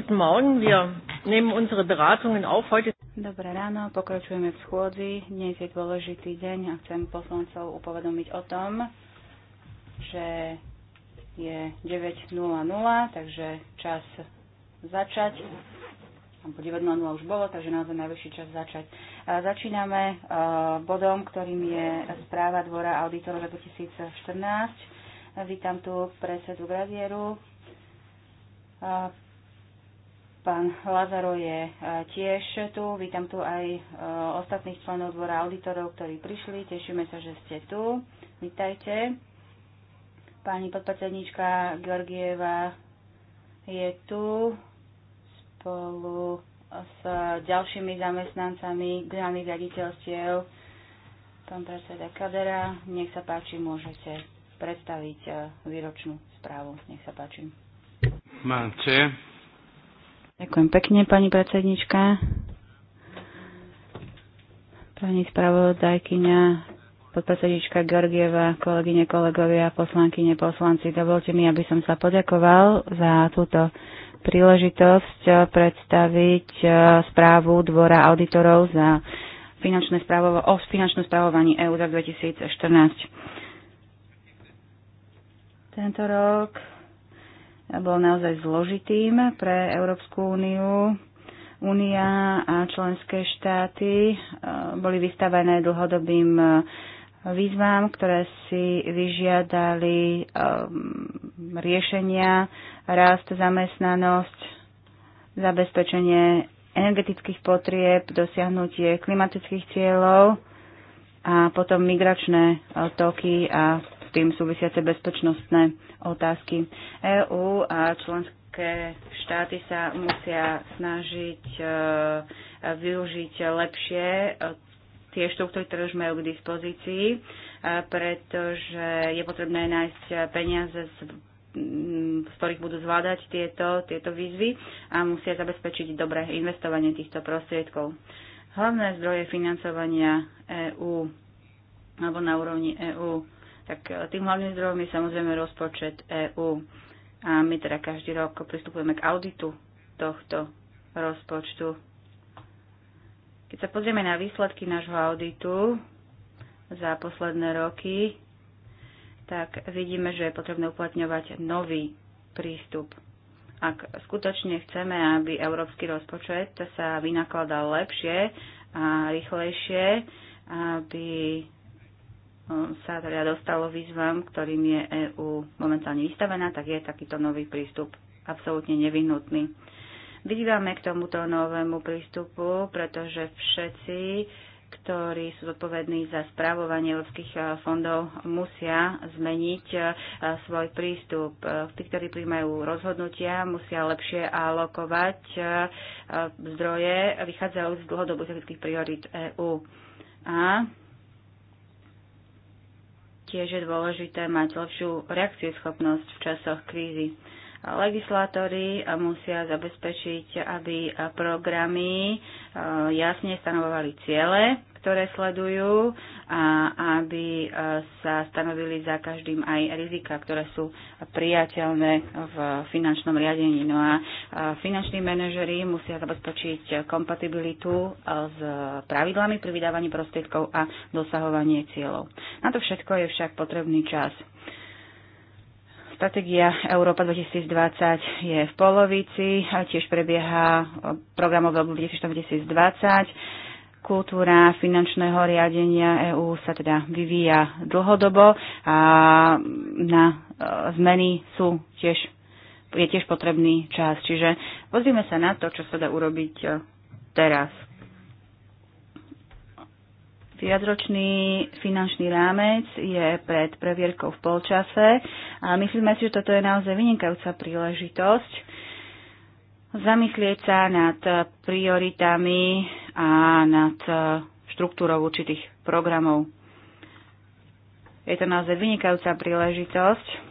Guten Morgen, wir nehmen unsere Beratungen auf heute. Dobré ráno, pokračujeme v schôdzi. Dnes je dôležitý deň a chcem poslancov upovedomiť o tom, že je 9.00, takže čas začať. Alebo 9.00 už bolo, takže naozaj najvyšší čas začať. A začíname e, bodom, ktorým je správa Dvora auditorov 2014. Vítam tu predsedu Gradieru e, Pán Lazaro je e, tiež tu. Vítam tu aj e, ostatných členov dvora auditorov, ktorí prišli. Tešíme sa, že ste tu. Vítajte. Pani podpredsednička Georgieva je tu spolu s ďalšími zamestnancami generálnych riaditeľstiev. Pán predseda Kadera, nech sa páči, môžete predstaviť e, výročnú správu. Nech sa páči. Mám Ďakujem pekne, pani predsednička. Pani spravodajkyňa, podpredsednička Georgieva, kolegyne, kolegovia, poslankyne, poslanci, dovolte mi, aby som sa poďakoval za túto príležitosť predstaviť e, správu Dvora auditorov za finančné správovo- o finančnom správovaní EÚ za 2014. Tento rok bol naozaj zložitým pre Európsku úniu. Únia a členské štáty eh, boli vystavené dlhodobým eh, výzvám, ktoré si vyžiadali eh, riešenia, rast, zamestnanosť, zabezpečenie energetických potrieb, dosiahnutie klimatických cieľov a potom migračné toky a tým súvisiace bezpečnostné otázky. EÚ a členské štáty sa musia snažiť e, využiť lepšie e, tie štruktúry, ktoré už majú k dispozícii, e, pretože je potrebné nájsť peniaze z z ktorých budú zvládať tieto, tieto výzvy a musia zabezpečiť dobré investovanie týchto prostriedkov. Hlavné zdroje financovania EÚ alebo na úrovni EÚ tak e, tým hlavným zdrojom je samozrejme rozpočet EÚ. A my teda každý rok pristupujeme k auditu tohto rozpočtu. Keď sa pozrieme na výsledky nášho auditu za posledné roky, tak vidíme, že je potrebné uplatňovať nový prístup. Ak skutočne chceme, aby európsky rozpočet sa vynakladal lepšie a rýchlejšie, aby sa teda dostalo výzvam, ktorým je EÚ momentálne vystavená, tak je takýto nový prístup absolútne nevyhnutný. Vyzývame k tomuto novému prístupu, pretože všetci, ktorí sú zodpovední za správovanie európskych eh, fondov, musia zmeniť eh, svoj prístup. Eh, tí, ktorí príjmajú rozhodnutia, musia lepšie alokovať zdroje, vychádzajú z dlhodobých priorít EÚ. A Tiež je dôležité mať lepšiu reakciu schopnosť v časoch krízy. Legislátori musia zabezpečiť, aby programy eh, jasne stanovovali ciele, ktoré sledujú a aby e, sa stanovili za každým aj rizika, ktoré sú priateľné v finančnom riadení. No a e, finanční manažery musia zabezpečiť kompatibilitu e, s pravidlami pri vydávaní prostriedkov a dosahovanie cieľov. Na to všetko je však potrebný čas. Stratégia Európa 2020 je v polovici, tiež prebieha programové obdobie 2020 Kultúra finančného riadenia EÚ sa teda vyvíja dlhodobo a na e, zmeny sú tiež, je tiež potrebný čas. Čiže pozrime sa na to, čo sa dá urobiť e, teraz. Viacročný finančný rámec je pred previerkou v polčase a myslíme si, že toto je naozaj vynikajúca príležitosť zamyslieť sa nad prioritami a nad štruktúrou určitých programov. Je to naozaj vynikajúca príležitosť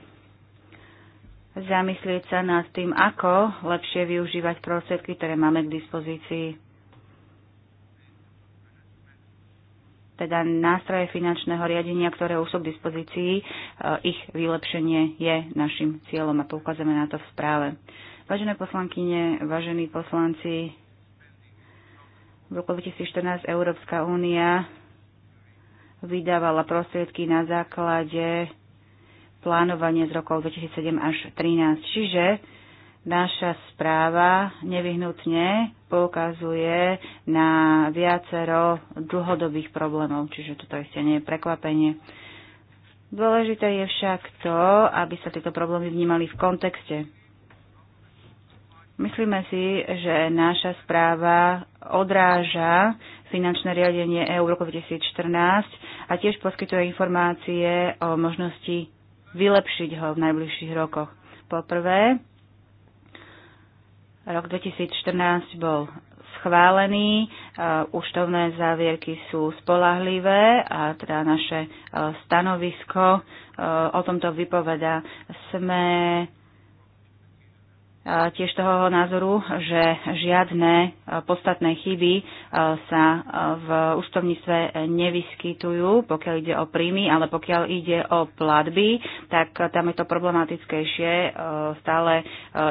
zamyslieť sa nad tým, ako lepšie využívať prostriedky, ktoré máme k dispozícii. Teda nástroje finančného riadenia, ktoré už sú k dispozícii, e, ich vylepšenie je našim cieľom a poukazujeme na to v správe. Vážené poslankyne, vážení poslanci, v roku 2014 Európska únia vydávala prostriedky na základe plánovania z rokov 2007 až 2013. Čiže naša správa nevyhnutne poukazuje na viacero dlhodobých problémov, čiže toto ešte nie je prekvapenie. Dôležité je však to, aby sa tieto problémy vnímali v kontexte. Myslíme si, že naša správa odráža finančné riadenie EU v roku 2014 a tiež poskytuje informácie o možnosti vylepšiť ho v najbližších rokoch. Poprvé, rok 2014 bol schválený, účtovné závierky sú spolahlivé a teda naše e, stanovisko e, o tomto vypoveda. Sme tiež toho názoru, že žiadne e, podstatné chyby e, sa e, v ústavníctve nevyskytujú, pokiaľ ide o príjmy, ale pokiaľ ide o platby, tak tam je to problematickejšie. Stále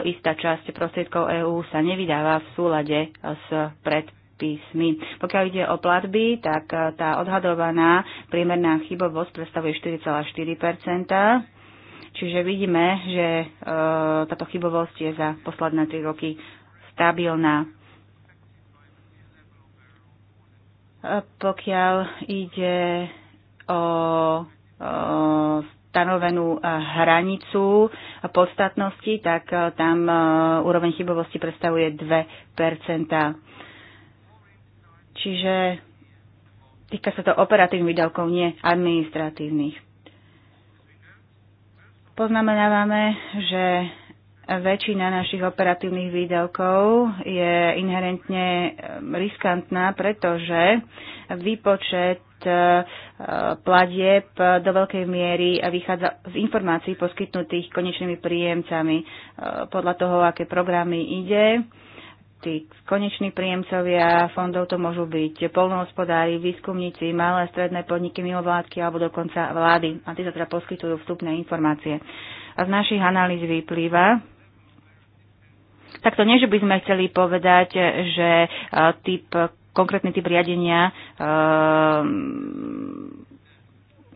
istá časť prostriedkov EÚ sa nevydáva v súlade s pred písmy. Pokiaľ ide o platby, tak tá odhadovaná priemerná chybovosť predstavuje 4,4 Čiže vidíme, že e, táto chybovosť je za posledné 3 roky stabilná. E, pokiaľ ide o, o e, stanovenú e, hranicu podstatnosti, tak tam úroveň chybovosti predstavuje 2 Čiže týka sa to operatívnych výdavkov, nie administratívnych. Poznamenávame, že väčšina našich operatívnych výdavkov je inherentne eh, riskantná, pretože výpočet eh, platieb do veľkej miery vychádza z informácií poskytnutých konečnými príjemcami eh, podľa toho, aké programy ide tí koneční príjemcovia fondov to môžu byť polnohospodári, výskumníci, malé stredné podniky, mimovládky alebo dokonca vlády. A tí sa teda poskytujú vstupné informácie. A z našich analýz vyplýva, tak to nie, že by sme chceli povedať, že e, typ, konkrétny typ riadenia e,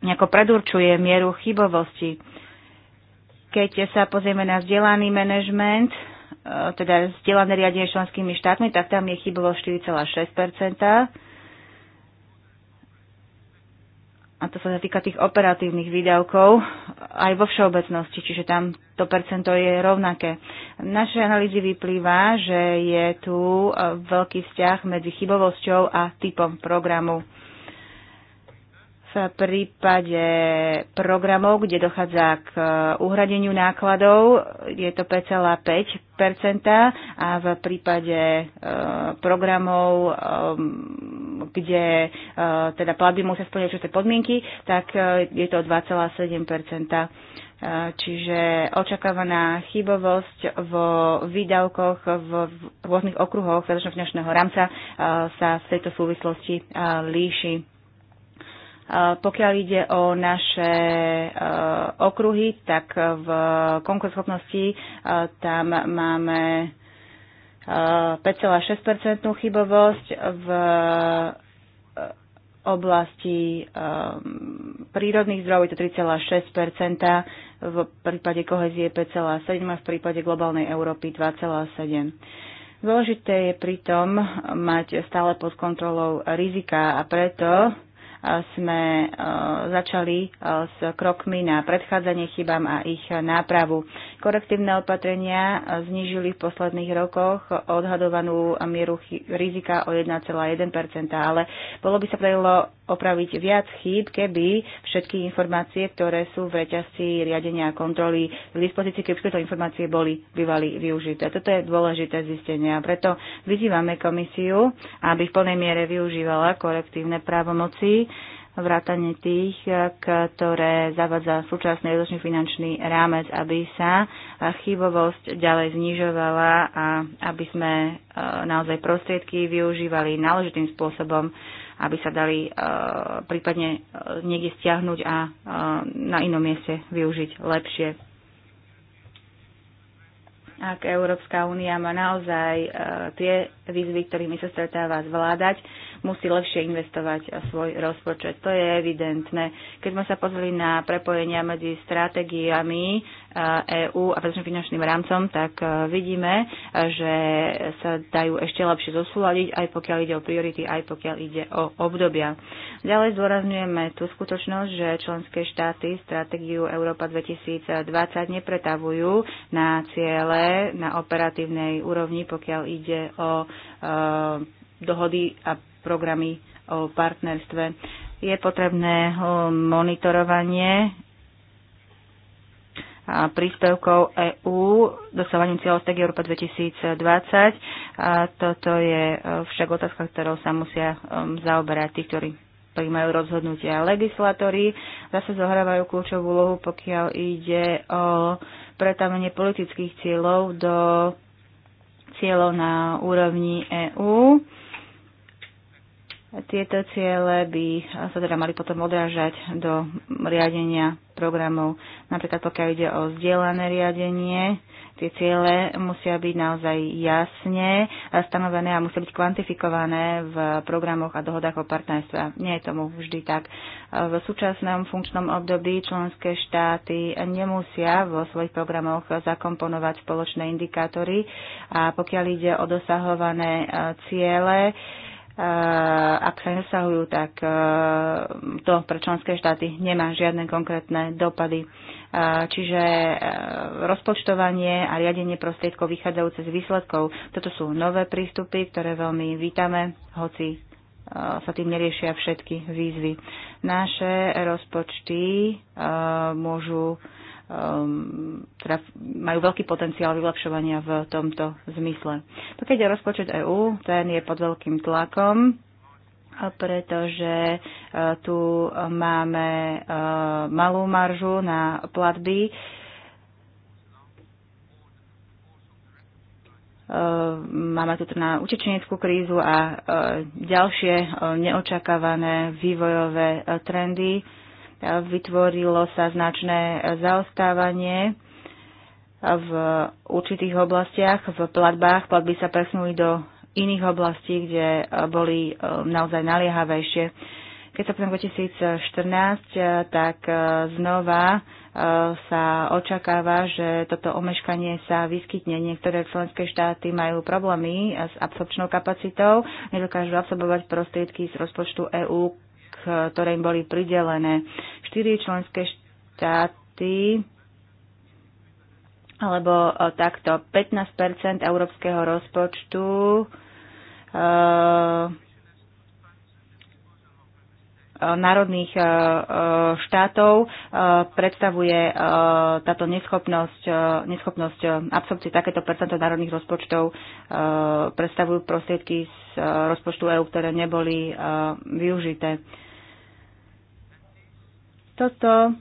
nejako predurčuje mieru chybovosti. Keď sa pozrieme na vzdelaný manažment, E, teda vzdelané riadenie členskými štátmi, tak tam je chybilo 4,6 a to sa týka tých operatívnych výdavkov aj vo všeobecnosti, čiže tam to percento je rovnaké. V našej analýzy vyplýva, že je tu e, veľký vzťah medzi chybovosťou a typom programu v prípade programov, kde dochádza k e, uhradeniu nákladov, je to 5,5 a v prípade e, programov, e, kde teda platby musia splňať určité podmienky, tak je to 2,7 Čiže očakávaná chybovosť vo výdavkoch v rôznych okruhoch finančného rámca sa v tejto súvislosti líši. Pokiaľ ide o naše e, okruhy, tak v konkurschopnosti e, tam máme 5,6% e, chybovosť v oblasti prírodných zdrojov je to 3,6%, v prípade kohezie 5,7% a v prípade globálnej Európy 2,7%. Dôležité je pritom mať stále pod kontrolou rizika a preto sme e, začali e, s krokmi na predchádzanie chybám a ich nápravu. Korektívne opatrenia e, znížili v posledných rokoch odhadovanú mieru rizika o 1,1%, ale bolo by sa prejelo opraviť viac chýb, keby všetky informácie, ktoré sú v reťazci riadenia a kontroly k dispozícii, keby tieto informácie boli bývali využité. Toto je dôležité zistenie a preto vyzývame komisiu, aby v plnej miere využívala korektívne právomoci vrátane tých, ktoré zavadza súčasný jednočný finančný rámec, aby sa chybovosť ďalej znižovala a aby sme e, naozaj prostriedky využívali náležitým spôsobom aby sa dali e, prípadne e, niekde stiahnuť a e, na inom mieste využiť lepšie. Ak Európska únia má naozaj tie výzvy, ktorými sa stretáva zvládať, musí lepšie investovať svoj rozpočet. To je evidentné. Keď sme sa pozreli na prepojenia medzi stratégiami EÚ a väčším finančným rámcom, tak vidíme, že sa dajú ešte lepšie zosúľadiť, aj pokiaľ ide o priority, aj pokiaľ ide o obdobia. Ďalej zdôrazňujeme tú skutočnosť, že členské štáty stratégiu Európa 2020 nepretavujú na ciele na operatívnej úrovni, pokiaľ ide o e, dohody a programy o partnerstve. Je potrebné monitorovanie a príspevkov EÚ dosávaním cieľov z Európa 2020. A toto je však otázka, ktorou sa musia zaoberať tí, ktorí prijímajú rozhodnutia legislatóri, zase zohrávajú kľúčovú úlohu, pokiaľ ide o pretavenie politických cieľov do cieľov na úrovni EÚ. Tieto ciele by sa teda mali potom odrážať do riadenia programov. Napríklad pokiaľ ide o zdieľané riadenie, tie ciele musia byť naozaj jasne stanovené a musia byť kvantifikované v programoch a dohodách o partnerstva. Nie je tomu vždy tak. V súčasnom funkčnom období členské štáty nemusia vo svojich programoch zakomponovať spoločné indikátory a pokiaľ ide o dosahované e, ciele, Eh, ak sa nesahujú, tak eh, to pre členské štáty nemá žiadne konkrétne dopady. Eh, čiže rozpočtovanie a riadenie prostriedkov vychádzajúce z výsledkov, toto sú nové prístupy, ktoré veľmi vítame, hoci sa tým neriešia všetky výzvy. Naše rozpočty môžu um, teda majú veľký potenciál vylepšovania v tomto zmysle. Pokiaľ je rozpočet EÚ, ten je pod veľkým tlakom pretože e, tu máme e, malú maržu na platby. E, máme tu na utečeneckú krízu a ďalšie neočakávané vývojové trendy vytvorilo sa značné zaostávanie v určitých oblastiach, v platbách. Platby sa presunuli do iných oblastí, kde boli eh, naozaj naliehavejšie. Keď sa potom 2014, tak eh, znova eh, sa očakáva, že toto omeškanie sa vyskytne. Niektoré členské štáty majú problémy s absorpčnou kapacitou, nedokážu absorbovať prostriedky z rozpočtu EÚ, ktoré im boli pridelené. Štyri členské štáty alebo e, takto 15 európskeho rozpočtu e, e, národných štátov predstavuje táto neschopnosť, neschopnosť absorpcie takéto percento národných rozpočtov predstavujú prostriedky z rozpočtu EÚ, ktoré neboli využité. Toto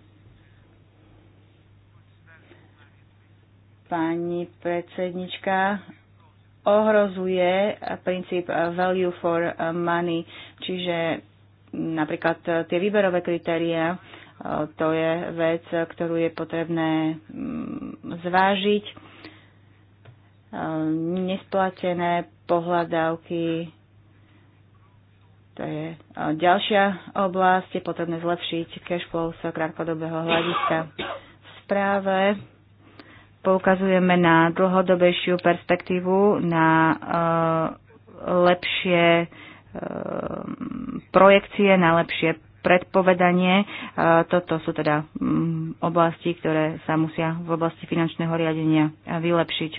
pani predsednička ohrozuje princíp value for money, čiže napríklad tie výberové kritéria, to je vec, ktorú je potrebné mm, zvážiť. Nesplatené pohľadávky to je ďalšia oblasť, je potrebné zlepšiť cash flow z krátkodobého hľadiska. V správe poukazujeme na dlhodobejšiu perspektívu, na lepšie projekcie, na lepšie predpovedanie. Toto sú teda oblasti, ktoré sa musia v oblasti finančného riadenia vylepšiť.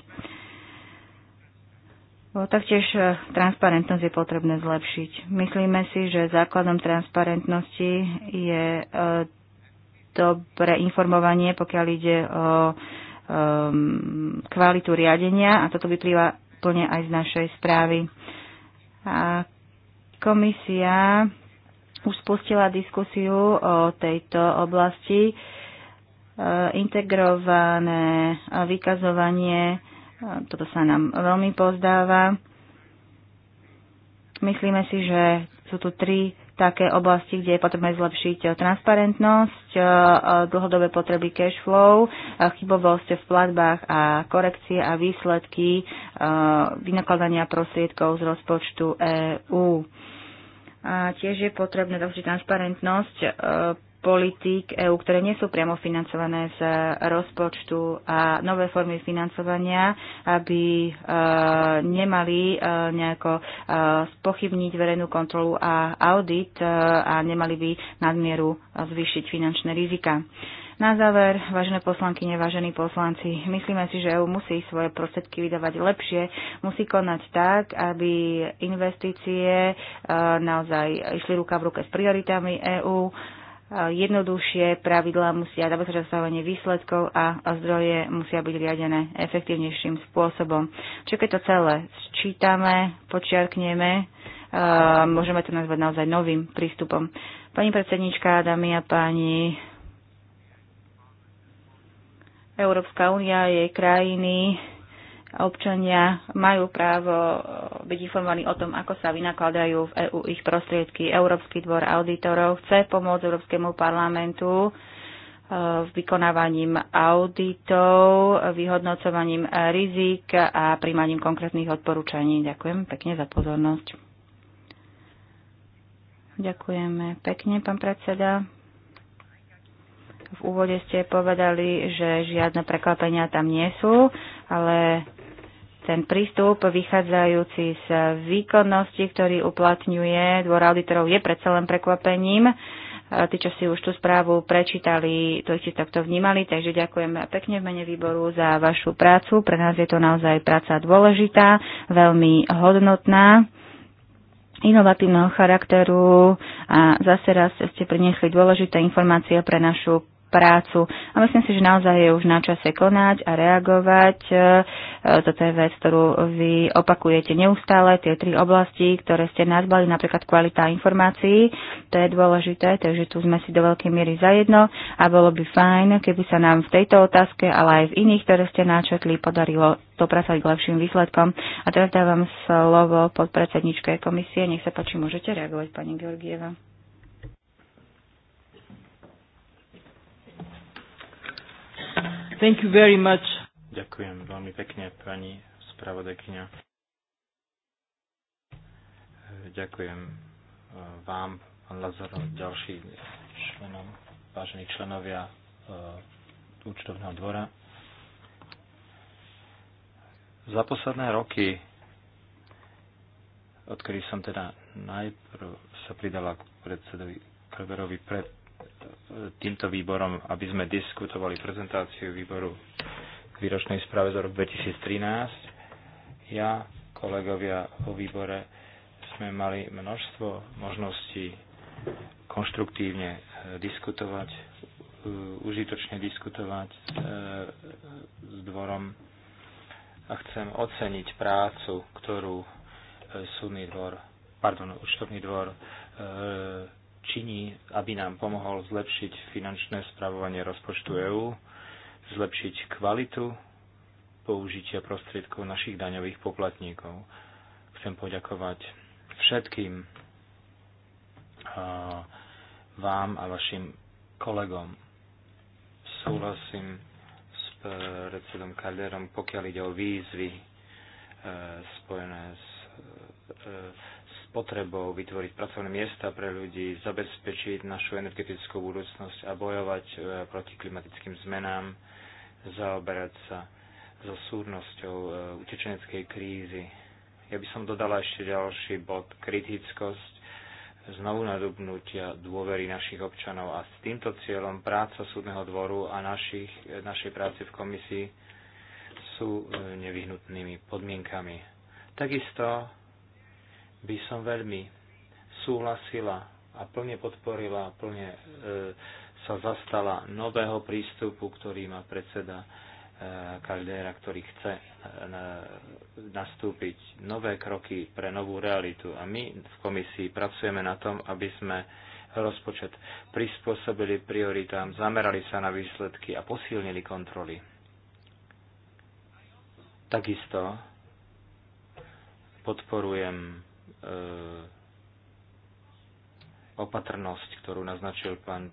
Taktiež e, transparentnosť je potrebné zlepšiť. Myslíme si, že základom transparentnosti je e, dobre informovanie, pokiaľ ide o kvalitu riadenia a toto vyplýva plne aj z našej správy. A komisia už spustila diskusiu o tejto oblasti. E, integrované vykazovanie toto sa nám veľmi pozdáva. Myslíme si, že sú tu tri také oblasti, kde je potrebné zlepšiť eh, transparentnosť, eh, eh, dlhodobé potreby cash flow, chybovosť v platbách a korekcie a výsledky vynakladania prostriedkov z rozpočtu EÚ. A tiež je potrebné zlepšiť transparentnosť politík EÚ, ktoré nie sú priamo financované z rozpočtu a nové formy financovania, aby e, nemali e, nejako e, spochybniť verejnú kontrolu a audit a nemali by nadmieru zvýšiť finančné rizika. Na záver, vážené poslankyne, vážení poslanci, myslíme si, že EU musí svoje prostriedky vydávať lepšie, musí konať tak, aby investície naozaj išli ruka v ruke s prioritami EÚ jednoduchšie, pravidlá musia zabezpečiť zastávanie výsledkov a zdroje musia byť riadené efektívnejším spôsobom. Čo keď to celé sčítame, počiarkneme, môžeme to nazvať naozaj novým prístupom. Pani predsednička, dámy a páni, Európska únia, jej krajiny, občania majú právo eh, byť informovaní o tom, ako sa vynakladajú v EÚ ich prostriedky. Európsky dvor auditorov chce pomôcť Európskemu parlamentu s eh, vykonávaním auditov, vyhodnocovaním rizik a príjmaním konkrétnych odporúčaní. Ďakujem pekne za pozornosť. Ďakujeme pekne, pán predseda. V úvode ste povedali, že žiadne prekvapenia tam nie sú, ale ten prístup vychádzajúci z výkonnosti, ktorý uplatňuje dvor auditorov, je predsa len prekvapením. E, tí, čo si už tú správu prečítali, to ste takto vnímali, takže ďakujem pekne v mene výboru za vašu prácu. Pre nás je to naozaj práca dôležitá, veľmi hodnotná inovatívneho charakteru a zase raz ste priniesli dôležité informácie pre našu prácu. A myslím si, že naozaj je už na čase konať a reagovať. E, toto je vec, ktorú vy opakujete neustále, tie tri oblasti, ktoré ste nazvali, napríklad kvalita informácií, to je dôležité, takže tu sme si do veľkej miery zajedno a bolo by fajn, keby sa nám v tejto otázke, ale aj v iných, ktoré ste načetli, podarilo dopracovať k lepším výsledkom. A teraz dávam slovo podpredsedničke komisie. Nech sa páči, môžete reagovať, pani Georgieva. Thank you very much. Ďakujem veľmi pekne, pani spravodajkyňa. Ďakujem e, vám, pán Lazaro, ďalší členom, vážení členovia e, účtovného dvora. Za posledné roky, odkedy som teda najprv sa pridala k predsedovi Kerberovi pred týmto výborom, aby sme diskutovali prezentáciu výboru k výročnej správe za rok 2013. Ja, kolegovia o výbore, sme mali množstvo možností konštruktívne e, diskutovať, e, užitočne diskutovať e, s dvorom a chcem oceniť prácu, ktorú súdny dvor, pardon, účtovný dvor činí, aby nám pomohol zlepšiť finančné spravovanie rozpočtu mhm. EÚ, zlepšiť kvalitu použitia prostriedkov našich daňových poplatníkov. Chcem poďakovať všetkým vám a vašim kolegom. Súhlasím s predsedom Kalderom, pokiaľ ide o výzvy e, spojené s e, potrebou vytvoriť pracovné miesta pre ľudí, zabezpečiť našu energetickú budúcnosť a bojovať e, proti klimatickým zmenám, zaoberať sa so súdnosťou e, utečeneckej krízy. Ja by som dodala ešte ďalší bod, kritickosť znovu nadobnutia dôvery našich občanov a s týmto cieľom práca súdneho dvoru a našich, e, našej práce v komisii sú nevyhnutnými podmienkami. Takisto by som veľmi súhlasila a plne podporila, plne e, sa zastala nového prístupu, ktorý má predseda e, Caldera, ktorý chce e, nastúpiť nové kroky pre novú realitu. A my v komisii pracujeme na tom, aby sme rozpočet prispôsobili prioritám, zamerali sa na výsledky a posilnili kontroly. Takisto podporujem E, opatrnosť, ktorú naznačil pán e,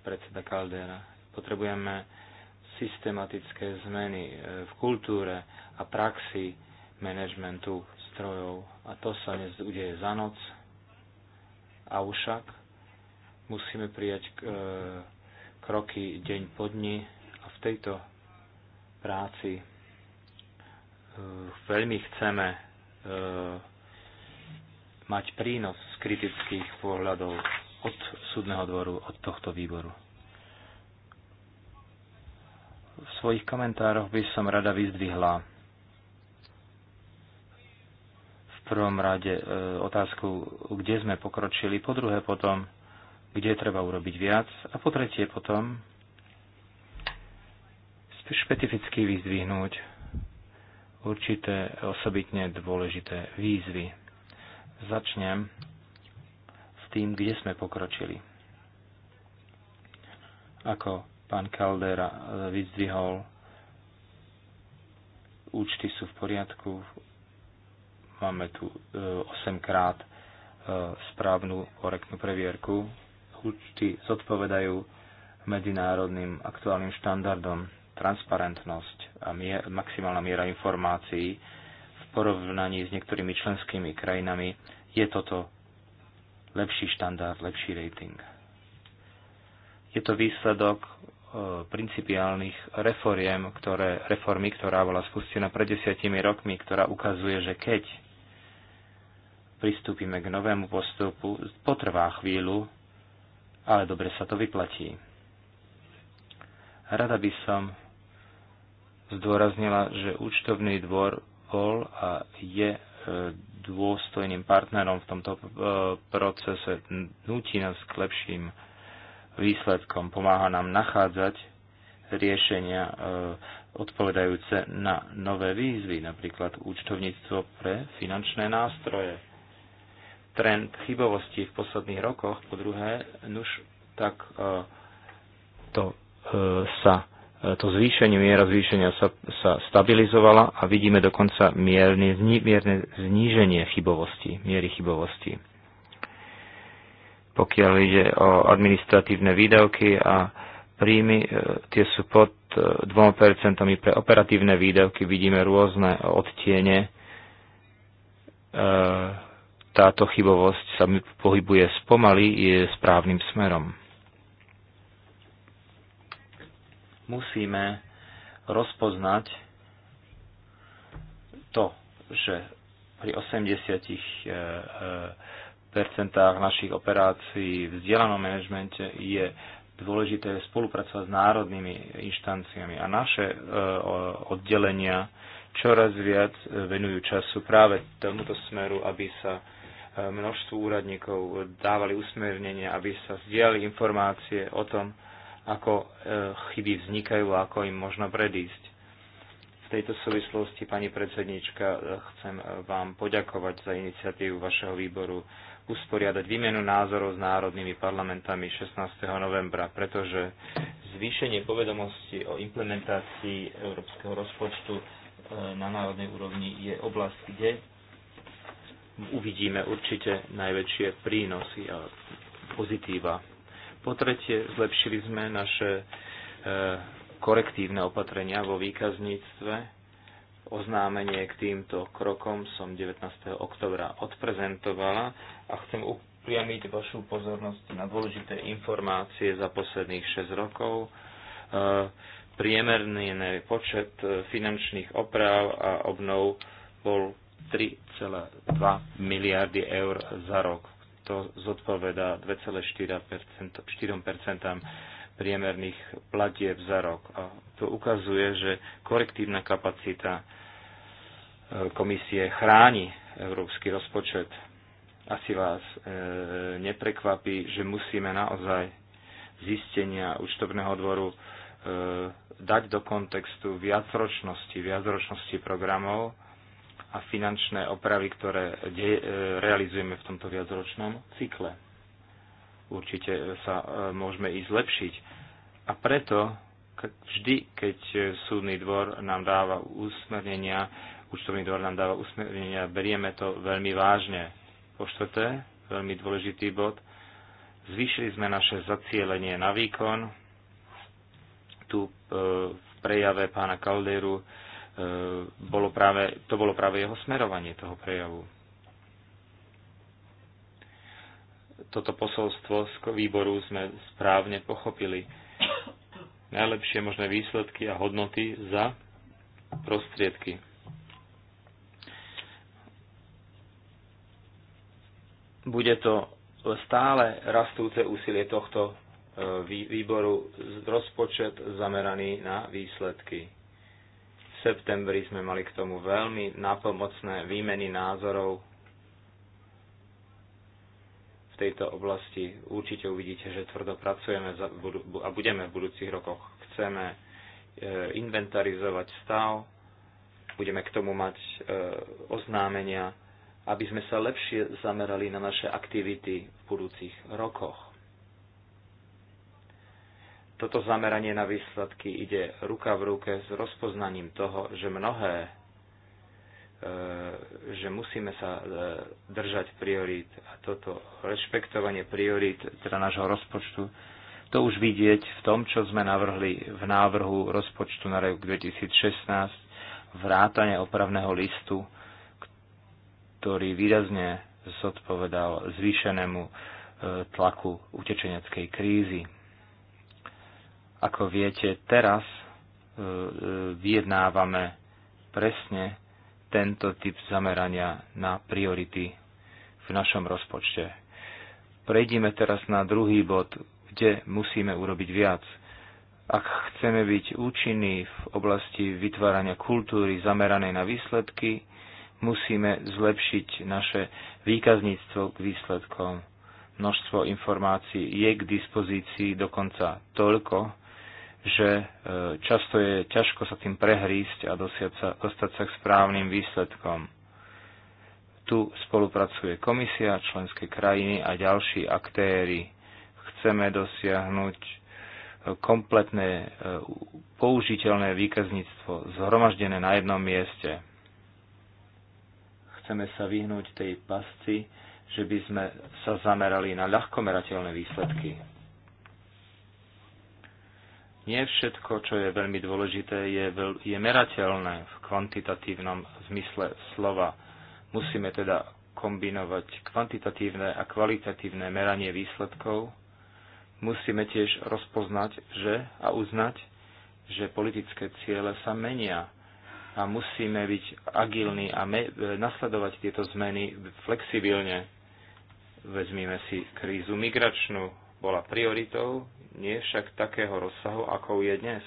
predseda Caldera. Potrebujeme systematické zmeny e, v kultúre a praxi manažmentu strojov a to sa udeje za noc. A ušak musíme prijať kroky deň po dni a v tejto práci veľmi chceme mať prínos z kritických pohľadov od súdneho dvoru, od tohto výboru. V svojich komentároch by som rada vyzdvihla v prvom rade e, otázku, kde sme pokročili, po druhé potom, kde treba urobiť viac a po tretie potom špecificky vyzdvihnúť určité osobitne dôležité výzvy Začnem s tým, kde sme pokročili. Ako pán Caldera eh, vyzdvihol, účty sú v poriadku, máme tu 8 eh, krát eh, správnu korektnú previerku. Účty zodpovedajú medzinárodným aktuálnym štandardom transparentnosť a mier, maximálna miera informácií porovnaní s niektorými členskými krajinami je toto lepší štandard, lepší rating. Je to výsledok e, principiálnych reforiem, ktoré, reformy, ktorá bola spustená pred desiatimi rokmi, ktorá ukazuje, že keď pristúpime k novému postupu, potrvá chvíľu, ale dobre sa to vyplatí. Rada by som zdôraznila, že účtovný dvor bol a je e, dôstojným partnerom v tomto e, procese, nutí nás k lepším výsledkom, pomáha nám nachádzať riešenia e, odpovedajúce na nové výzvy, napríklad účtovníctvo pre finančné nástroje. Trend chybovosti v posledných rokoch, po druhé, nuž tak to sa E, to zvýšenie, miera zvýšenia sa, sa stabilizovala a vidíme dokonca mierne, mierne zníženie chybovosti, miery chybovosti. Pokiaľ ide o administratívne výdavky a príjmy, e, tie sú pod 2% e, pre operatívne výdavky, vidíme rôzne odtiene. Táto chybovosť sa pohybuje spomaly je správnym smerom. musíme rozpoznať to, že pri 80 eh, eh, percentách našich operácií v vzdielanom manažmente je dôležité spolupracovať s národnými inštanciami a naše eh, oddelenia čoraz viac venujú času práve tomuto smeru, aby sa množstvu úradníkov dávali usmernenia, aby sa vzdiali informácie o tom, ako e, chyby vznikajú a ako im možno predísť. V tejto súvislosti, pani predsednička, e, chcem e, vám poďakovať za iniciatívu vašeho výboru usporiadať výmenu názorov s národnými parlamentami 16. novembra, pretože zvýšenie povedomosti o implementácii európskeho rozpočtu na národnej úrovni je oblasť, kde uvidíme určite najväčšie prínosy a pozitíva po tretie, zlepšili sme naše e, korektívne opatrenia vo výkazníctve. Oznámenie k týmto krokom som 19. oktobra odprezentovala a chcem upriamiť vašu pozornosť na dôležité informácie za posledných 6 rokov. E, priemerný počet e, finančných oprav a obnov bol 3,2 miliardy eur za rok to zodpoveda 2,4 priemerných platieb za rok. A to ukazuje, že korektívna kapacita e, komisie chráni európsky rozpočet. Asi vás e, neprekvapí, že musíme naozaj zistenia účtovného dvoru e, dať do kontextu viacročnosti, viacročnosti programov, a finančné opravy, ktoré de- e, realizujeme v tomto viacročnom cykle. Určite sa e, môžeme ísť zlepšiť. A preto vždy, keď súdny dvor nám dáva usmernenia, účtovný dvor nám dáva usmernenia, berieme to veľmi vážne. Po štvrté, veľmi dôležitý bod, zvýšili sme naše zacielenie na výkon. Tu e, v prejave pána Kalderu E, bolo práve, to bolo práve jeho smerovanie toho prejavu. Toto posolstvo z výboru sme správne pochopili. Najlepšie možné výsledky a hodnoty za prostriedky. Bude to stále rastúce úsilie tohto e, výboru rozpočet zameraný na výsledky septembri sme mali k tomu veľmi napomocné výmeny názorov v tejto oblasti. Určite uvidíte, že tvrdo pracujeme a budeme v budúcich rokoch. Chceme e, inventarizovať stav, budeme k tomu mať e, oznámenia, aby sme sa lepšie zamerali na naše aktivity v budúcich rokoch. Toto zameranie na výsledky ide ruka v ruke s rozpoznaním toho, že mnohé e, že musíme sa e, držať priorít a toto rešpektovanie priorít teda nášho rozpočtu, to už vidieť v tom, čo sme navrhli v návrhu rozpočtu na rok 2016, vrátane opravného listu, ktorý výrazne zodpovedal zvýšenému e, tlaku utečeneckej krízy. Ako viete, teraz e, e, vyjednávame presne tento typ zamerania na priority v našom rozpočte. Prejdime teraz na druhý bod, kde musíme urobiť viac. Ak chceme byť účinní v oblasti vytvárania kultúry zameranej na výsledky, musíme zlepšiť naše výkazníctvo k výsledkom. Množstvo informácií je k dispozícii dokonca toľko, že e, často je ťažko sa tým prehrísť a sa, dostať sa k správnym výsledkom. Tu spolupracuje komisia, členské krajiny a ďalší aktéry. Chceme dosiahnuť e, kompletné e, použiteľné výkazníctvo zhromaždené na jednom mieste. Chceme sa vyhnúť tej pasci, že by sme sa zamerali na ľahkomerateľné výsledky nie všetko, čo je veľmi dôležité, je, veľ, je merateľné v kvantitatívnom zmysle slova. Musíme teda kombinovať kvantitatívne a kvalitatívne meranie výsledkov. Musíme tiež rozpoznať, že a uznať, že politické ciele sa menia a musíme byť agilní a me- nasledovať tieto zmeny flexibilne. Vezmime si krízu migračnú, bola prioritou, nie však takého rozsahu, ako je dnes.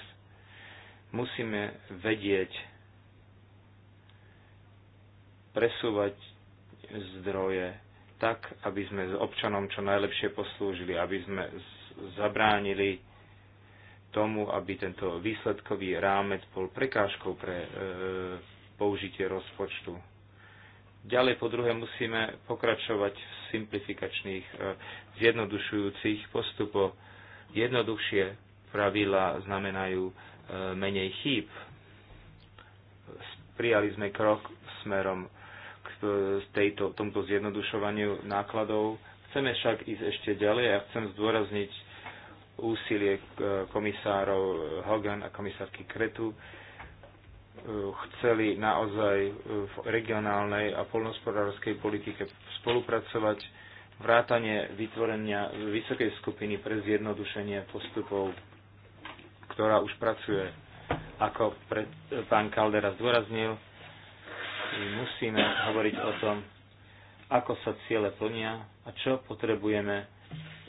Musíme vedieť presúvať zdroje tak, aby sme s občanom čo najlepšie poslúžili, aby sme zabránili tomu, aby tento výsledkový rámec bol prekážkou pre e, použitie rozpočtu. Ďalej po druhé musíme pokračovať v simplifikačných, e, zjednodušujúcich postupoch Jednoduchšie pravidlá znamenajú e, menej chýb. Prijali sme krok smerom k e, tejto, tomto zjednodušovaniu nákladov. Chceme však ísť ešte ďalej a chcem zdôrazniť úsilie e, komisárov Hogan a komisárky Kretu. Chceli naozaj v regionálnej a polnospodárskej politike spolupracovať vrátanie vytvorenia vysokej skupiny pre zjednodušenie postupov, ktorá už pracuje, ako pred, pán Kaldera zdôraznil. Musíme hovoriť o tom, ako sa ciele plnia a čo potrebujeme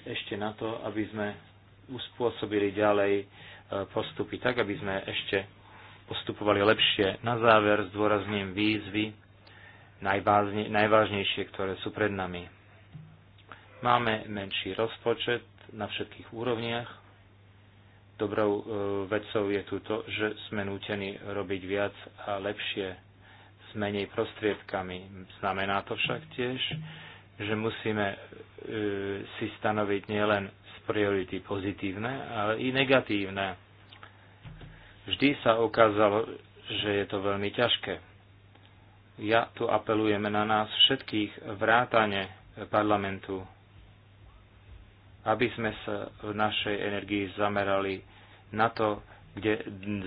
ešte na to, aby sme uspôsobili ďalej e, postupy tak, aby sme ešte postupovali lepšie. Na záver zdôrazním výzvy najvážnejšie, ktoré sú pred nami Máme menší rozpočet na všetkých úrovniach. Dobrou e, vecou je tu to, že sme nútení robiť viac a lepšie s menej prostriedkami. Znamená to však tiež, že musíme e, si stanoviť nielen z priority pozitívne, ale i negatívne. Vždy sa ukázalo, že je to veľmi ťažké ja tu apelujeme na nás všetkých vrátane parlamentu aby sme sa v našej energii zamerali na to, kde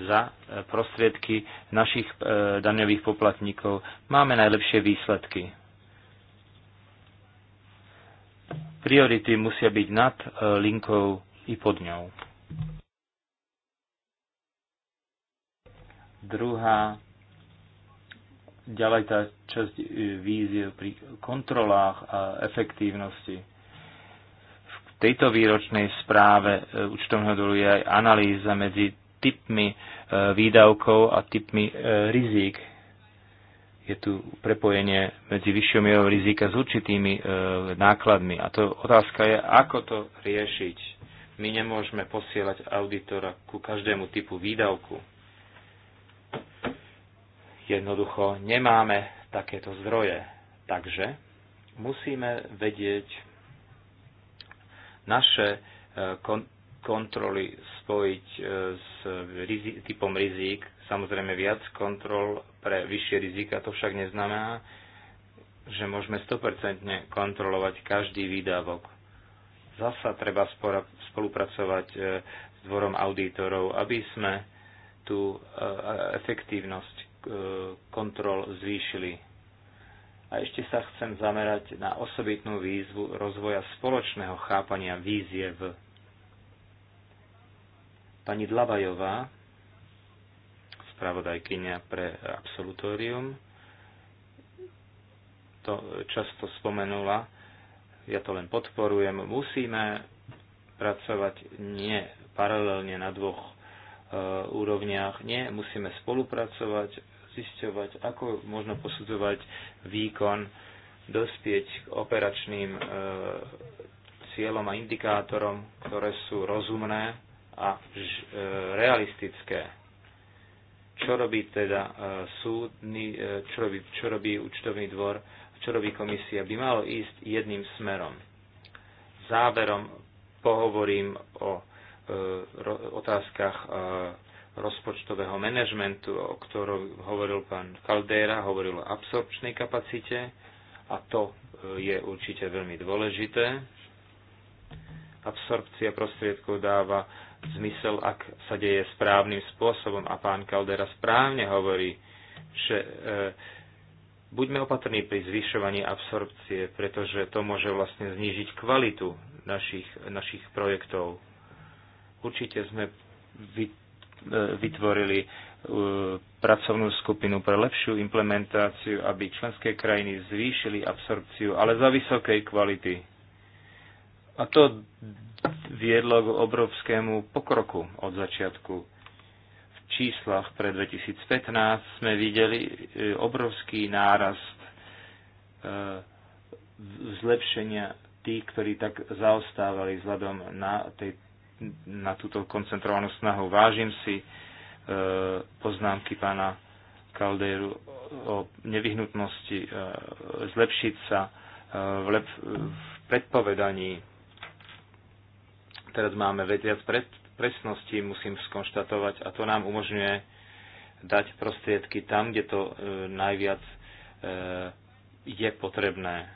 za prostriedky našich e, daňových poplatníkov máme najlepšie výsledky. Priority musia byť nad e, linkou i pod ňou. Druhá, ďalej tá časť e, vízie pri kontrolách a efektívnosti tejto výročnej správe e, účtovného dolu je aj analýza medzi typmi e, výdavkov a typmi e, rizík. Je tu prepojenie medzi vyššou mierou rizika s určitými nákladmi. A to otázka je, ako to riešiť. My nemôžeme posielať auditora ku každému typu výdavku. Jednoducho nemáme takéto zdroje. Takže musíme vedieť naše e, kon- kontroly spojiť e, s typom rizík. Samozrejme viac kontrol pre vyššie rizika, to však neznamená, že môžeme 100% kontrolovať každý výdavok. Zasa treba spolupracovať e, s dvorom auditorov, aby sme tú efektívnosť kontrol zvýšili a ešte sa chcem zamerať na osobitnú výzvu rozvoja spoločného chápania v. Pani Dlabajová, spravodajkynia pre absolutórium, to často spomenula, ja to len podporujem, musíme pracovať nie paralelne na dvoch e, úrovniach. Nie, musíme spolupracovať zisťovať, ako možno posudzovať výkon, dospieť k operačným e, cieľom a indikátorom, ktoré sú rozumné a ž, e, realistické. Čo robí teda e, súdny, e, čo, robí, čo robí účtovný dvor, čo robí komisia, by malo ísť jedným smerom. Záverom pohovorím o e, ro, otázkach e, rozpočtového manažmentu, o ktorom hovoril pán Caldera, hovoril o absorpčnej kapacite a to e, je určite veľmi dôležité. Absorpcia prostriedkov dáva zmysel, ak sa deje správnym spôsobom a pán Caldera správne hovorí, že e, buďme opatrní pri zvyšovaní absorpcie, pretože to môže vlastne znížiť kvalitu našich, našich projektov. Určite sme vy, vytvorili e, pracovnú skupinu pre lepšiu implementáciu, aby členské krajiny zvýšili absorpciu, ale za vysokej kvality. A to viedlo k obrovskému pokroku od začiatku. V číslach pre 2015 sme videli e, obrovský nárast e, zlepšenia tých, ktorí tak zaostávali vzhľadom na tej na túto koncentrovanú snahu. Vážim si e, poznámky pána Kaldéru o nevyhnutnosti e, zlepšiť sa e, v, lep- v predpovedaní. Teraz máme viac pred- presnosti, musím skonštatovať, a to nám umožňuje dať prostriedky tam, kde to najviac je potrebné.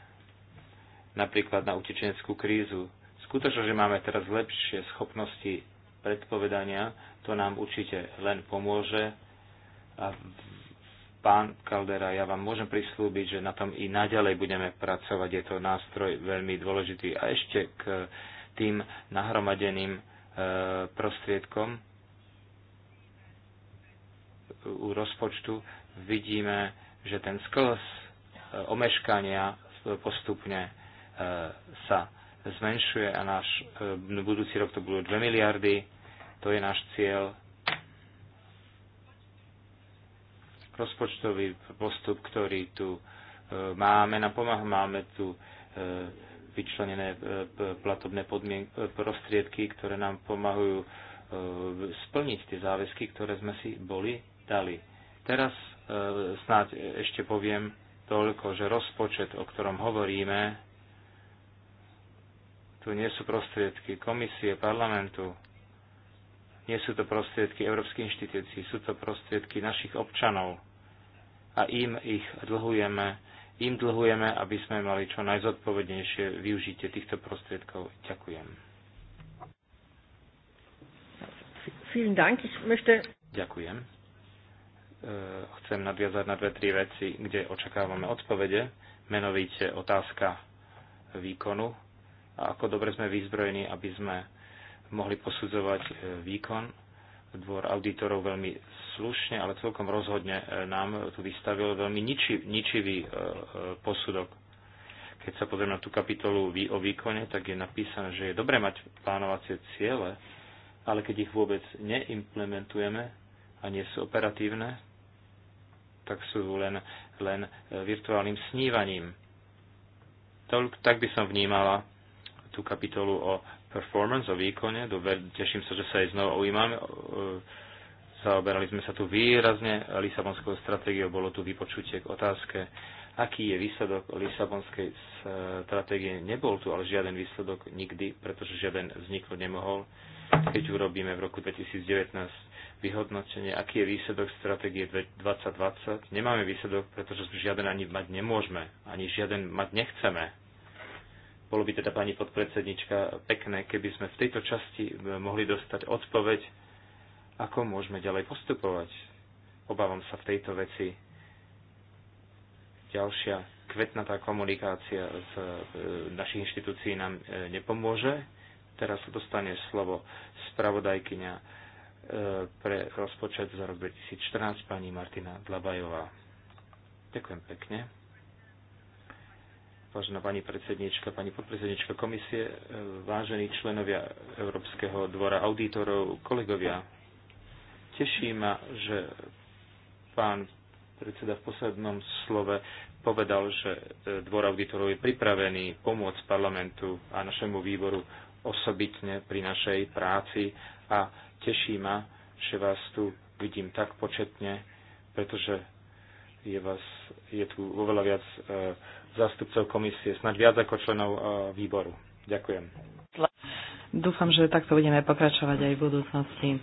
Napríklad na utečenskú krízu Skutočne, že máme teraz lepšie schopnosti predpovedania, to nám určite len pomôže. A pán Kaldera, ja vám môžem prislúbiť, že na tom i naďalej budeme pracovať. Je to nástroj veľmi dôležitý. A ešte k tým nahromadeným e, prostriedkom u rozpočtu vidíme, že ten sklz e, omeškania postupne e, sa zmenšuje a náš e, budúci rok to budú 2 miliardy. To je náš cieľ. Rozpočtový postup, ktorý tu e, máme, na pomáha. Máme tu e, vyčlenené platobné podmien- prostriedky, ktoré nám pomáhajú splniť tie záväzky, ktoré sme si boli dali. Teraz snáď ešte poviem toľko, že rozpočet, o ktorom hovoríme, tu nie sú prostriedky komisie, parlamentu, nie sú to prostriedky európskych inštitúcií, sú to prostriedky našich občanov. A im ich dlhujeme, im dlhujeme, aby sme mali čo najzodpovednejšie využitie týchto prostriedkov. Ďakujem. Ďakujem. E, chcem nadviazať na dve, tri veci, kde očakávame odpovede, menovite otázka výkonu a ako dobre sme vyzbrojení, aby sme mohli posudzovať e, výkon dvor auditorov veľmi slušne, ale celkom rozhodne e, nám tu vystavil veľmi niči, ničivý e, posudok. Keď sa pozrieme na tú kapitolu o výkone, tak je napísané, že je dobré mať plánovacie ciele, ale keď ich vôbec neimplementujeme a nie sú operatívne, tak sú len, len virtuálnym snívaním. tak by som vnímala tú kapitolu o performance, o výkone. Dober, teším sa, že sa aj znovu ujímam. E, zaoberali sme sa tu výrazne Lisabonskou stratégiou, bolo tu vypočutie k otázke, aký je výsledok Lisabonskej stratégie. Nebol tu ale žiaden výsledok nikdy, pretože žiaden vzniknúť nemohol. Keď urobíme v roku 2019 vyhodnotenie, aký je výsledok stratégie 2020, nemáme výsledok, pretože žiaden ani mať nemôžeme, ani žiaden mať nechceme bolo by teda pani podpredsednička pekné, keby sme v tejto časti e, mohli dostať odpoveď, ako môžeme ďalej postupovať. Obávam sa v tejto veci. Ďalšia kvetnatá komunikácia z e, našich inštitúcií nám e, nepomôže. Teraz dostane slovo spravodajkyňa pre rozpočet za rok 2014 pani Martina Dlabajová. Ďakujem pekne. Vážená pani predsednička, pani podpredsednička komisie, e, vážení členovia Európskeho dvora auditorov, kolegovia, teší ma, že pán predseda v poslednom slove povedal, že e, dvor auditorov je pripravený pomôcť parlamentu a našemu výboru osobitne pri našej práci a teší ma, že vás tu vidím tak početne, pretože je, vás, je tu oveľa viac e, zástupcov komisie, snad viac ako členov e, výboru. Ďakujem. Dúfam, že takto budeme pokračovať aj v budúcnosti. E,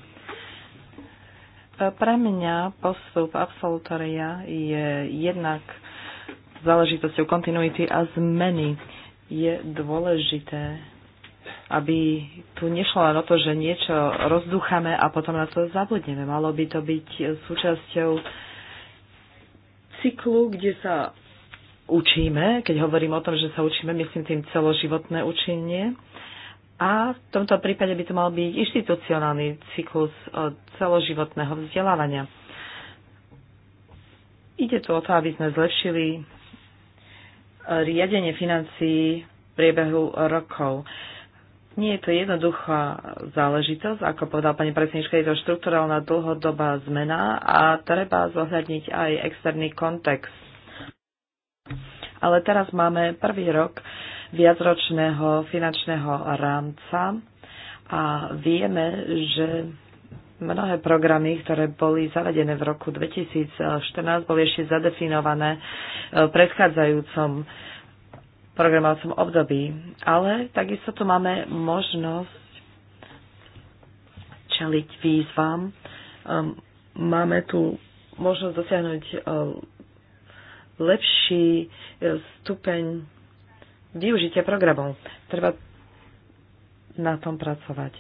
pre mňa postup absolutoria je jednak záležitosťou kontinuity a zmeny. Je dôležité, aby tu nešlo len o to, že niečo rozdúchame a potom na to zabudneme. Malo by to byť súčasťou cyklu, kde sa učíme, keď hovorím o tom, že sa učíme, myslím tým celoživotné učenie. A v tomto prípade by to mal byť inštitucionálny cyklus e, celoživotného vzdelávania. Ide tu o to, aby sme zlepšili e, riadenie financií v priebehu rokov. Nie je to jednoduchá záležitosť, ako povedal pani predsednička, je to štrukturálna dlhodobá zmena a treba zohľadniť aj externý kontext ale teraz máme prvý rok viacročného finančného rámca a vieme, že mnohé programy, ktoré boli zavedené v roku 2014, boli ešte zadefinované e, v predchádzajúcom programovacom období. Ale takisto tu máme možnosť čeliť výzvam. Ehm, máme tu možnosť dosiahnuť e, lepší e, stupeň využitia programov. Treba na tom pracovať.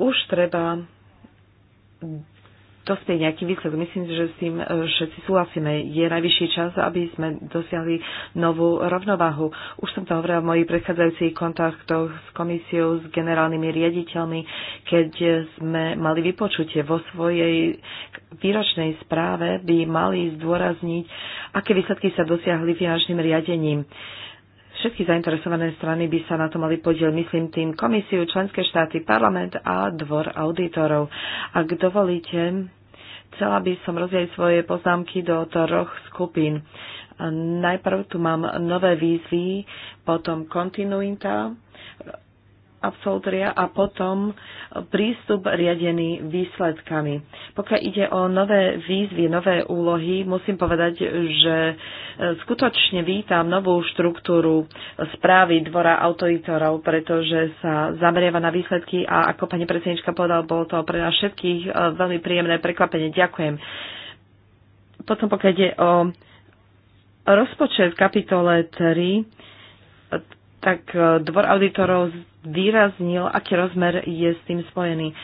Už treba dospieť nejaký výsledok. Myslím, že s tým e, všetci súhlasíme. Je najvyšší čas, aby sme dosiahli novú rovnováhu. Už som to hovorila v mojich predchádzajúcich kontaktoch s komisiou, s generálnymi riaditeľmi, keď sme mali vypočutie vo svojej výročnej správe by mali zdôrazniť, aké výsledky sa dosiahli finančným riadením. Všetky zainteresované strany by sa na to mali podiel, myslím tým komisiu, členské štáty, parlament a dvor auditorov. Ak dovolíte, chcela by som rozvieť svoje poznámky do troch skupín. Najprv tu mám nové výzvy, potom kontinuita, absolutoria a potom prístup riadený výsledkami. Pokiaľ ide o nové výzvy, nové úlohy, musím povedať, že e, skutočne vítam novú štruktúru správy Dvora autoritorov, pretože sa zameriava na výsledky a ako pani predsednička povedala, bolo to pre nás všetkých e, veľmi príjemné prekvapenie. Ďakujem. Potom pokiaľ ide o rozpočet kapitole 3, tak e, dvor auditorov výraznil, aký rozmer je s tým spojený. E,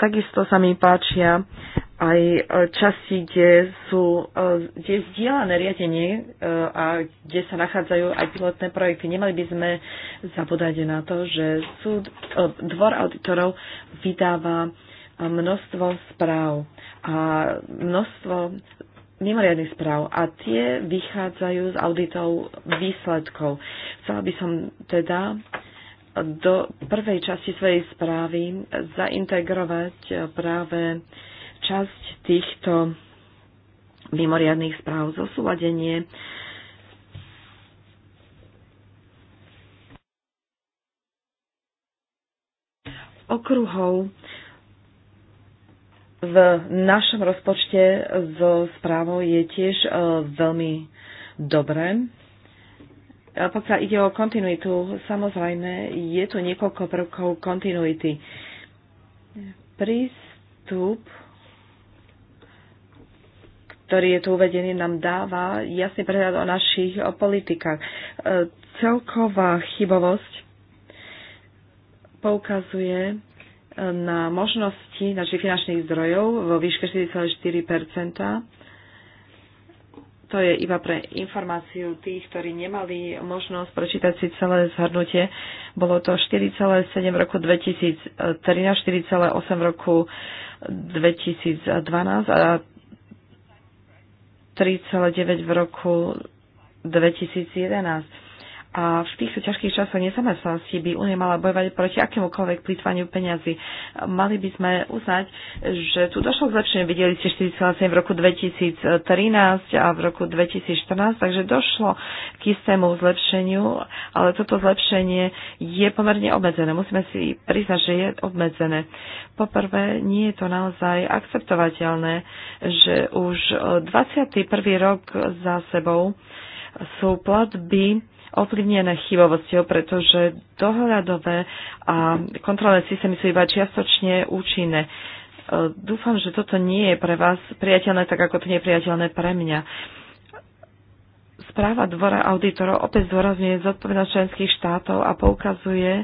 takisto sa mi páčia aj e, časti, kde, sú, kde vzdielané riadenie a kde sa nachádzajú aj pilotné projekty. Nemali by sme zabúdať na to, že súd, dvor auditorov vydáva množstvo správ a množstvo mimoriadných správ a tie vychádzajú z auditov výsledkov. Chcela by som teda do prvej časti svojej správy zaintegrovať práve časť týchto mimoriadných správ, súladenie okruhov v našom rozpočte so správou je tiež e, veľmi dobré. Pokiaľ ide o kontinuitu, samozrejme, je tu niekoľko prvkov kontinuity. Prístup, ktorý je tu uvedený, nám dáva jasný prehľad o našich o politikách. E, celková chybovosť poukazuje na možnosti našich finančných zdrojov vo výške 4,4 To je iba pre informáciu tých, ktorí nemali možnosť prečítať si celé zhrnutie. Bolo to 4,7 v roku 2013, 4,8 v roku 2012 a 3,9 v roku 2011 a v týchto ťažkých časoch nezamestnanosti by Unia mala bojovať proti akémukoľvek plýtvaniu peňazí. Mali by sme uznať, že tu došlo k zlepšeniu. Videli ste 4,7 v roku 2013 a v roku 2014, takže došlo k istému zlepšeniu, ale toto zlepšenie je pomerne obmedzené. Musíme si priznať, že je obmedzené. Poprvé, nie je to naozaj akceptovateľné, že už 21. rok za sebou sú platby ovplyvnené chybovosťou, pretože dohľadové a kontrolné systémy sú iba čiastočne účinné. E, dúfam, že toto nie je pre vás priateľné, tak ako to nie je priateľné pre mňa. Správa Dvora auditorov opäť zdôrazňuje zodpovednosť členských štátov a poukazuje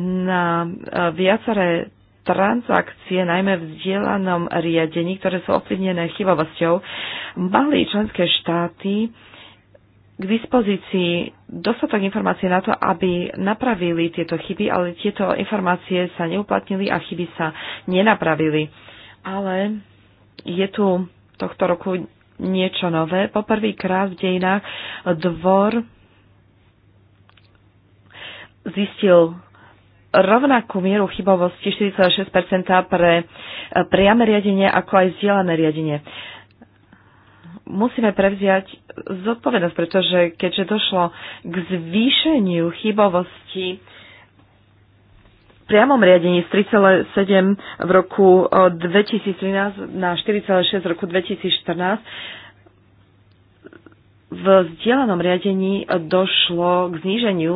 na e, viaceré transakcie, najmä v vzdielanom riadení, ktoré sú ovplyvnené chybovosťou, mali členské štáty k dispozícii dostatok informácií na to, aby napravili tieto chyby, ale tieto informácie sa neuplatnili a chyby sa nenapravili. Ale je tu tohto roku niečo nové. Poprvýkrát v dejinách dvor zistil rovnakú mieru chybovosti 46% pre priame riadenie ako aj zdieľané riadenie. Uh, musíme prevziať zodpovednosť, pretože keďže došlo k zvýšeniu chybovosti v priamom riadení z 3,7 v roku 2013 na 4,6 v roku 2014, v zdieľanom riadení došlo k zníženiu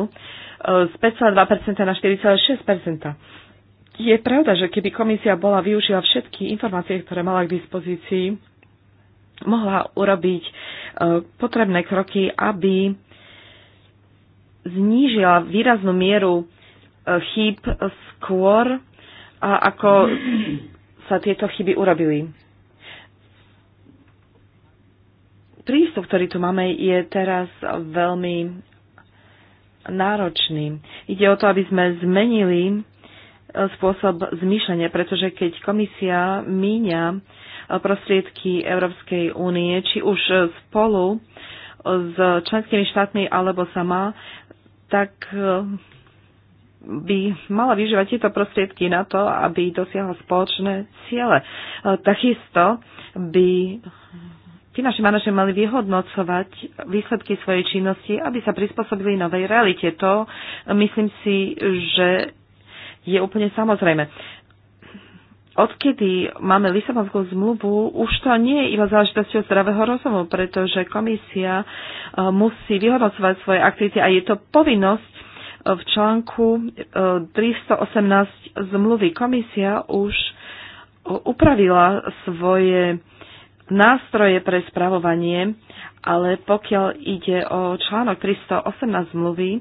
z 5,2% na 4,6%. Je pravda, že keby komisia bola využila všetky informácie, ktoré mala k dispozícii, mohla urobiť e, potrebné kroky, aby znížila výraznú mieru e, chýb skôr, ako sa tieto chyby urobili. Prístup, ktorý tu máme, je teraz veľmi náročný. Ide o to, aby sme zmenili e, spôsob zmýšľania, pretože keď komisia míňa prostriedky Európskej únie, či už spolu s členskými štátmi alebo sama, tak eh, by mala využívať tieto prostriedky na to, aby dosiahla spoločné ciele. Eh, takisto by naši manažeri mali vyhodnocovať výsledky svojej činnosti, aby sa prispôsobili novej realite. To eh, myslím si, že je úplne samozrejme odkedy máme Lisabonskú zmluvu, už to nie je iba záležitosťou zdravého rozumu, pretože komisia e, musí vyhodnocovať svoje aktivity a je to povinnosť e, v článku 318 e, zmluvy. Komisia už upravila svoje nástroje pre spravovanie, ale pokiaľ ide o článok 318 zmluvy,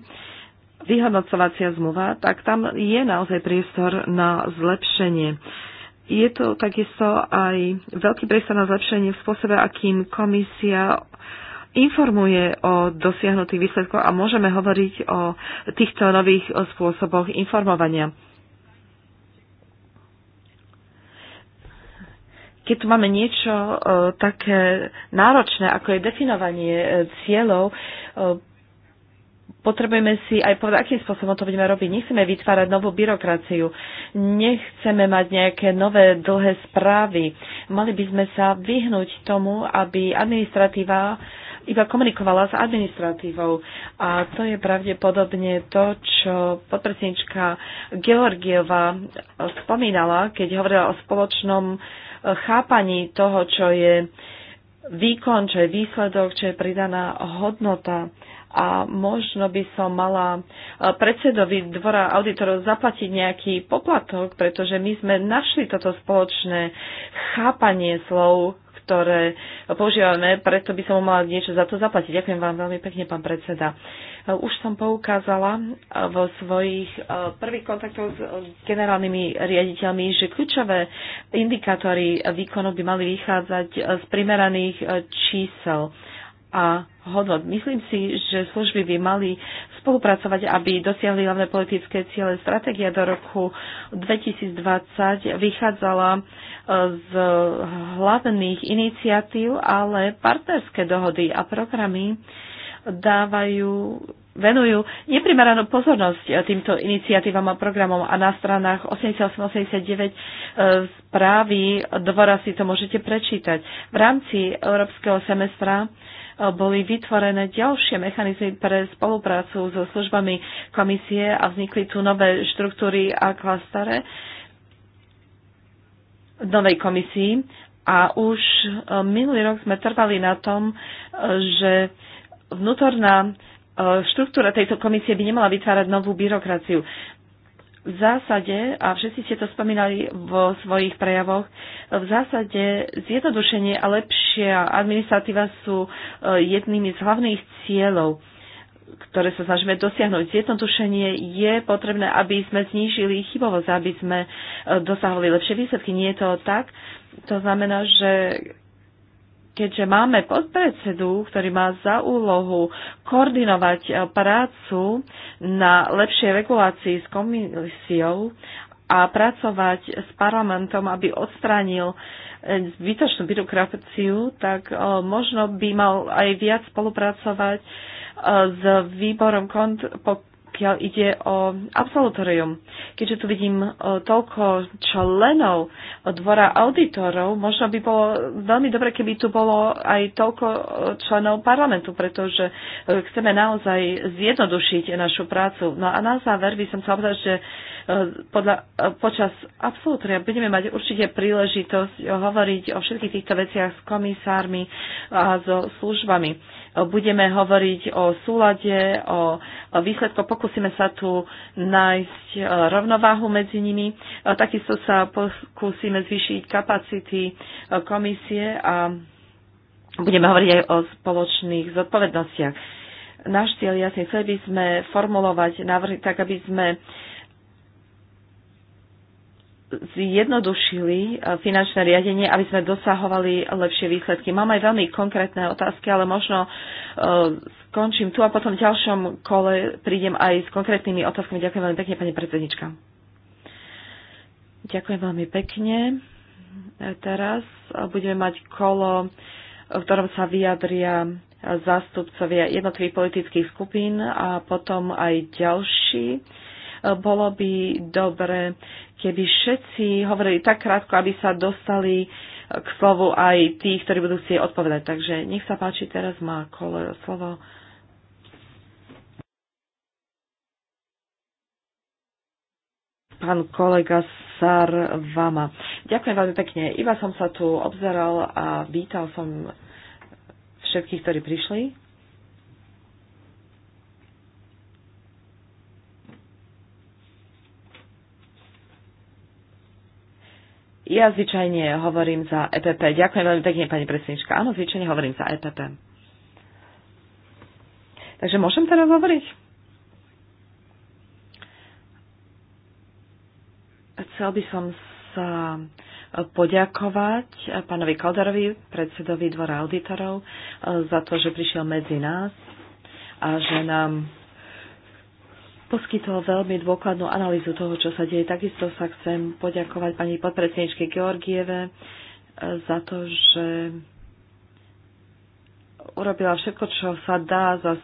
vyhodnocovacia zmluva, tak tam je naozaj priestor na zlepšenie. Je to takisto aj veľký priestor na zlepšenie v spôsobe, akým komisia informuje o dosiahnutých výsledkoch a môžeme hovoriť o týchto nových spôsoboch informovania. Keď tu máme niečo eh, také náročné, ako je definovanie eh, cieľov, eh, potrebujeme si aj povedať, akým spôsobom to budeme robiť. Nechceme vytvárať novú byrokraciu, nechceme mať nejaké nové dlhé správy. Mali by sme sa vyhnúť tomu, aby administratíva iba komunikovala s administratívou. A to je pravdepodobne to, čo podpredsednička Georgieva spomínala, keď hovorila o spoločnom eh, chápaní toho, čo je výkon, čo je výsledok, čo je pridaná hodnota a možno by som mala e, predsedovi dvora auditorov zaplatiť nejaký poplatok, pretože my sme našli toto spoločné chápanie slov, ktoré používame, preto by som mu mala niečo za to zaplatiť. Ďakujem vám veľmi pekne, pán predseda. E, už som poukázala e, vo svojich prvých kontaktoch s generálnymi riaditeľmi, že kľúčové indikátory výkonu by mali vychádzať z primeraných čísel a hodnot. Myslím si, že služby by mali spolupracovať, aby dosiahli hlavné politické ciele. Stratégia do roku 2020 vychádzala e, z hlavných iniciatív, ale partnerské dohody a programy dávajú venujú neprimeranú pozornosť týmto iniciatívam a programom a na stranách 88-89 e, správy dvora si to môžete prečítať. V rámci európskeho semestra boli vytvorené ďalšie mechanizmy pre spoluprácu so službami komisie a vznikli tu nové štruktúry a klastare novej komisii. A už e, minulý rok sme trvali na tom, e, že vnútorná e, štruktúra tejto komisie by nemala vytvárať novú byrokraciu v zásade, a všetci ste to spomínali vo svojich prejavoch, v zásade zjednodušenie a lepšia administratíva sú e, jednými z hlavných cieľov ktoré sa snažíme dosiahnuť. Zjednodušenie je potrebné, aby sme znížili chybovosť, aby sme e, dosahovali lepšie výsledky. Nie je to tak. To znamená, že keďže máme podpredsedu, ktorý má za úlohu koordinovať eh, prácu na lepšej regulácii s komisiou a pracovať s parlamentom, aby odstránil eh, zbytočnú byrokraciu, tak eh, možno by mal aj viac spolupracovať s výborom kont po pokiaľ ide o absolutorium. Keďže tu vidím e, toľko členov e, dvora auditorov, možno by bolo veľmi dobre, keby tu bolo aj toľko e, členov parlamentu, pretože chceme naozaj zjednodušiť našu prácu. No a na záver by som sa obzal, že podľa, počas absolútoria budeme mať určite príležitosť hovoriť o všetkých týchto veciach s komisármi a so službami budeme hovoriť o súlade, o výsledku, pokúsime sa tu nájsť e, rovnováhu medzi nimi. E, takisto sa pokúsime zvýšiť kapacity e, komisie a budeme hovoriť aj o spoločných zodpovednostiach. Náš cieľ jasný, chceli by sme formulovať návrhy tak, aby sme zjednodušili e, finančné riadenie, aby sme dosahovali lepšie výsledky. Mám aj veľmi konkrétne otázky, ale možno e, skončím tu a potom v ďalšom kole prídem aj s konkrétnymi otázkami. Ďakujem veľmi pekne, pani predsednička. Ďakujem veľmi pekne. E, teraz budeme mať kolo, v ktorom sa vyjadria zástupcovia jednotlivých politických skupín a potom aj ďalší bolo by dobre, keby všetci hovorili tak krátko, aby sa dostali e, k slovu aj tí, ktorí budú chcieť odpovedať. Takže nech sa páči, teraz má kole, slovo. Pán kolega Sarvama. Ďakujem veľmi pekne. Iba som sa tu obzeral a vítal som všetkých, ktorí prišli. Ja zvyčajne hovorím za EPP. Ďakujem veľmi pekne, pani predsednička. Áno, zvyčajne hovorím za EPP. Takže môžem teraz hovoriť? Chcel by som sa poďakovať pánovi Kaldarovi, predsedovi Dvora auditorov, za to, že prišiel medzi nás a že nám poskytol veľmi dôkladnú analýzu toho, čo sa deje. Takisto sa chcem poďakovať pani podpredsedničke Georgieve eh, za to, že urobila všetko, čo sa dá za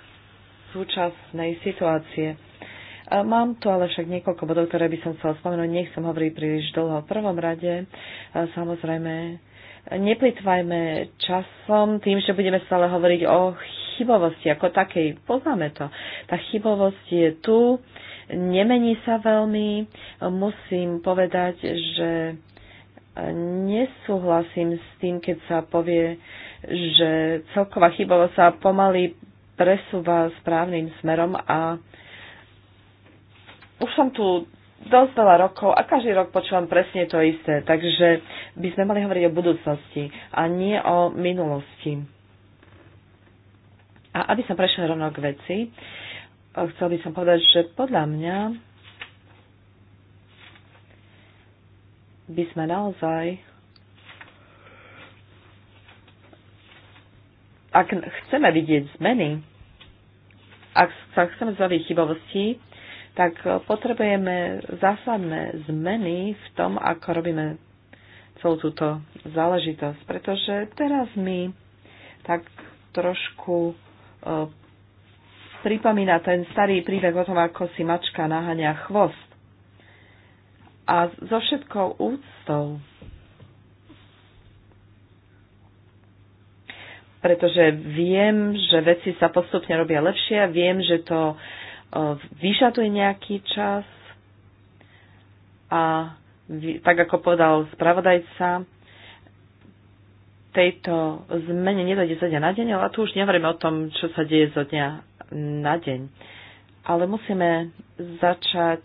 súčasnej situácie. Mám tu ale však niekoľko bodov, ktoré by som chcela spomenúť. Nechcem hovoriť príliš dlho. V prvom rade, eh, samozrejme, neplitvajme časom tým, že budeme stále hovoriť o chybovosti ako takej. Poznáme to. Tá chybovosť je tu, nemení sa veľmi. Musím povedať, že nesúhlasím s tým, keď sa povie, že celková chybovosť sa pomaly presúva správnym smerom a už som tu dosť veľa rokov a každý rok počúvam presne to isté. Takže by sme mali hovoriť o budúcnosti a nie o minulosti. A aby som prešiel rovno k veci, chcel by som povedať, že podľa mňa by sme naozaj ak chceme vidieť zmeny, ak sa chceme zbaviť chybovosti, tak potrebujeme zásadné zmeny v tom, ako robíme celú túto záležitosť. Pretože teraz my tak trošku E, pripomína ten starý príbeh o tom, ako si mačka naháňa chvost. A so všetkou úctou, pretože viem, že veci sa postupne robia lepšie, viem, že to e, vyšatuje nejaký čas a tak ako povedal spravodajca, tejto zmene nedojde zo dňa na deň, ale tu už nehovoríme o tom, čo sa deje zo dňa na deň. Ale musíme začať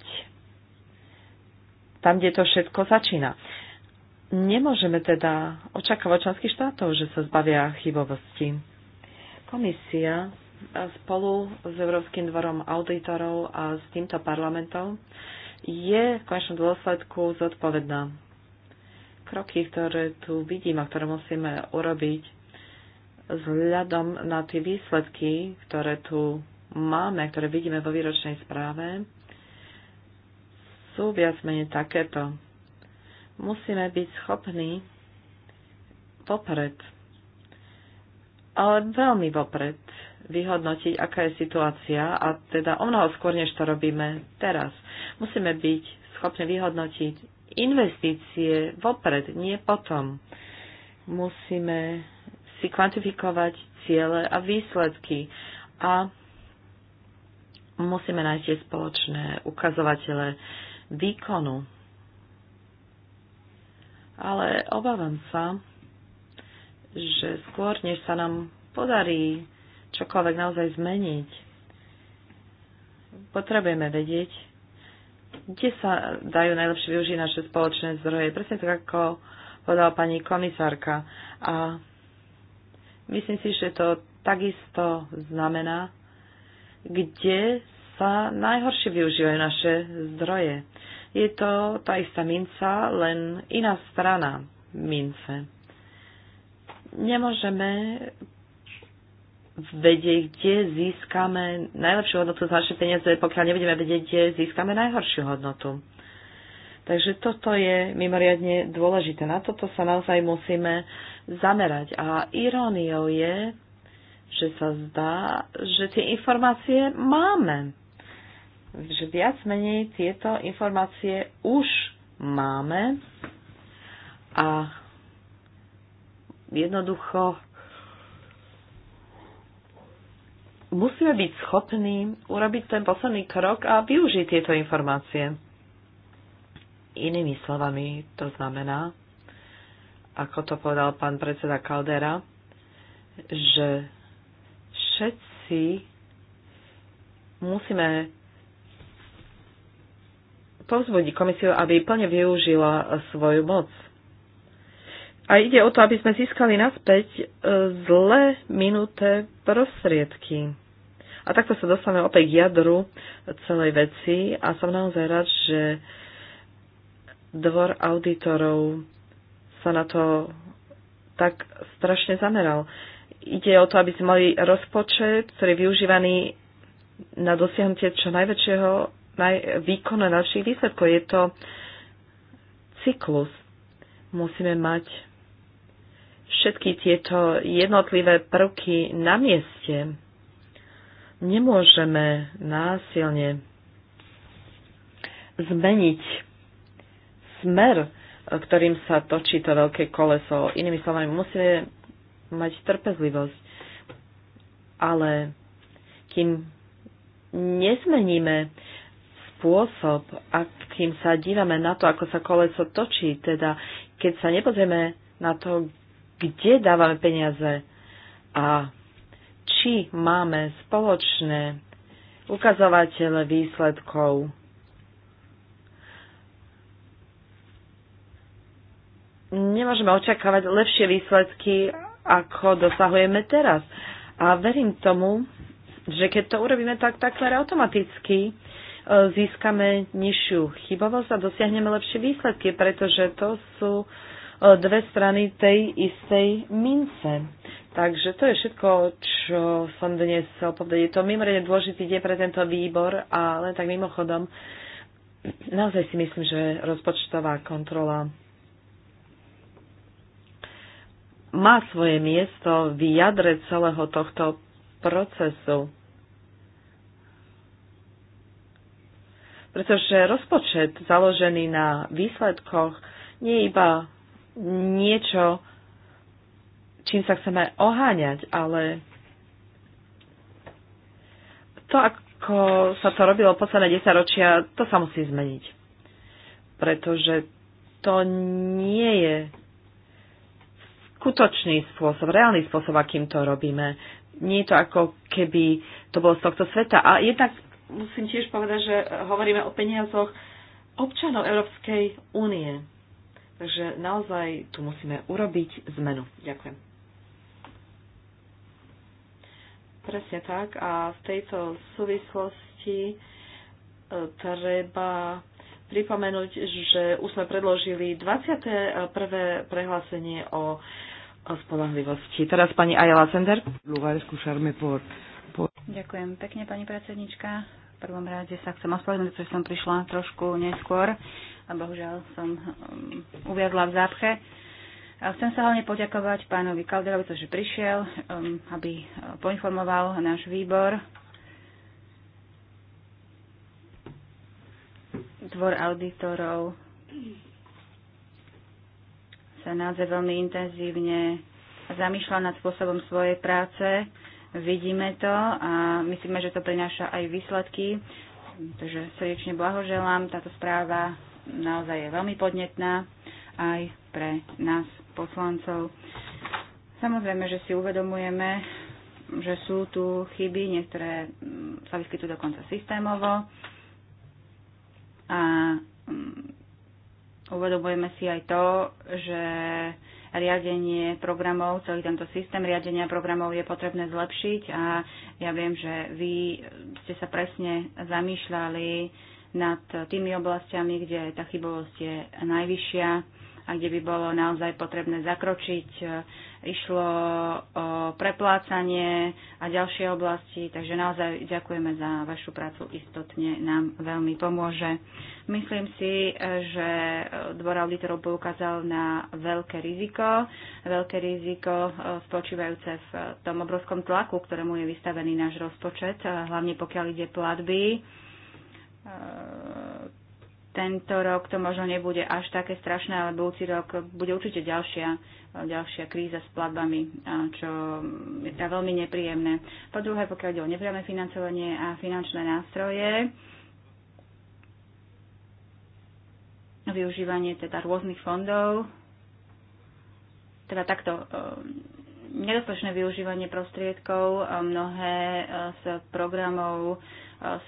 tam, kde to všetko začína. Nemôžeme teda očakávať členských štátov, že sa zbavia chybovosti. Komisia spolu s Európskym dvorom auditorov a s týmto parlamentom je v konečnom dôsledku zodpovedná kroky, ktoré tu vidím a ktoré musíme urobiť vzhľadom na tie výsledky, ktoré tu máme, ktoré vidíme vo výročnej správe, sú viac menej takéto. Musíme byť schopní popred, ale veľmi vopred, vyhodnotiť, aká je situácia a teda o mnoho skôr, než to robíme teraz. Musíme byť schopní vyhodnotiť investície vopred, nie potom. Musíme si kvantifikovať ciele a výsledky a musíme nájsť tie spoločné ukazovatele výkonu. Ale obávam sa, že skôr, než sa nám podarí čokoľvek naozaj zmeniť, potrebujeme vedieť, kde sa dajú najlepšie využiť naše spoločné zdroje. Presne tak, ako povedala pani komisárka. A myslím si, že to takisto znamená, kde sa najhoršie využívajú naše zdroje. Je to tá istá minca, len iná strana mince. Nemôžeme vedieť, kde získame najlepšiu hodnotu za naše peniaze, pokiaľ nebudeme vedieť, kde získame najhoršiu hodnotu. Takže toto je mimoriadne dôležité. Na toto sa naozaj musíme zamerať. A iróniou je, že sa zdá, že tie informácie máme. Že viac menej tieto informácie už máme a jednoducho musíme byť schopní urobiť ten posledný krok a využiť tieto informácie. Inými slovami, to znamená, ako to povedal pán predseda Caldera, že všetci musíme povzbudiť komisiu, aby plne využila svoju moc. A ide o to, aby sme získali naspäť e, zle minuté prostriedky. A takto sa dostávame opäť k jadru celej veci a som naozaj rád, že dvor auditorov sa na to tak strašne zameral. Ide o to, aby sme mali rozpočet, ktorý je využívaný na dosiahnutie čo najväčšieho naj, výkonu našich výsledkov. Je to cyklus. Musíme mať všetky tieto jednotlivé prvky na mieste nemôžeme násilne zmeniť smer, ktorým sa točí to veľké koleso. Inými slovami, musíme mať trpezlivosť. Ale kým nezmeníme spôsob, akým sa dívame na to, ako sa koleso točí, teda keď sa nepozrieme na to, kde dávame peniaze a či máme spoločné ukazovatele výsledkov. Nemôžeme očakávať lepšie výsledky, ako dosahujeme teraz. A verím tomu, že keď to urobíme tak takmer automaticky, e, získame nižšiu chybovosť a dosiahneme lepšie výsledky, pretože to sú e, dve strany tej istej mince Takže to je všetko, čo som dnes chcel povedať. Je to mimoriadne dôležitý deň pre tento výbor a len tak mimochodom, naozaj si myslím, že rozpočtová kontrola má svoje miesto v jadre celého tohto procesu. Pretože rozpočet založený na výsledkoch nie je iba niečo, čím sa chceme oháňať, ale to, ako sa to robilo posledné 10 ročia, to sa musí zmeniť. Pretože to nie je skutočný spôsob, reálny spôsob, akým to robíme. Nie je to ako keby to bolo z tohto sveta. A jednak musím tiež povedať, že hovoríme o peniazoch občanov Európskej únie. Takže naozaj tu musíme urobiť zmenu. Ďakujem. Presne tak. A v tejto súvislosti e, treba pripomenúť, že už sme predložili 21. E, prehlásenie o, o spolahlivosti. Teraz pani Ayala Sender. Ďakujem pekne, pani predsednička. V prvom rade sa chcem ospravedlniť, pretože som prišla trošku neskôr a bohužiaľ som um, uviazla v zápche. Uh, a chcem sa hlavne poďakovať pánovi Kalderovi, že prišiel, um, aby uh, poinformoval náš výbor. Dvor auditorov sa naozaj veľmi intenzívne zamýšľa nad spôsobom svojej práce. Vidíme to a myslíme, že to prináša aj výsledky. Takže srdečne blahoželám. Táto správa naozaj je veľmi podnetná aj pre nás poslancov. Samozrejme, že si uvedomujeme, že sú tu chyby, niektoré mm, sa vyskytujú dokonca systémovo a mm, uvedomujeme si aj to, že riadenie programov, celý tento systém riadenia programov je potrebné zlepšiť a ja viem, že vy ste sa presne zamýšľali nad tými oblastiami, kde tá chybovosť je najvyššia a kde by bolo naozaj potrebné zakročiť. E, Išlo o preplácanie a ďalšie oblasti, takže naozaj ďakujeme za vašu prácu, istotne nám veľmi pomôže. Myslím si, e, že e, dvor auditorov poukázal na veľké riziko, veľké riziko spočívajúce v tom obrovskom tlaku, ktorému je vystavený náš rozpočet, hlavne pokiaľ ide platby tento rok to možno nebude až také strašné, ale budúci rok bude určite ďalšia, ďalšia kríza s platbami, čo je teda veľmi nepríjemné. Po druhé, pokiaľ ide o nepriame financovanie a finančné nástroje, využívanie teda rôznych fondov, teda takto e, nedostatočné využívanie prostriedkov, mnohé e, z programov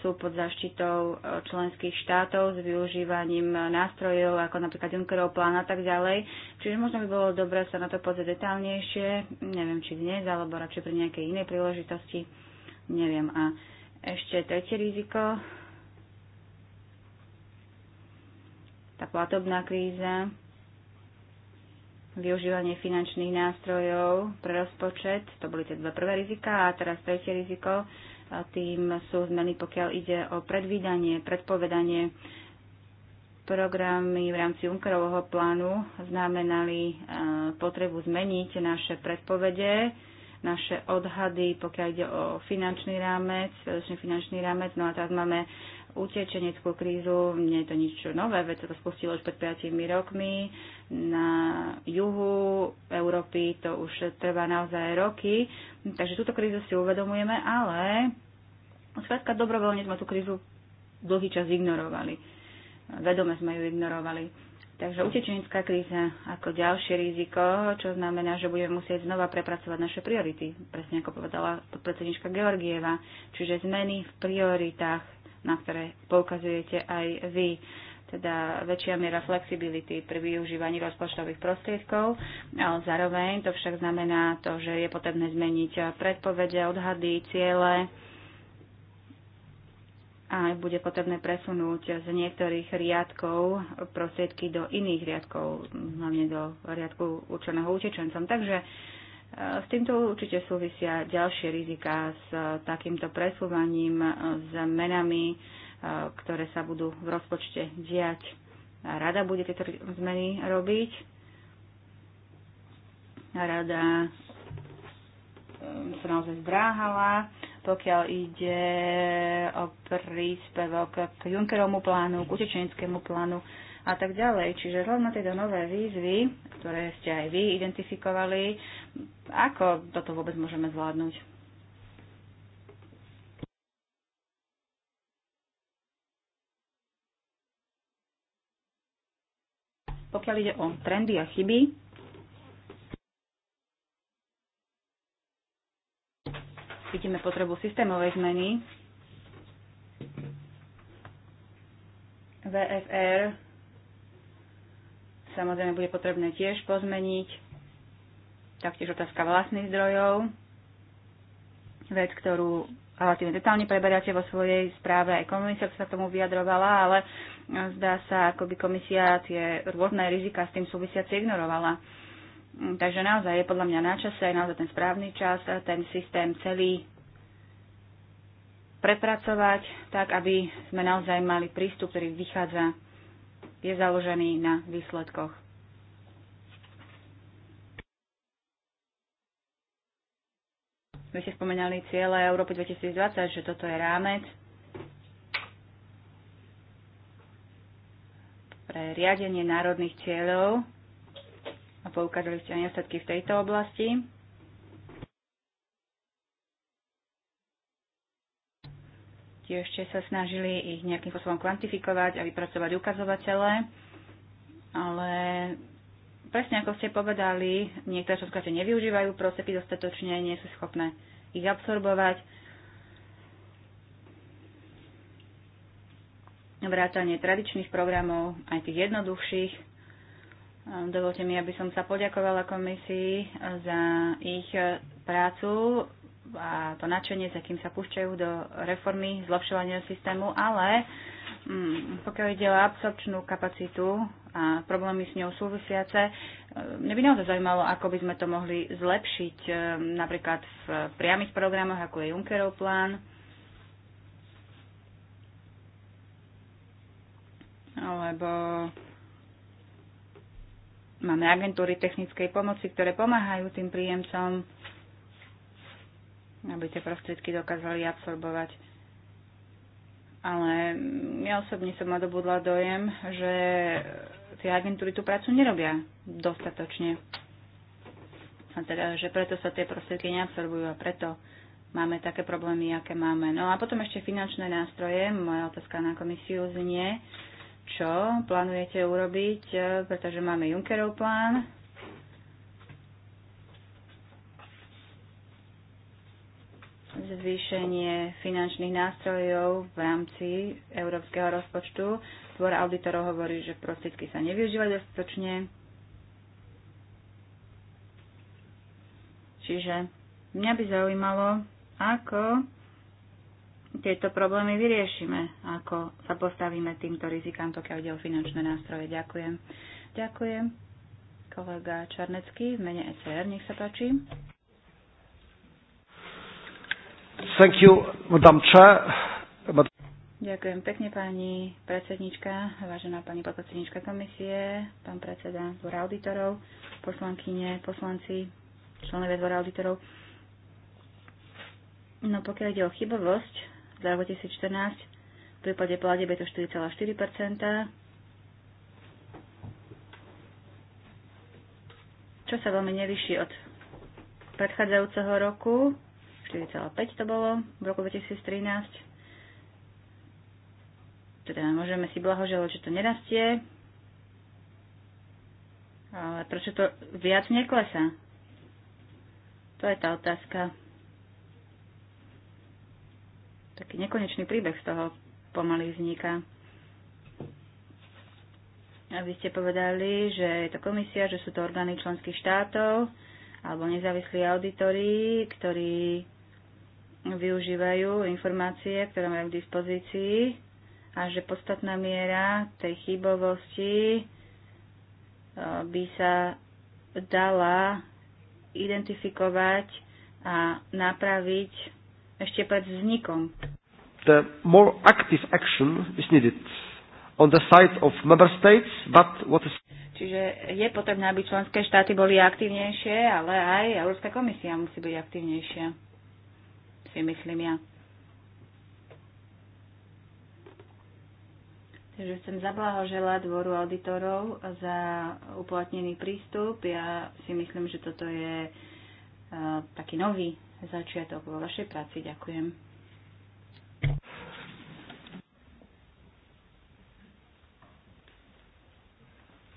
sú pod zaštitou eh, členských štátov s využívaním nástrojov ako napríklad Junckerov plán a tak ďalej. Čiže možno by bolo dobré sa na to pozrieť detálnejšie, neviem či dnes alebo radšej pri nejakej inej príležitosti, neviem. A ešte tretie riziko, tá platobná kríza, využívanie finančných nástrojov pre rozpočet, to boli tie dva prvé rizika a teraz tretie riziko, tým sú zmeny, pokiaľ ide o predvídanie, predpovedanie programy v rámci Junckerovho plánu znamenali e, potrebu zmeniť naše predpovede, naše odhady, pokiaľ ide o finančný rámec, spoločný finančný rámec. No a teraz máme utečeneckú krízu, nie je to nič nové, veď sa to spustilo už pred 5 rokmi. Na juhu Európy to už trvá naozaj roky, takže túto krízu si uvedomujeme, ale No skrátka dobrovoľne sme tú krízu dlhý čas ignorovali. Vedome sme ju ignorovali. Takže utečenická kríza ako ďalšie riziko, čo znamená, že budeme musieť znova prepracovať naše priority, presne ako povedala podpredsednička Georgieva, čiže zmeny v prioritách, na ktoré poukazujete aj vy teda väčšia miera flexibility pri využívaní rozpočtových prostriedkov. Ale zároveň to však znamená to, že je potrebné zmeniť predpovede, odhady, ciele, a bude potrebné presunúť z niektorých riadkov prostriedky do iných riadkov, hlavne do riadku určeného utečencom. Takže e, s týmto určite súvisia ďalšie rizika s takýmto presúvaním, e, s menami, e, ktoré sa budú v rozpočte diať. Rada bude tieto zmeny robiť. Rada sa naozaj zdráhala pokiaľ ide o príspevok k Junckerovmu plánu, k utečeneckému plánu a tak ďalej. Čiže hľadom na tieto nové výzvy, ktoré ste aj vy identifikovali, ako toto vôbec môžeme zvládnuť? Pokiaľ ide o trendy a chyby, vidíme potrebu systémovej zmeny. VFR samozrejme bude potrebné tiež pozmeniť. Taktiež otázka vlastných zdrojov. Vec, ktorú relatívne detálne preberáte vo svojej správe, aj komisia sa k tomu vyjadrovala, ale zdá sa, ako by komisia tie rôzne rizika s tým súvisiaci ignorovala. Takže naozaj je podľa mňa na čase, aj naozaj ten správny čas, ten systém celý prepracovať tak, aby sme naozaj mali prístup, ktorý vychádza, je založený na výsledkoch. My ste spomenali cieľe Európy 2020, že toto je rámec pre riadenie národných cieľov a poukázali ste aj v tejto oblasti. Tiež ste sa snažili ich nejakým spôsobom kvantifikovať a vypracovať ukazovatele, ale presne ako ste povedali, niektoré členské nevyužívajú prostriedky dostatočne, nie sú schopné ich absorbovať. Vrátanie tradičných programov, aj tých jednoduchších, ehm, Dovolte mi, aby som sa poďakovala komisii za ich prácu a to nadšenie, s akým sa púšťajú do reformy, zlepšovania systému, ale mm, pokiaľ ide o absorpčnú kapacitu a problémy s ňou súvisiace, e, mne by naozaj zaujímalo, ako by sme to mohli zlepšiť e, napríklad v priamých programoch, ako je Junckerov plán, alebo máme agentúry technickej pomoci, ktoré pomáhajú tým príjemcom aby tie prostriedky dokázali absorbovať. Ale ja osobne som nadobudla dojem, že tie agentúry tú prácu nerobia dostatočne. A teda, že preto sa tie prostriedky neabsorbujú a preto máme také problémy, aké máme. No a potom ešte finančné nástroje. Moja otázka na komisiu znie, čo plánujete urobiť, pretože máme Junckerov plán, zvýšenie finančných nástrojov v rámci európskeho rozpočtu. Dvor auditorov hovorí, že prostriedky sa nevyužívajú dostatočne. Čiže mňa by zaujímalo, ako tieto problémy vyriešime, ako sa postavíme týmto rizikám, pokiaľ ide o finančné nástroje. Ďakujem. Ďakujem. Kolega Čarnecký v mene ECR, nech sa páči. Thank you, Madam Chair. Ďakujem pekne, pani predsednička, vážená pani podpredsednička komisie, pán predseda dvora auditorov, poslankyne, poslanci, členovia dvora auditorov. No pokiaľ ide o chybovosť za rok 2014, v prípade plade je to 4,4%, čo sa veľmi nevyšší od predchádzajúceho roku, 4,5 to bolo v roku 2013. Teda môžeme si blahoželať, že to nerastie. Ale prečo to viac neklesá? To je tá otázka. Taký nekonečný príbeh z toho pomaly vzniká. A vy ste povedali, že je to komisia, že sú to orgány členských štátov alebo nezávislí auditori, ktorí využívajú informácie, ktoré majú k dispozícii a že podstatná miera tej chybovosti e, by sa dala identifikovať a napraviť ešte pred vznikom. The more active action is needed on the side of member states, but what is... Čiže je potrebné, aby členské štáty boli aktívnejšie, ale aj Európska komisia musí byť aktívnejšia si myslím ja. Takže chcem zablahoželať dvoru auditorov za uplatnený prístup. Ja si myslím, že toto je uh, taký nový začiatok vo vašej práci. Ďakujem.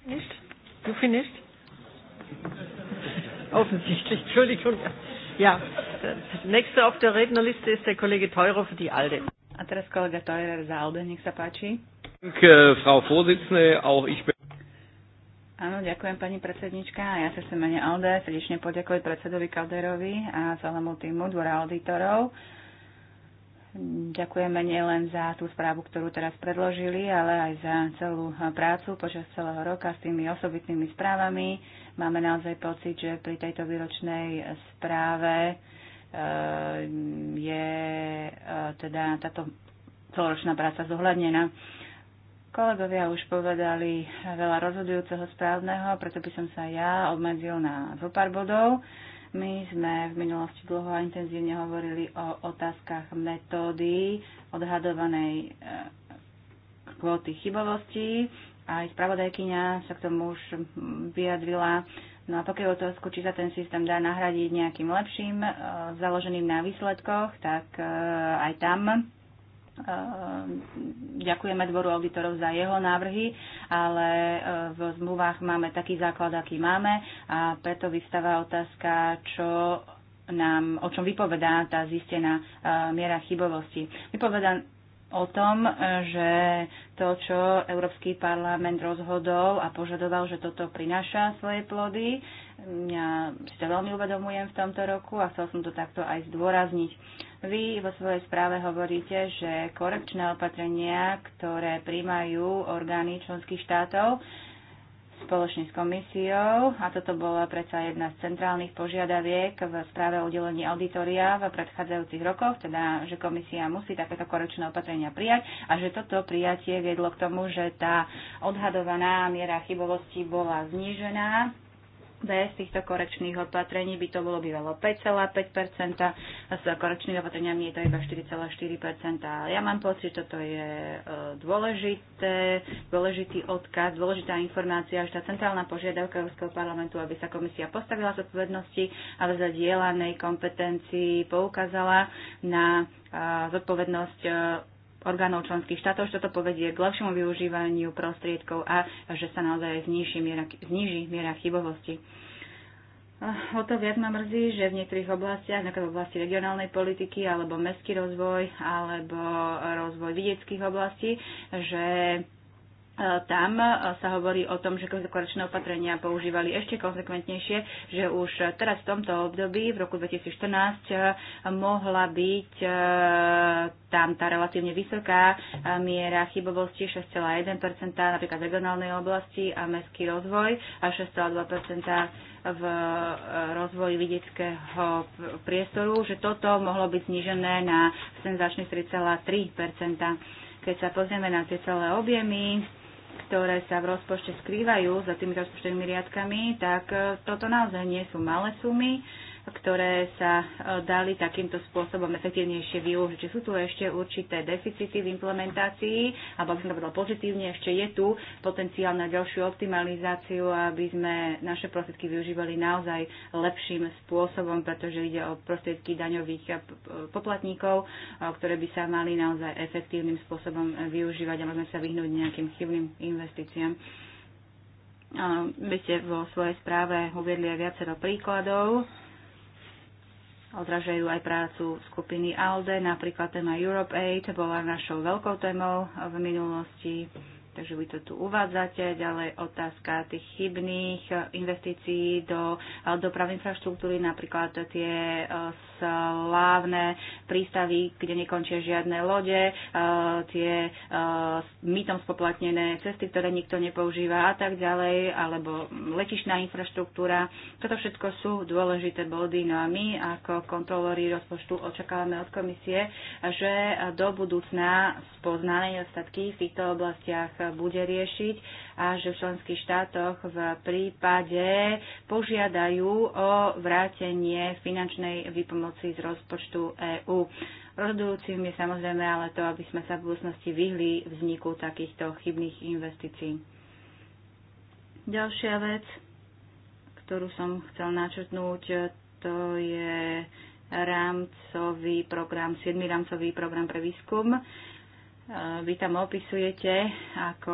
Nicht? Du findest? Offensichtlich, Entschuldigung. Ja, Nächster auf der Rednerliste ist der Kollege Teurer für die ALDE. A teraz kolega Teurer za ALDE, nech sa páči. Dank, eh, Frau Vorsitzende, auch ich Áno, ďakujem pani predsednička. Ja sa sem mene ALDE srdečne poďakovať predsedovi Kalderovi a celému týmu dvora auditorov. Ďakujeme nielen za tú správu, ktorú teraz predložili, ale aj za celú prácu počas celého roka s tými osobitnými správami. Máme naozaj pocit, že pri tejto výročnej správe Ehm, je eh, teda táto celoročná práca zohľadnená. Kolegovia už povedali veľa rozhodujúceho správneho, preto by som sa ja obmedzil na zo pár bodov. My sme v minulosti dlho a intenzívne hovorili o otázkach metódy odhadovanej eh, kvóty chybovosti. Aj spravodajkyňa sa k tomu už vyjadrila. No a pokiaľ otázku, či sa ten systém dá nahradiť nejakým lepším, e, založeným na výsledkoch, tak e, aj tam e, Ďakujeme dvoru auditorov za jeho návrhy, ale v zmluvách máme taký základ, aký máme a preto vystáva otázka, čo nám, o čom vypovedá tá zistená miera chybovosti. Vypovedá o tom, e, že to, čo Európsky parlament rozhodol a požadoval, že toto prináša svoje plody, ja si to veľmi uvedomujem v tomto roku a chcel som to takto aj zdôrazniť. Vy vo svojej správe hovoríte, že korekčné opatrenia, ktoré príjmajú orgány členských štátov, spoločne s komisiou a toto bola predsa jedna z centrálnych požiadaviek v správe o udelení auditoria v predchádzajúcich rokoch, teda že komisia musí takéto korekčné opatrenia prijať a že toto prijatie viedlo k tomu, že tá odhadovaná miera chybovosti bola znížená bez týchto korekčných opatrení by to bolo bývalo 5,5% a s korekčnými opatreniami je to iba 4,4%. Ja mám pocit, že toto je e, dôležité, dôležitý odkaz, dôležitá informácia, že tá centrálna požiadavka Európskeho parlamentu, aby sa komisia postavila z odpovednosti a v zadielanej kompetencii poukázala na e, zodpovednosť e, orgánov členských štátov, že toto povedie k lepšiemu využívaniu prostriedkov a že sa naozaj zniží miera, zniží miera chybovosti. O to viac ma mrzí, že v niektorých oblastiach, napríklad v oblasti regionálnej politiky, alebo mestský rozvoj, alebo rozvoj vidieckých oblastí, že tam sa hovorí o tom, že konzekvenčné opatrenia používali ešte konzekventnejšie, že už teraz v tomto období, v roku 2014, mohla byť e, tam tá relatívne vysoká e, miera chybovosti 6,1%, napríklad v regionálnej oblasti a mestský rozvoj a 6,2% v e, rozvoji vidieckého priestoru, že toto mohlo byť znižené na senzačných 3,3%. Keď sa pozrieme na tie celé objemy, ktoré sa v rozpočte skrývajú za tými rozpočtovými riadkami, tak e, toto naozaj nie sú malé sumy ktoré sa e, dali takýmto spôsobom efektívnejšie využiť. Či sú tu ešte určité deficity v implementácii, alebo aby som to povedal pozitívne, ešte je tu potenciál na ďalšiu optimalizáciu, aby sme naše prostriedky využívali naozaj lepším spôsobom, pretože ide o prostriedky daňových e, poplatníkov, e, ktoré by sa mali naozaj efektívnym spôsobom využívať a môžeme sa vyhnúť nejakým chybným investíciám. Vy ste vo svojej správe uviedli aj viacero príkladov odražajú aj prácu skupiny ALDE, napríklad téma Europe Aid bola našou veľkou témou v minulosti, takže vy to tu uvádzate. Ďalej otázka tých chybných investícií do dopravy infraštruktúry, napríklad tie eh, slávne prístavy, kde nekončia žiadne lode, e, tie e, mytom spoplatnené cesty, ktoré nikto nepoužíva a tak ďalej, alebo letišná infraštruktúra. Toto všetko sú dôležité body. No a my ako kontrolóri rozpočtu očakávame od komisie, že do budúcna spoznané nedostatky v týchto oblastiach bude riešiť a že v členských štátoch v prípade požiadajú o vrátenie finančnej výpomoci z rozpočtu EÚ. Rozhodujúcim je samozrejme ale to, aby sme sa v budúcnosti vyhli vzniku takýchto chybných investícií. Ďalšia vec, ktorú som chcel načrtnúť, to je rámcový program, 7. rámcový program pre výskum. Vy tam opisujete ako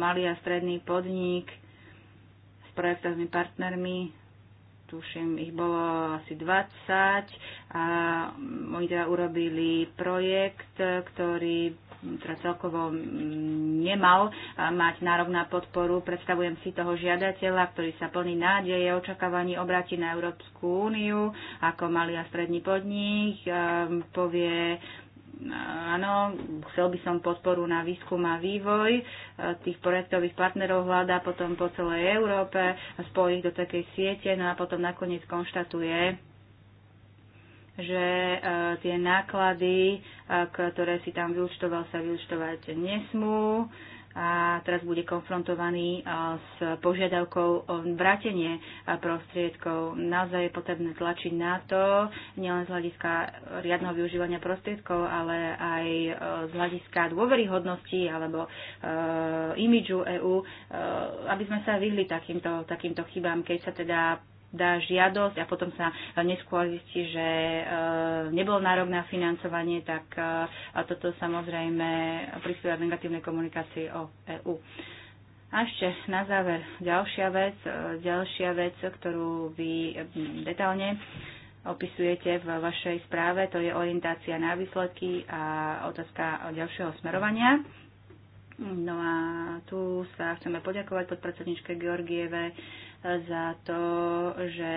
malý a stredný podnik s projektovými partnermi, tuším, ich bolo asi 20 a oni teda urobili projekt, ktorý teda celkovo nemal mať nárok na podporu. Predstavujem si toho žiadateľa, ktorý sa plný nádeje, očakávaní obráti na Európsku úniu ako malý a stredný podnik, povie áno, chcel by som podporu na výskum a vývoj. E, tých projektových partnerov hľadá potom po celej Európe a spojí ich do takej siete, no a potom nakoniec konštatuje, že e, tie náklady, e, ktoré si tam vyúčtoval, sa vyúčtovať nesmú a teraz bude konfrontovaný s požiadavkou o vrátenie prostriedkov. Naozaj je potrebné tlačiť na to, nielen z hľadiska riadneho využívania prostriedkov, ale aj e, z hľadiska dôveryhodnosti alebo e, imidžu EÚ, e, aby sme sa vyhli takýmto, takýmto chybám, keď sa teda dá žiadosť a potom sa neskôr zistí, že e, nebol nárok na financovanie, tak e, toto samozrejme prispieva negatívnej komunikácii o EÚ. A ešte na záver ďalšia vec, e, ďalšia vec, ktorú vy detálne opisujete v vašej správe, to je orientácia na výsledky a otázka ďalšieho smerovania. No a tu sa chceme poďakovať podpracovničke Georgieve za to, že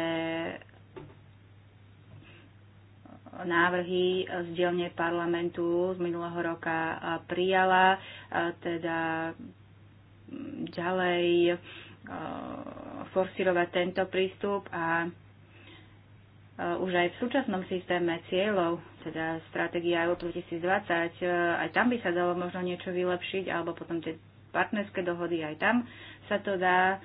návrhy z dielne parlamentu z minulého roka prijala, teda ďalej forsirovať tento prístup a už aj v súčasnom systéme cieľov, teda stratégia EU 2020, aj tam by sa dalo možno niečo vylepšiť, alebo potom tie partnerské dohody, aj tam sa to dá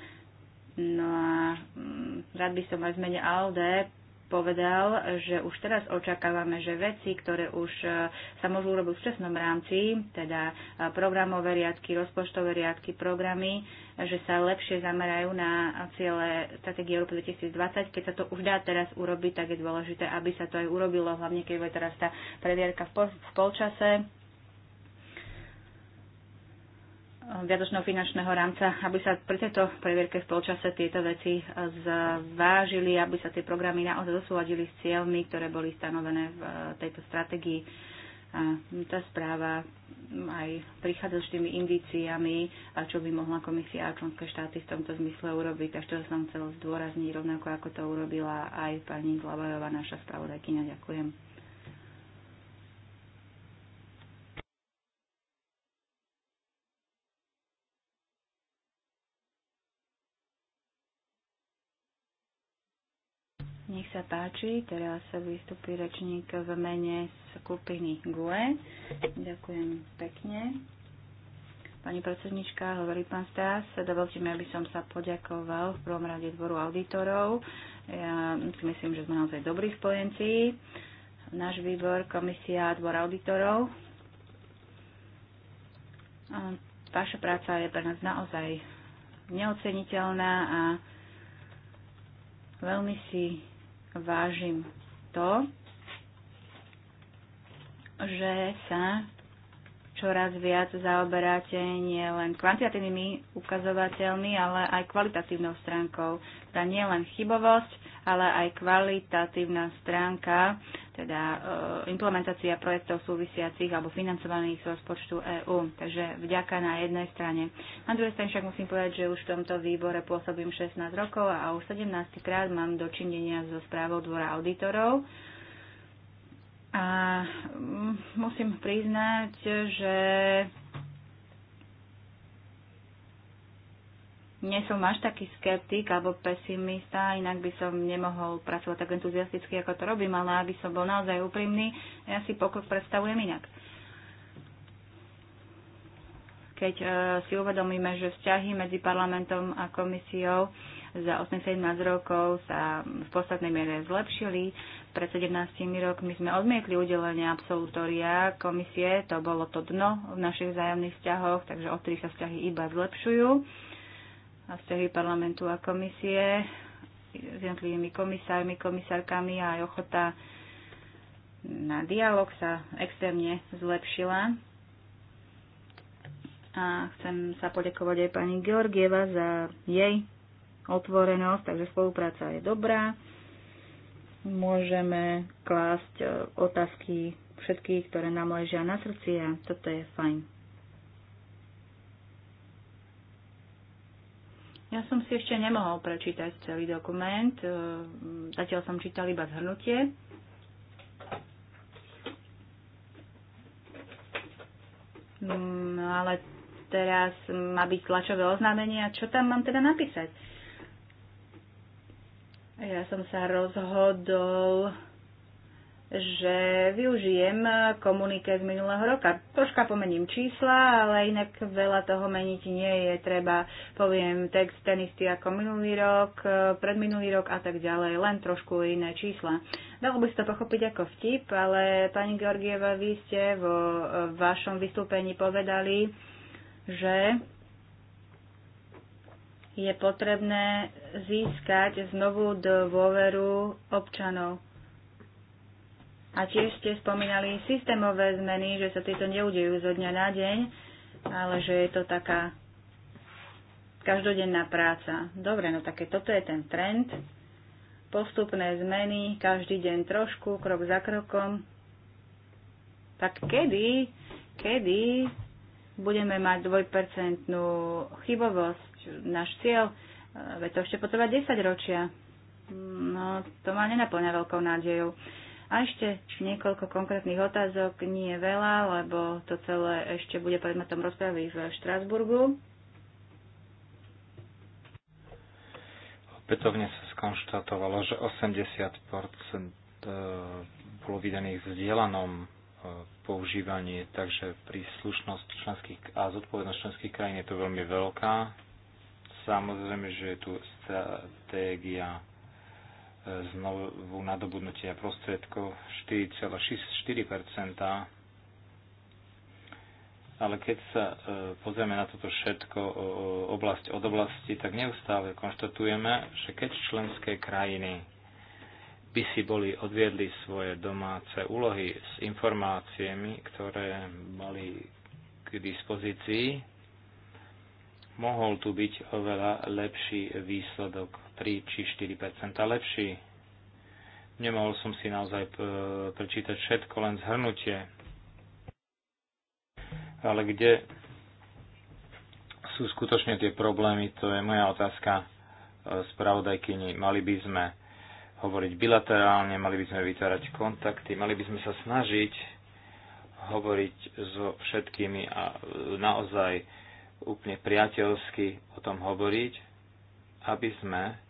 No a mm, rád by som aj v mene ALDE povedal, že už teraz očakávame, že veci, ktoré už e, sa môžu urobiť v čestnom rámci, teda e, programové riadky, rozpočtové riadky, programy, že sa lepšie zamerajú na ciele stratégie Európy 2020. Keď sa to už dá teraz urobiť, tak je dôležité, aby sa to aj urobilo, hlavne keď je teraz tá previerka v polčase viadočného finančného rámca, aby sa pri tejto previerke v polčase tieto veci zvážili, aby sa tie programy naozaj zosúladili s cieľmi, ktoré boli stanovené v eh, tejto stratégii. A tá správa aj prichádza s tými indíciami, a čo by mohla komisia a členské štáty v tomto zmysle urobiť. Takže to som chcel zdôrazniť, rovnako ako to urobila aj pani Glavajová, naša spravodajkyňa. Ďakujem. sa páči, teraz sa vystupí rečník v mene skupiny GUE. Ďakujem pekne. Pani predsednička, hovorí pán Stas, dovolte mi, aby som sa poďakoval v prvom rade dvoru auditorov. Ja si myslím, že sme naozaj dobrí spojenci. Náš výbor, komisia a dvor auditorov. Vaša práca je pre nás naozaj neoceniteľná a veľmi si vážim to, že sa čoraz viac zaoberáte nie len kvantitatívnymi ukazovateľmi, ale aj kvalitatívnou stránkou. Tá nie len chybovosť, ale aj kvalitatívna stránka teda e, implementácia projektov súvisiacich alebo financovaných z rozpočtu EÚ. Takže vďaka na jednej strane. Na druhej strane však musím povedať, že už v tomto výbore pôsobím 16 rokov a už 17 krát mám dočinenia so správou dvora auditorov. A mm, musím priznať, že nie som až taký skeptik alebo pesimista, inak by som nemohol pracovať tak entuziasticky, ako to robím, ale aby som bol naozaj úprimný, ja si pokus predstavujem inak. Keď e, si uvedomíme, že vzťahy medzi parlamentom a komisiou za 8-17 rokov sa v podstatnej miere zlepšili. Pred 17 rokmi sme odmietli udelenie absolutória komisie, to bolo to dno v našich vzájomných vzťahoch, takže odtedy sa vzťahy iba zlepšujú a vzťahy parlamentu a komisie s jednotlivými komisármi, komisárkami a aj ochota na dialog sa extrémne zlepšila. A chcem sa poďakovať aj pani Georgieva za jej otvorenosť, takže spolupráca je dobrá. Môžeme klásť e, otázky všetkých, ktoré nám ležia na srdci a toto je fajn. Ja som si ešte nemohol prečítať celý dokument, e, zatiaľ som čítal iba zhrnutie. No ale teraz má byť tlačové oznámenie a čo tam mám teda napísať? Ja som sa rozhodol že využijem komuniké z minulého roka. Troška pomením čísla, ale inak veľa toho meniť nie je. Treba, poviem, text ten istý ako minulý rok, predminulý rok a tak ďalej, len trošku iné čísla. Dalo by sa to pochopiť ako vtip, ale pani Georgieva, vy ste vo vašom vystúpení povedali, že je potrebné získať znovu dôveru občanov a tiež ste spomínali systémové zmeny, že sa tieto neudejú zo dňa na deň, ale že je to taká každodenná práca. Dobre, no také toto je ten trend. Postupné zmeny, každý deň trošku, krok za krokom. Tak kedy, kedy budeme mať dvojpercentnú chybovosť, náš cieľ, eh, veď to ešte potreba 10 ročia. No, to ma nenaplňa veľkou nádejou. A ešte niekoľko konkrétnych otázok, nie je veľa, lebo to celé ešte bude predmetom rozpravy v Štrásburgu. Opätovne sa skonštatovalo, že 80 e, bolo vydaných v vzdielanom e, používaní, takže príslušnosť členských a zodpovednosť členských krajín je tu veľmi veľká. Samozrejme, že je tu stratégia znovu nadobudnutia prostriedkov 4,4%. Ale keď sa e, pozrieme na toto všetko oblasť od oblasti, tak neustále konštatujeme, že keď členské krajiny by si boli odviedli svoje domáce úlohy s informáciami, ktoré mali k dispozícii, mohol tu byť oveľa lepší výsledok 3 či 4 lepší. Nemohol som si naozaj e, prečítať všetko, len zhrnutie. Ale kde sú skutočne tie problémy, to je moja otázka e, spravodajkyni. Mali by sme hovoriť bilaterálne, mali by sme vytvárať kontakty, mali by sme sa snažiť hovoriť so všetkými a e, naozaj úplne priateľsky o tom hovoriť, aby sme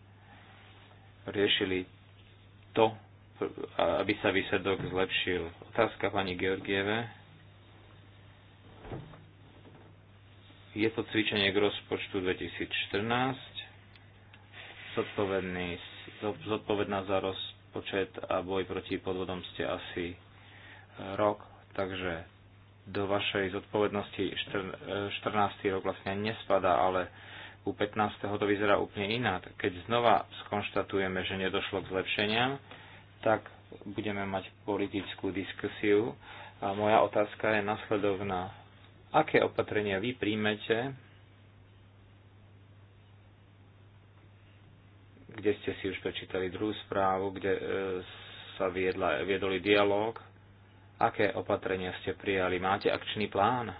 riešili to, aby sa výsledok zlepšil. Otázka pani Georgieve. Je to cvičenie k rozpočtu 2014. Zodpovedný, zodpovedná za rozpočet a boj proti podvodom ste asi rok, takže do vašej zodpovednosti 14. rok vlastne nespadá, ale u 15. to vyzerá úplne iná. Keď znova skonštatujeme, že nedošlo k zlepšeniam, tak budeme mať politickú diskusiu. A moja otázka je nasledovná. Aké opatrenia vy príjmete, kde ste si už prečítali druhú správu, kde e, sa viedla, viedoli dialog, aké opatrenia ste prijali, máte akčný plán?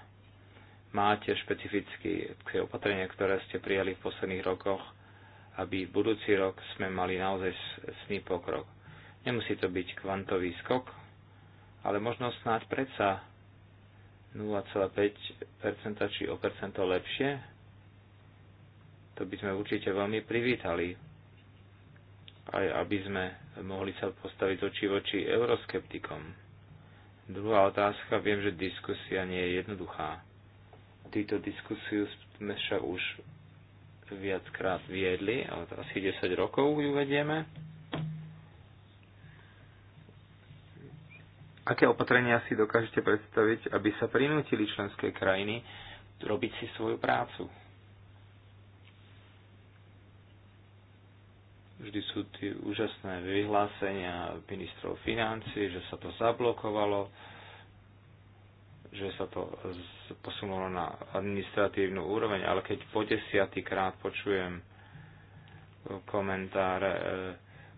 máte špecifické opatrenia, ktoré ste prijali v posledných rokoch, aby v budúci rok sme mali naozaj sný pokrok. Nemusí to byť kvantový skok, ale možno snáď predsa 0,5% či o percento lepšie. To by sme určite veľmi privítali. Aj aby sme mohli sa postaviť oči voči euroskeptikom. Druhá otázka, viem, že diskusia nie je jednoduchá Týto diskusiu sme však už viackrát viedli, ale asi 10 rokov ju vedieme. Aké opatrenia si dokážete predstaviť, aby sa prinútili členské krajiny robiť si svoju prácu? Vždy sú tie úžasné vyhlásenia ministrov financí, že sa to zablokovalo, že sa to posunulo na administratívnu úroveň, ale keď po krát počujem komentár e,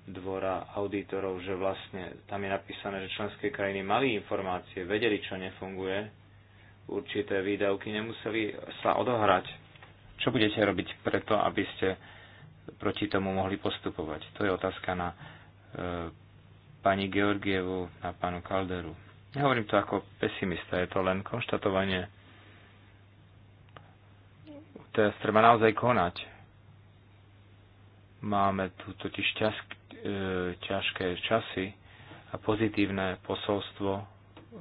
dvora auditorov, že vlastne tam je napísané, že členské krajiny mali informácie, vedeli, čo nefunguje, určité výdavky nemuseli sa odohrať. Čo budete robiť preto, aby ste proti tomu mohli postupovať? To je otázka na e, pani Georgievu, na pánu Kalderu. Nehovorím to ako pesimista, je to len konštatovanie. Teraz treba naozaj konať. Máme tu totiž ťaž, e, ťažké časy a pozitívne posolstvo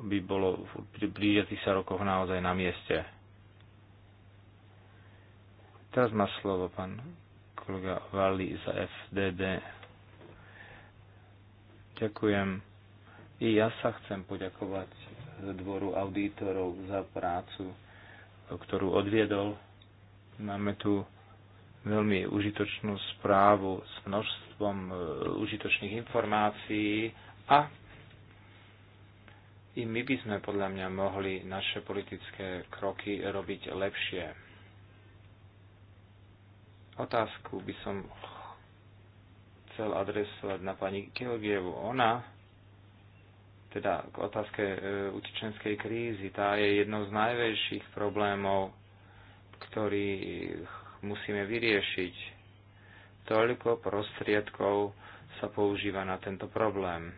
by bolo v blížiacich sa rokoch naozaj na mieste. Teraz má slovo pán kolega Vali za FDD. Ďakujem i ja sa chcem poďakovať dvoru auditorov za prácu, ktorú odviedol. Máme tu veľmi užitočnú správu s množstvom e, užitočných informácií a i my by sme podľa mňa mohli naše politické kroky robiť lepšie. Otázku by som chcel adresovať na pani Georgievu. Ona teda k otázke e, utečenskej krízy. Tá je jednou z najväčších problémov, ktorých musíme vyriešiť. Toľko prostriedkov sa používa na tento problém.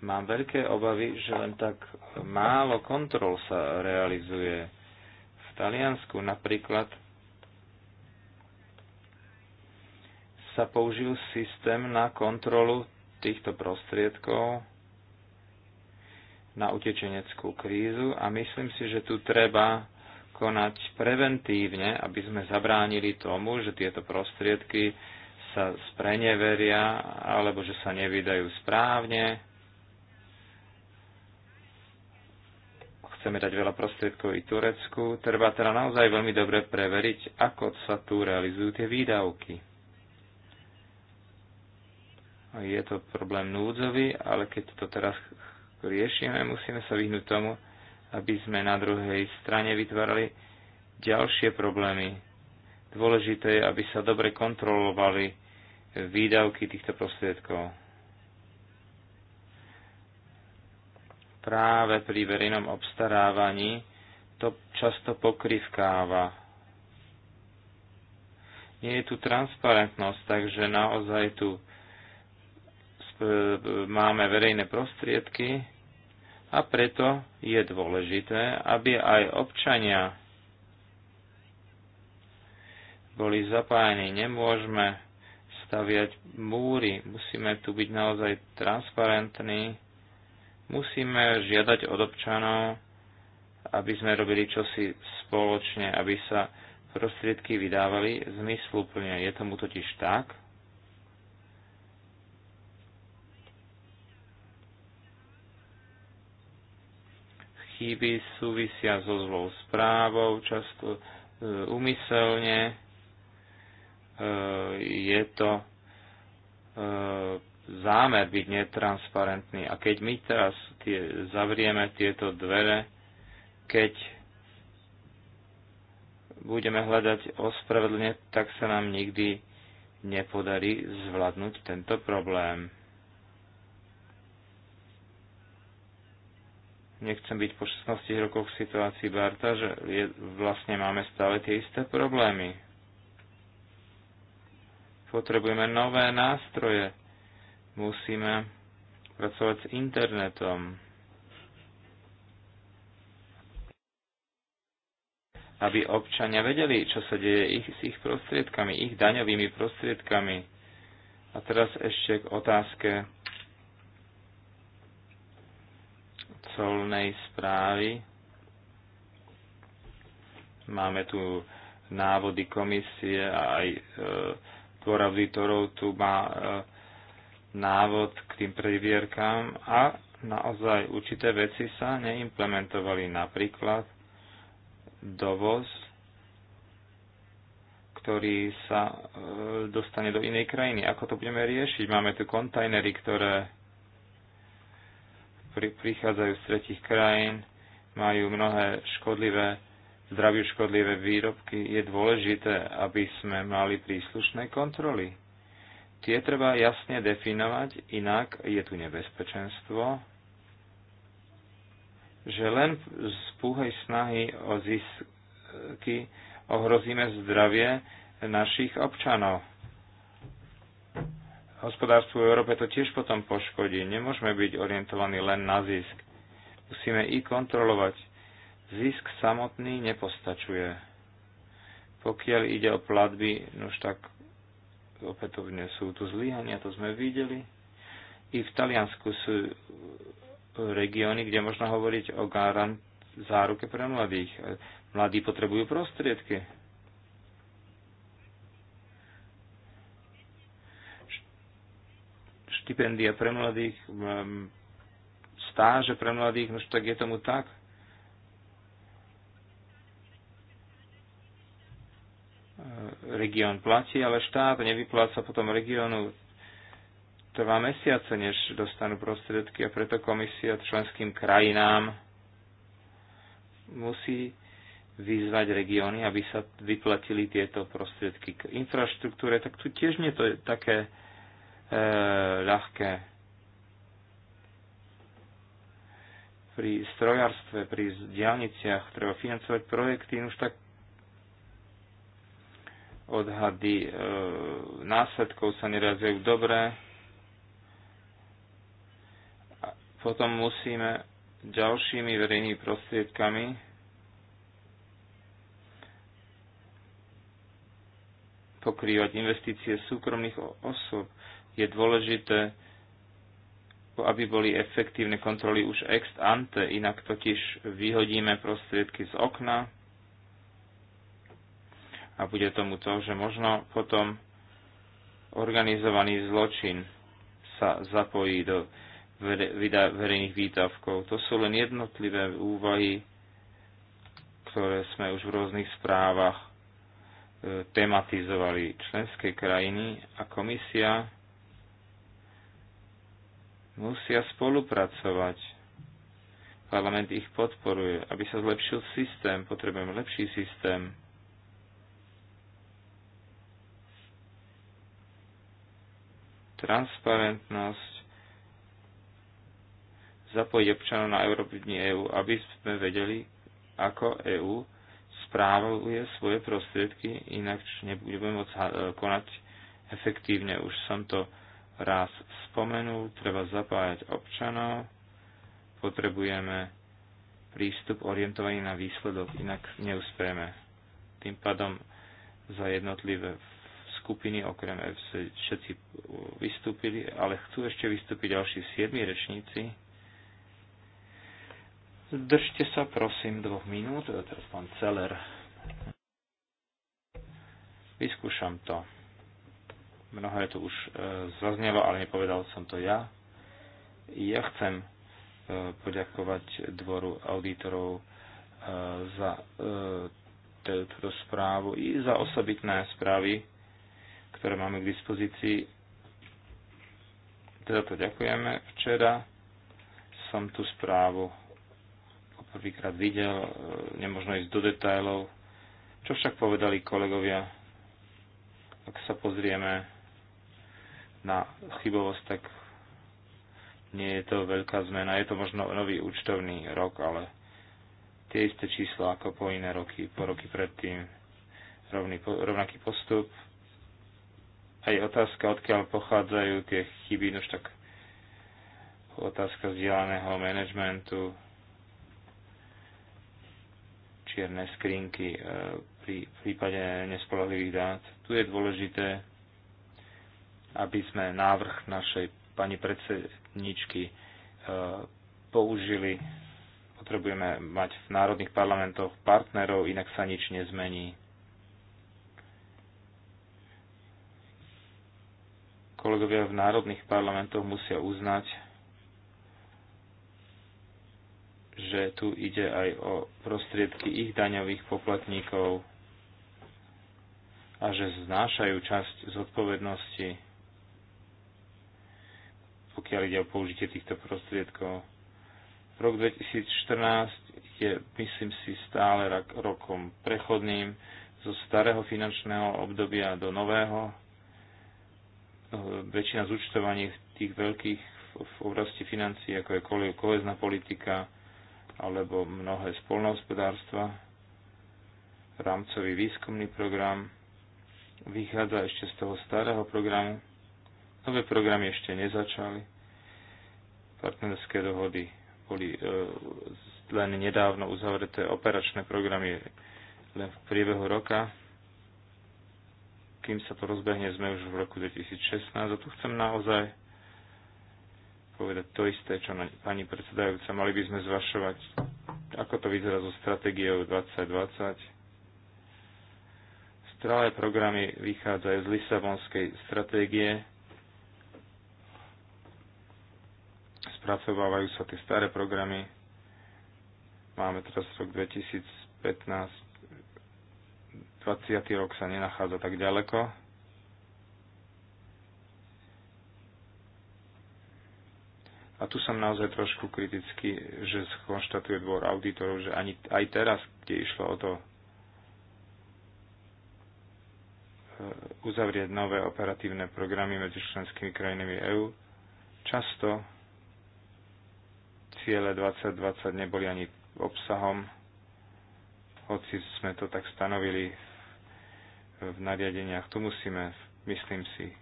Mám veľké obavy, že len tak málo kontrol sa realizuje. V Taliansku napríklad sa použil systém na kontrolu týchto prostriedkov na utečeneckú krízu a myslím si, že tu treba konať preventívne, aby sme zabránili tomu, že tieto prostriedky sa spreneveria alebo že sa nevydajú správne. Chceme dať veľa prostriedkov i Turecku. Treba teda naozaj veľmi dobre preveriť, ako sa tu realizujú tie výdavky je to problém núdzový, ale keď to teraz riešime, musíme sa vyhnúť tomu, aby sme na druhej strane vytvárali ďalšie problémy. Dôležité je, aby sa dobre kontrolovali výdavky týchto prostriedkov. Práve pri verejnom obstarávaní to často pokrivkáva. Nie je tu transparentnosť, takže naozaj tu E, máme verejné prostriedky a preto je dôležité, aby aj občania boli zapájení. Nemôžeme staviať múry, musíme tu byť naozaj transparentní, musíme žiadať od občanov, aby sme robili čosi spoločne, aby sa prostriedky vydávali zmysluplne. Je tomu totiž tak, Chyby súvisia so zlou správou, často e, umyselne. E, je to e, zámer byť netransparentný. A keď my teraz tie, zavrieme tieto dvere, keď budeme hľadať ospravedlne, tak sa nám nikdy nepodarí zvládnuť tento problém. Nechcem byť po 16 rokoch v situácii Barta, že je, vlastne máme stále tie isté problémy. Potrebujeme nové nástroje. Musíme pracovať s internetom. Aby občania vedeli, čo sa deje ich, s ich prostriedkami, ich daňovými prostriedkami. A teraz ešte k otázke solnej správy. Máme tu návody komisie a aj e, dvor auditorov tu má e, návod k tým previerkám a naozaj určité veci sa neimplementovali. Napríklad dovoz, ktorý sa e, dostane do inej krajiny. Ako to budeme riešiť? Máme tu kontajnery, ktoré ktorí prichádzajú z tretich krajín, majú mnohé škodlivé, zdraviu škodlivé výrobky, je dôležité, aby sme mali príslušné kontroly. Tie treba jasne definovať, inak je tu nebezpečenstvo, že len z púhej snahy o zisky ohrozíme zdravie našich občanov hospodárstvu v Európe to tiež potom poškodí. Nemôžeme byť orientovaní len na zisk. Musíme i kontrolovať. Zisk samotný nepostačuje. Pokiaľ ide o platby, už tak opätovne sú tu zlyhania, to sme videli. I v Taliansku sú regióny, kde možno hovoriť o garant záruke pre mladých. Mladí potrebujú prostriedky štipendia pre mladých, ehm, stáže pre mladých, nož tak je tomu tak. Ehm, región platí, ale štát nevypláca potom regiónu trvá mesiace, než dostanú prostriedky a preto komisia členským krajinám musí vyzvať regióny, aby sa vyplatili tieto prostriedky k infraštruktúre, tak tu tiež nie to je také Eh, ľahké. Pri strojárstve, pri diálniciach treba financovať projekty, no už tak odhady e, následkov sa nerazujú dobre. A potom musíme ďalšími verejnými prostriedkami pokrývať investície súkromných osôb je dôležité, aby boli efektívne kontroly už ex ante, inak totiž vyhodíme prostriedky z okna a bude tomu to, že možno potom organizovaný zločin sa zapojí do verejných výdavkov. To sú len jednotlivé úvahy, ktoré sme už v rôznych správach e, tematizovali členské krajiny a komisia musia spolupracovať. Parlament ich podporuje. Aby sa zlepšil systém, potrebujeme lepší systém. Transparentnosť, zapojiť občanov na Európni EÚ, aby sme vedeli, ako EÚ správuje svoje prostriedky, inak nebudeme môcť konať efektívne. Už som to raz spomenul, treba zapájať občanov, potrebujeme prístup orientovaný na výsledok, inak neuspieme Tým pádom za jednotlivé skupiny, okrem FC, všetci vystúpili, ale chcú ešte vystúpiť ďalší 7 rečníci. Držte sa, prosím, dvoch minút. Teraz pán Celer. Vyskúšam to. Mnohé tu už e, zaznelo, ale nepovedal som to ja. Ja chcem e, poďakovať dvoru auditorov e, za túto správu i za osobitné správy, ktoré máme k dispozícii. Teda to ďakujeme. Včera som tú správu poprvýkrát videl, nemožno ísť do detajlov. Čo však povedali kolegovia, ak sa pozrieme na chybovosť, tak nie je to veľká zmena. Je to možno nový účtovný rok, ale tie isté čísla ako po iné roky, po roky predtým. Rovný, rovnaký postup. Aj otázka, odkiaľ pochádzajú tie chyby, nož tak otázka vzdelaného manažmentu, čierne skrinky e, pri prípade nespolahlivých dát. Tu je dôležité aby sme návrh našej pani predsedničky e, použili. Potrebujeme mať v národných parlamentoch partnerov, inak sa nič nezmení. Kolegovia v národných parlamentoch musia uznať, že tu ide aj o prostriedky ich daňových poplatníkov a že znášajú časť zodpovednosti pokiaľ ide o použitie týchto prostriedkov. Rok 2014 je, myslím si, stále rokom prechodným zo starého finančného obdobia do nového. Eh, väčšina zúčtovaní tých veľkých v oblasti financií, ako je kohezná politika alebo mnohé spolnohospodárstva, rámcový výskumný program, vychádza ešte z toho starého programu, Nové programy ešte nezačali. Partnerské dohody boli e, len nedávno uzavreté operačné programy len v priebehu roka. Kým sa to rozbehne, sme už v roku 2016 a tu chcem naozaj povedať to isté, čo na, pani predsedajúca. Mali by sme zvašovať, ako to vyzerá so stratégiou 2020. Stále programy vychádzajú z Lisabonskej stratégie spracovávajú sa tie staré programy. Máme teraz rok 2015, 20. rok sa nenachádza tak ďaleko. A tu som naozaj trošku kriticky, že skonštatuje dvor auditorov, že ani aj teraz, kde išlo o to e, uzavrieť nové operatívne programy medzi členskými krajinami EÚ, často ciele 2020 neboli ani obsahom, hoci sme to tak stanovili v nariadeniach. Tu musíme, myslím si, e,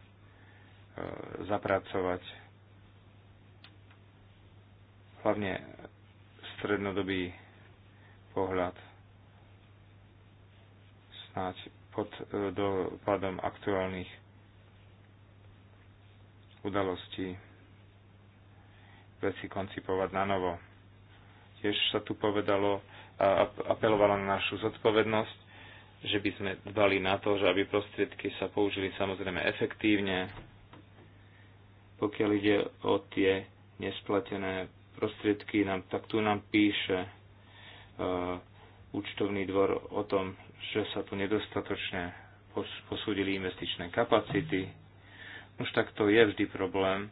zapracovať hlavne strednodobý pohľad snáď pod e, dopadom aktuálnych udalostí veci koncipovať na novo. Tiež sa tu povedalo a apelovalo na našu zodpovednosť, že by sme dbali na to, že aby prostriedky sa použili samozrejme efektívne. Pokiaľ ide o tie nesplatené prostriedky, nám, tak tu nám píše e, účtovný dvor o tom, že sa tu nedostatočne posúdili investičné kapacity. Už tak to je vždy problém,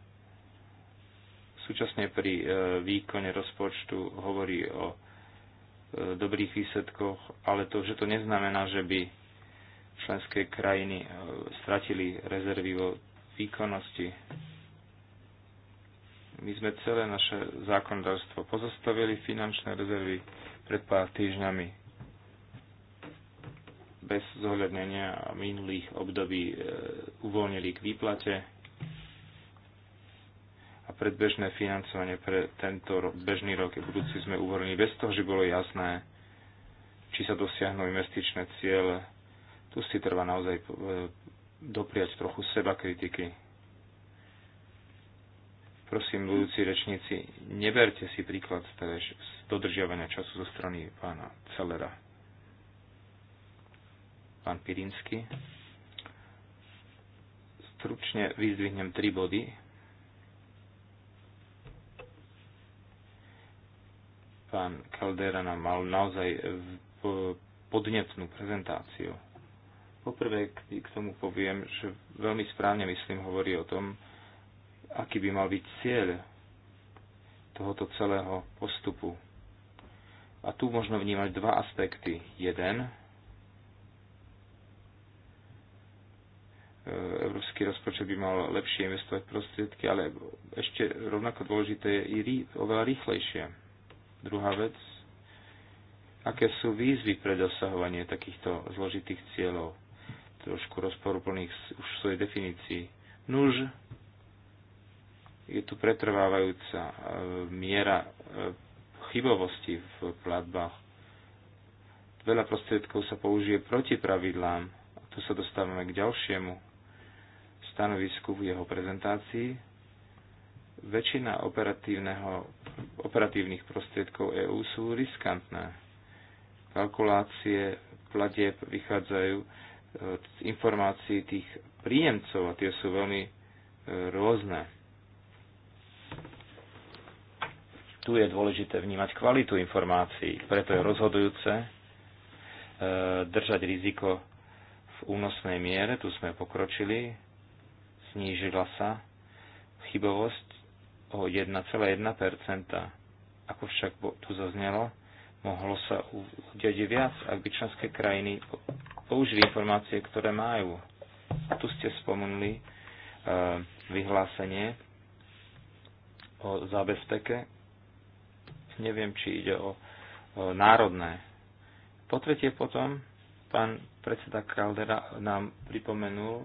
Súčasne pri e, výkone rozpočtu hovorí o e, dobrých výsledkoch, ale to, že to neznamená, že by členské krajiny e, stratili rezervy vo výkonnosti. My sme celé naše zákonodárstvo pozastavili finančné rezervy pred pár týždňami bez zohľadnenia minulých období uvoľnili k výplate predbežné financovanie pre tento ro- bežný rok a budúci sme uvorili bez toho, že bolo jasné, či sa dosiahnu investičné cieľe. Tu si treba naozaj e, dopriať trochu seba kritiky. Prosím, budúci rečníci, neberte si príklad z dodržiavania času zo strany pána Celera. Pán Pirinsky. Stručne vyzdvihnem tri body, Pán Caldera nám mal naozaj podnetnú prezentáciu. Poprvé k tomu poviem, že veľmi správne myslím hovorí o tom, aký by mal byť cieľ tohoto celého postupu. A tu možno vnímať dva aspekty. Jeden, e, európsky rozpočet by mal lepšie investovať prostriedky, ale ešte rovnako dôležité je i oveľa rýchlejšie Druhá vec, aké sú výzvy pre dosahovanie takýchto zložitých cieľov, trošku rozporuplných už v svojej definícii. Nuž, je tu pretrvávajúca e, miera e, chybovosti v platbách. Veľa prostriedkov sa použije proti pravidlám. A tu sa dostávame k ďalšiemu stanovisku v jeho prezentácii. Väčšina operatívneho operatívnych prostriedkov EÚ sú riskantné. Kalkulácie platieb vychádzajú z eh, informácií tých príjemcov a tie sú veľmi eh, rôzne. Tu je dôležité vnímať kvalitu informácií, preto je rozhodujúce eh, držať riziko v únosnej miere, tu sme pokročili, snížila sa chybovosť o 1,1 Ako však tu zaznelo, mohlo sa udiať viac, ak by členské krajiny použili informácie, ktoré majú. Tu ste spomenuli e, vyhlásenie o zabezpeke. Neviem, či ide o národné. Po tretie potom pán predseda Caldera nám pripomenul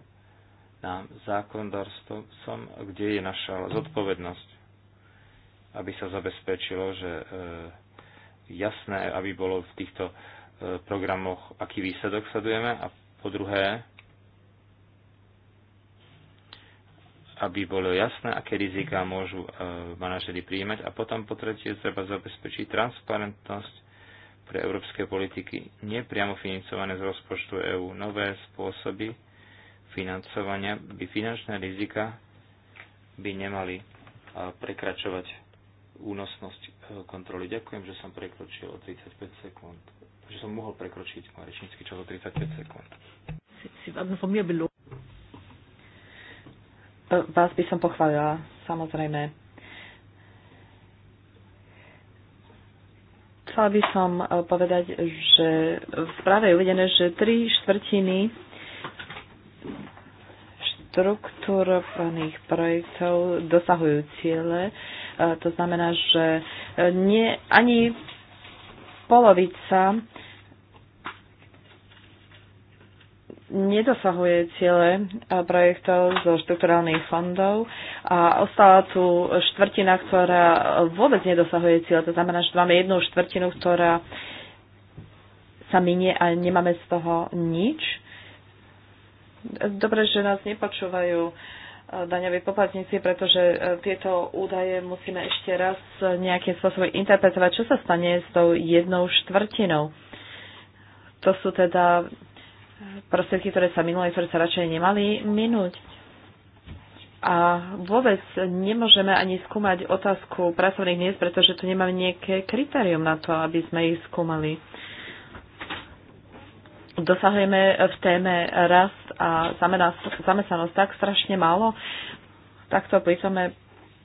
nám zákonodárstvom, kde je naša zodpovednosť aby sa zabezpečilo, že e, jasné, aby bolo v týchto e, programoch, aký výsledok sledujeme a po druhé, aby bolo jasné, aké riziká môžu e, manažery príjmať a potom po tretie treba zabezpečiť transparentnosť pre európske politiky nepriamo financované z rozpočtu EÚ. Nové spôsoby financovania by finančné rizika by nemali prekračovať únosnosť e, kontroly. Ďakujem, že som prekročil o 35 sekúnd. Že som mohol prekročiť môj rečnícky čas o 35 sekúnd. E, vás by som pochválila, samozrejme. Chcela by som e, povedať, že v správe je uvedené, že tri štvrtiny štruktúrovaných projektov dosahujú ciele, to znamená, že e, nie, ani polovica nedosahuje ciele projektov zo štrukturálnych fondov a ostala tu štvrtina, ktorá vôbec nedosahuje ciele, To znamená, že máme jednu štvrtinu, ktorá sa minie a nemáme z toho nič. Dobre, že nás nepočúvajú daňoví poplatníci, pretože e, tieto údaje musíme ešte raz nejakým spôsobom interpretovať, čo sa stane s tou jednou štvrtinou. To sú teda e, prostriedky, ktoré sa minuli, ktoré sa radšej nemali minúť. A vôbec nemôžeme ani skúmať otázku pracovných miest, pretože tu nemáme nejaké kritérium na to, aby sme ich skúmali dosahujeme v téme rast a zamestnanosť tak strašne málo, takto plýtvame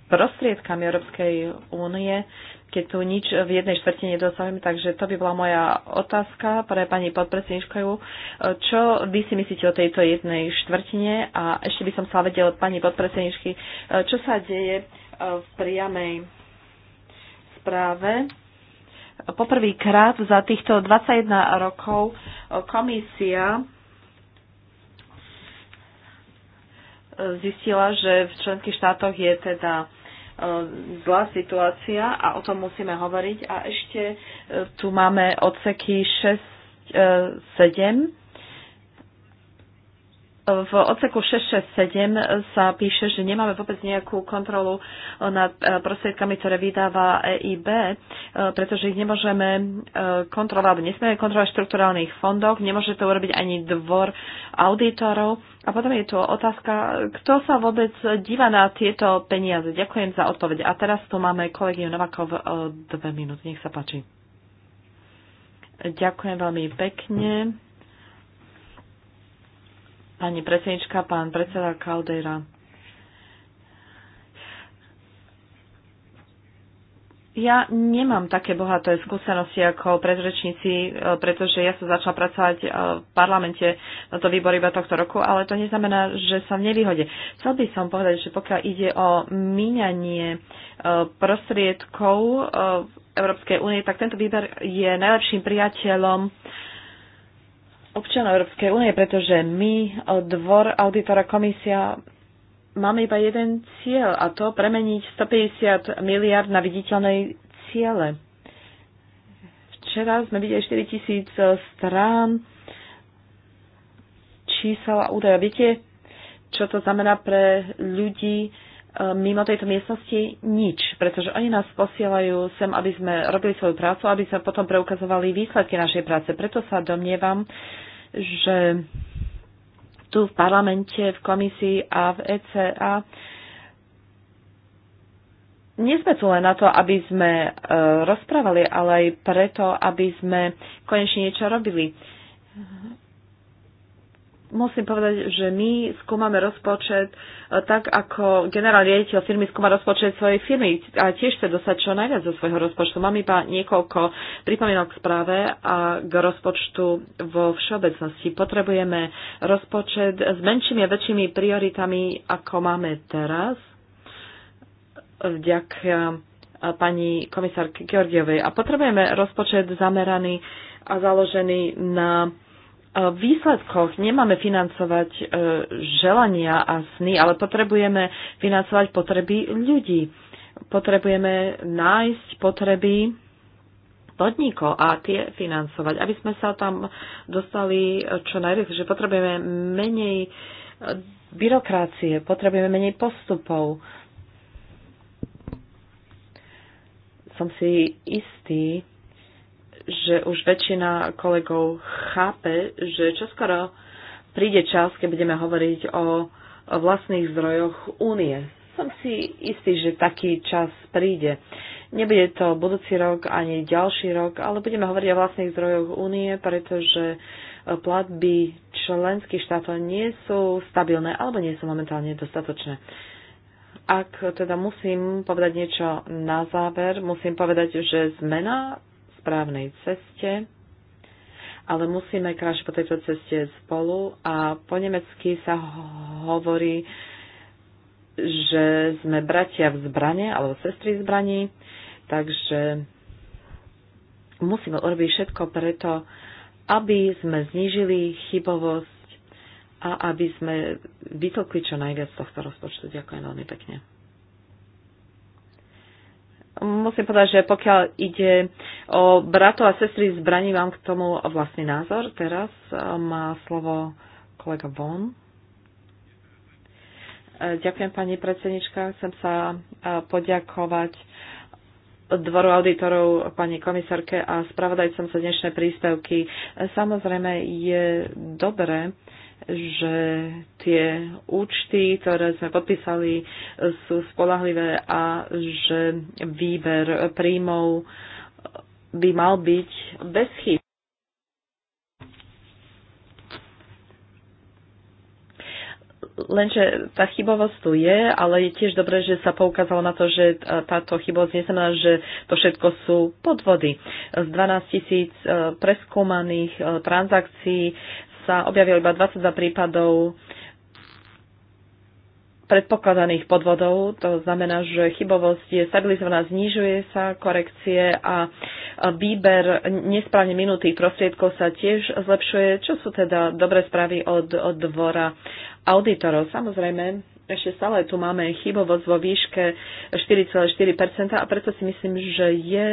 prostriedkami Európskej únie, keď tu nič v jednej štvrtine nedosahujeme. Takže to by bola moja otázka pre pani podpredsedničkovú. Čo vy si myslíte o tejto jednej štvrtine? A ešte by som sa vedela od pani podpredsedničky, čo sa deje v priamej správe poprvýkrát za týchto 21 rokov komisia zistila, že v členských štátoch je teda e, zlá situácia a o tom musíme hovoriť. A ešte e, tu máme odseky 6, 7 e, v odseku 667 sa píše, že nemáme vôbec nejakú kontrolu nad eh, prostriedkami, ktoré vydáva EIB, eh, pretože ich nemôžeme eh, kontrolovať, nesmieme kontrolovať v štruktúrálnych fondoch, nemôže to urobiť ani dvor auditorov. A potom je tu otázka, kto sa vôbec díva na tieto peniaze. Ďakujem za odpoveď. A teraz tu máme kolegy Novakov dve minúty. Nech sa páči. Ďakujem veľmi pekne Pani predsednička, pán predseda Kaldera. Ja nemám také bohaté skúsenosti ako predrečníci, e, pretože ja som začala pracovať e, v parlamente na to výbor iba tohto roku, ale to neznamená, že som nevýhode. Chcel by som povedať, že pokiaľ ide o míňanie e, prostriedkov Európskej únie, tak tento výber je najlepším priateľom občanov Európskej únie, pretože my, eh, dvor auditora komisia, máme iba jeden cieľ a to premeniť 150 miliard na viditeľné ciele. Včera sme videli 4000 eh, strán čísel a údajov. Viete, čo to znamená pre ľudí eh, mimo tejto miestnosti? Nič, pretože oni nás posielajú sem, aby sme robili svoju prácu, aby sa potom preukazovali výsledky našej práce. Preto sa domnievam, že tu v parlamente, v komisii a v ECA nie sme tu len na to, aby sme e, rozprávali, ale aj preto, aby sme konečne niečo robili musím povedať, že my skúmame rozpočet e, tak, ako generál riaditeľ firmy skúma rozpočet svojej firmy a tiež chce dosať čo najviac zo svojho rozpočtu. Mám iba niekoľko pripomienok k správe a k rozpočtu vo všeobecnosti. Potrebujeme rozpočet s menšími a väčšími prioritami, ako máme teraz. Vďaka e, pani komisárke Georgiovej. A potrebujeme rozpočet zameraný a založený na výsledkoch nemáme financovať e, želania a sny, ale potrebujeme financovať potreby ľudí. Potrebujeme nájsť potreby podnikov a tie financovať, aby sme sa tam dostali e, čo najviac, že potrebujeme menej e, byrokracie, potrebujeme menej postupov. Som si istý, že už väčšina kolegov chápe, že čoskoro príde čas, keď budeme hovoriť o vlastných zdrojoch únie. Som si istý, že taký čas príde. Nebude to budúci rok ani ďalší rok, ale budeme hovoriť o vlastných zdrojoch únie, pretože platby členských štátov nie sú stabilné alebo nie sú momentálne dostatočné. Ak teda musím povedať niečo na záver, musím povedať, že zmena správnej ceste, ale musíme kráčať po tejto ceste spolu a po nemecky sa hovorí, že sme bratia v zbrane alebo sestry v zbraní, takže musíme urobiť všetko preto, aby sme znížili chybovosť a aby sme vytlkli čo najviac tohto rozpočtu. Ďakujem veľmi pekne musím povedať, že pokiaľ ide o brato a sestry zbraní, mám k tomu vlastný názor. Teraz e, má slovo kolega Von. E, ďakujem, pani predsednička. Chcem sa e, poďakovať dvoru auditorov, pani komisárke a spravodajcom sa dnešné príspevky. Samozrejme je dobré, že tie účty, ktoré sme podpísali, sú spolahlivé a že výber príjmov by mal byť bez chyb. Lenže tá chybovosť tu je, ale je tiež dobré, že sa poukázalo na to, že táto chybovosť neznamená, že to všetko sú podvody. Z 12 tisíc eh, preskúmaných eh, transakcií sa objavilo iba 22 prípadov predpokladaných podvodov. To znamená, že chybovosť je stabilizovaná, znižuje sa korekcie a výber nesprávne minutých prostriedkov sa tiež zlepšuje, čo sú teda dobré správy od, od dvora auditorov. Samozrejme, ešte stále tu máme chybovosť vo výške 4,4% a preto si myslím, že je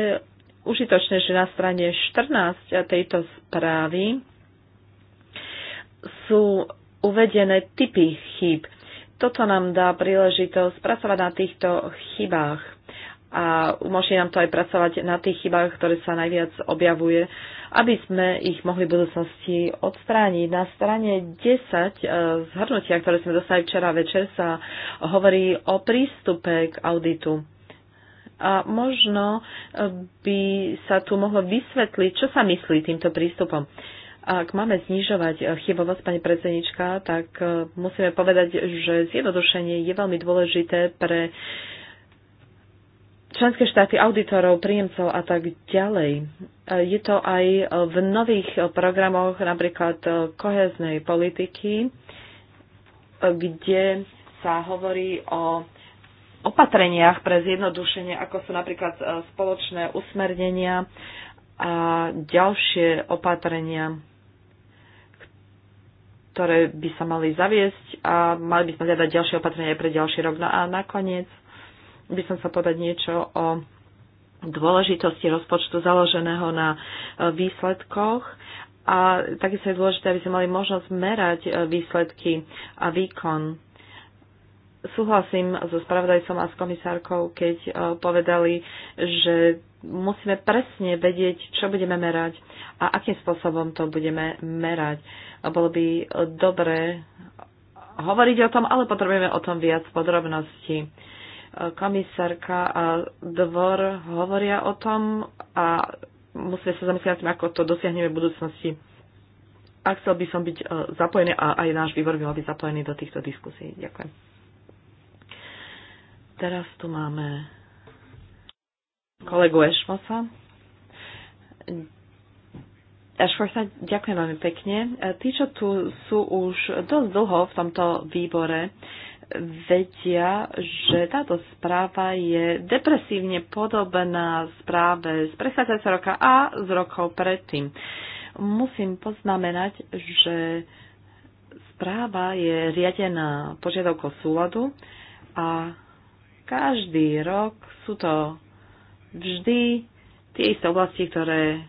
užitočné, že na strane 14 tejto správy sú uvedené typy chýb. Toto nám dá príležitosť pracovať na týchto chybách a umožní nám to aj pracovať na tých chybách, ktoré sa najviac objavuje, aby sme ich mohli v budúcnosti odstrániť. Na strane 10 e, zhrnutia, ktoré sme dostali včera večer, sa hovorí o prístupe k auditu. A možno e, by sa tu mohlo vysvetliť, čo sa myslí týmto prístupom. Uh, ak máme znižovať eh, chybovosť, pani predsednička, tak eh, musíme povedať, že zjednodušenie je veľmi dôležité pre členské štáty, auditorov, príjemcov a tak ďalej. Eh, je to aj v nových programoch, napríklad koheznej politiky, kde sa hovorí o opatreniach pre zjednodušenie, ako sú napríklad spoločné usmernenia a ďalšie opatrenia ktoré by sa mali zaviesť a mali by sme hľadať ďalšie opatrenia aj pre ďalší rok. No a nakoniec by som sa povedať niečo o dôležitosti rozpočtu založeného na e, výsledkoch a takisto je dôležité, aby sme mali možnosť merať e, výsledky a výkon. Súhlasím so spravodajcom a s komisárkou, keď e, povedali, že musíme presne vedieť, čo budeme merať a akým spôsobom to budeme merať. Bolo by dobre hovoriť o tom, ale potrebujeme o tom viac podrobností. Komisárka a dvor hovoria o tom a musíme sa zamyslieť tým, ako to dosiahneme v budúcnosti. A chcel by som byť e, zapojený a aj náš výbor by mal byť zapojený do týchto diskusí. Ďakujem. Teraz tu máme kolegu Ešforsa. Ešforsa, ďakujem veľmi pekne. E, tí, čo tu sú už dosť dlho v tomto výbore, vedia, že táto správa je depresívne podobná správe z prechádzajúceho roka a z rokov predtým. Musím poznamenať, že správa je riadená požiadavkou súladu a každý rok sú to vždy tie isté oblasti, ktoré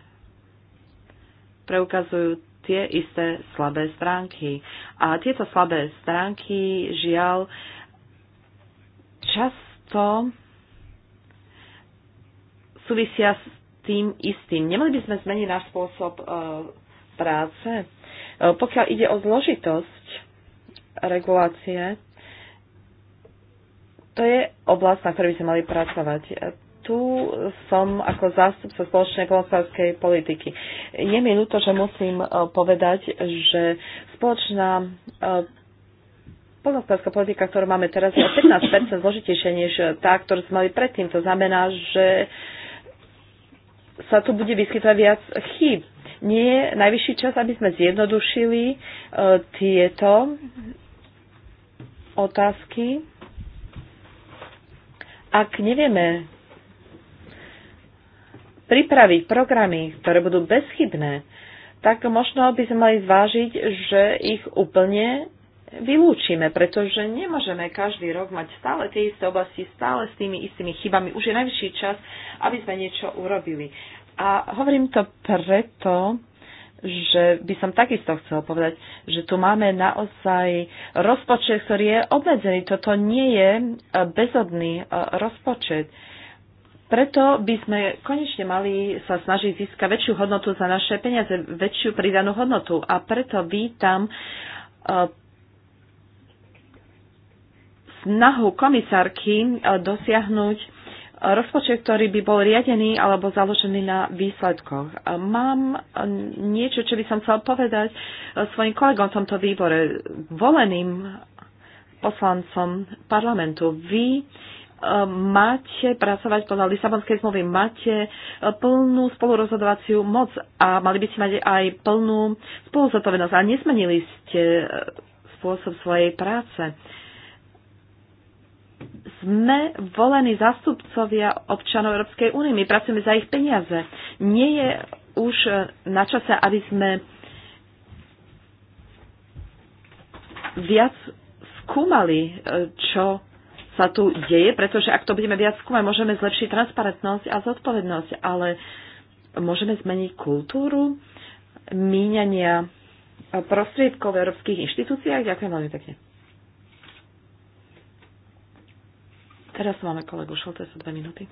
preukazujú tie isté slabé stránky. A tieto slabé stránky, žiaľ, často súvisia s tým istým. Nemali by sme zmeniť náš spôsob e, práce? E, pokiaľ ide o zložitosť regulácie, to je oblasť, na ktorej by sme mali pracovať. E, tu som ako zástupca spoločnej polnospodárskej politiky. Je mi ľúto, že musím e, povedať, že spoločná e, polnospodárska politika, ktorú máme teraz, je o 15 zložitejšia než tá, ktorú sme mali predtým. To znamená, že sa tu bude vyskytovať viac chýb. Nie je najvyšší čas, aby sme zjednodušili e, tieto otázky. Ak nevieme pripraviť programy, ktoré budú bezchybné, tak možno by sme mali zvážiť, že ich úplne vylúčime, pretože nemôžeme každý rok mať stále tie isté oblasti, stále s tými istými chybami. Už je najvyšší čas, aby sme niečo urobili. A hovorím to preto, že by som takisto chcel povedať, že tu máme naozaj rozpočet, ktorý je obmedzený. Toto nie je bezodný eh, rozpočet. Preto by sme konečne mali sa snažiť získať väčšiu hodnotu za naše peniaze, väčšiu pridanú hodnotu. A preto vítam eh, snahu komisárky eh, dosiahnuť rozpočet, ktorý by bol riadený alebo založený na výsledkoch. Mám eh, niečo, čo by som chcel povedať svojim kolegom v tomto výbore, voleným poslancom parlamentu. Vy máte pracovať podľa Lisabonskej zmluvy, máte e, plnú spolurozhodovaciu moc a mali by ste mať aj plnú spoluzodpovednosť. A nesmenili ste e, spôsob svojej práce. Sme volení zastupcovia občanov Európskej únie. My pracujeme za ich peniaze. Nie je už e, na čase, aby sme viac skúmali, čo sa tu deje, pretože ak to budeme viac skúmať, môžeme zlepšiť transparentnosť a zodpovednosť, ale môžeme zmeniť kultúru míňania prostriedkov v európskych inštitúciách. Ďakujem veľmi pekne. Teraz máme kolegu Šoltesa dve minúty.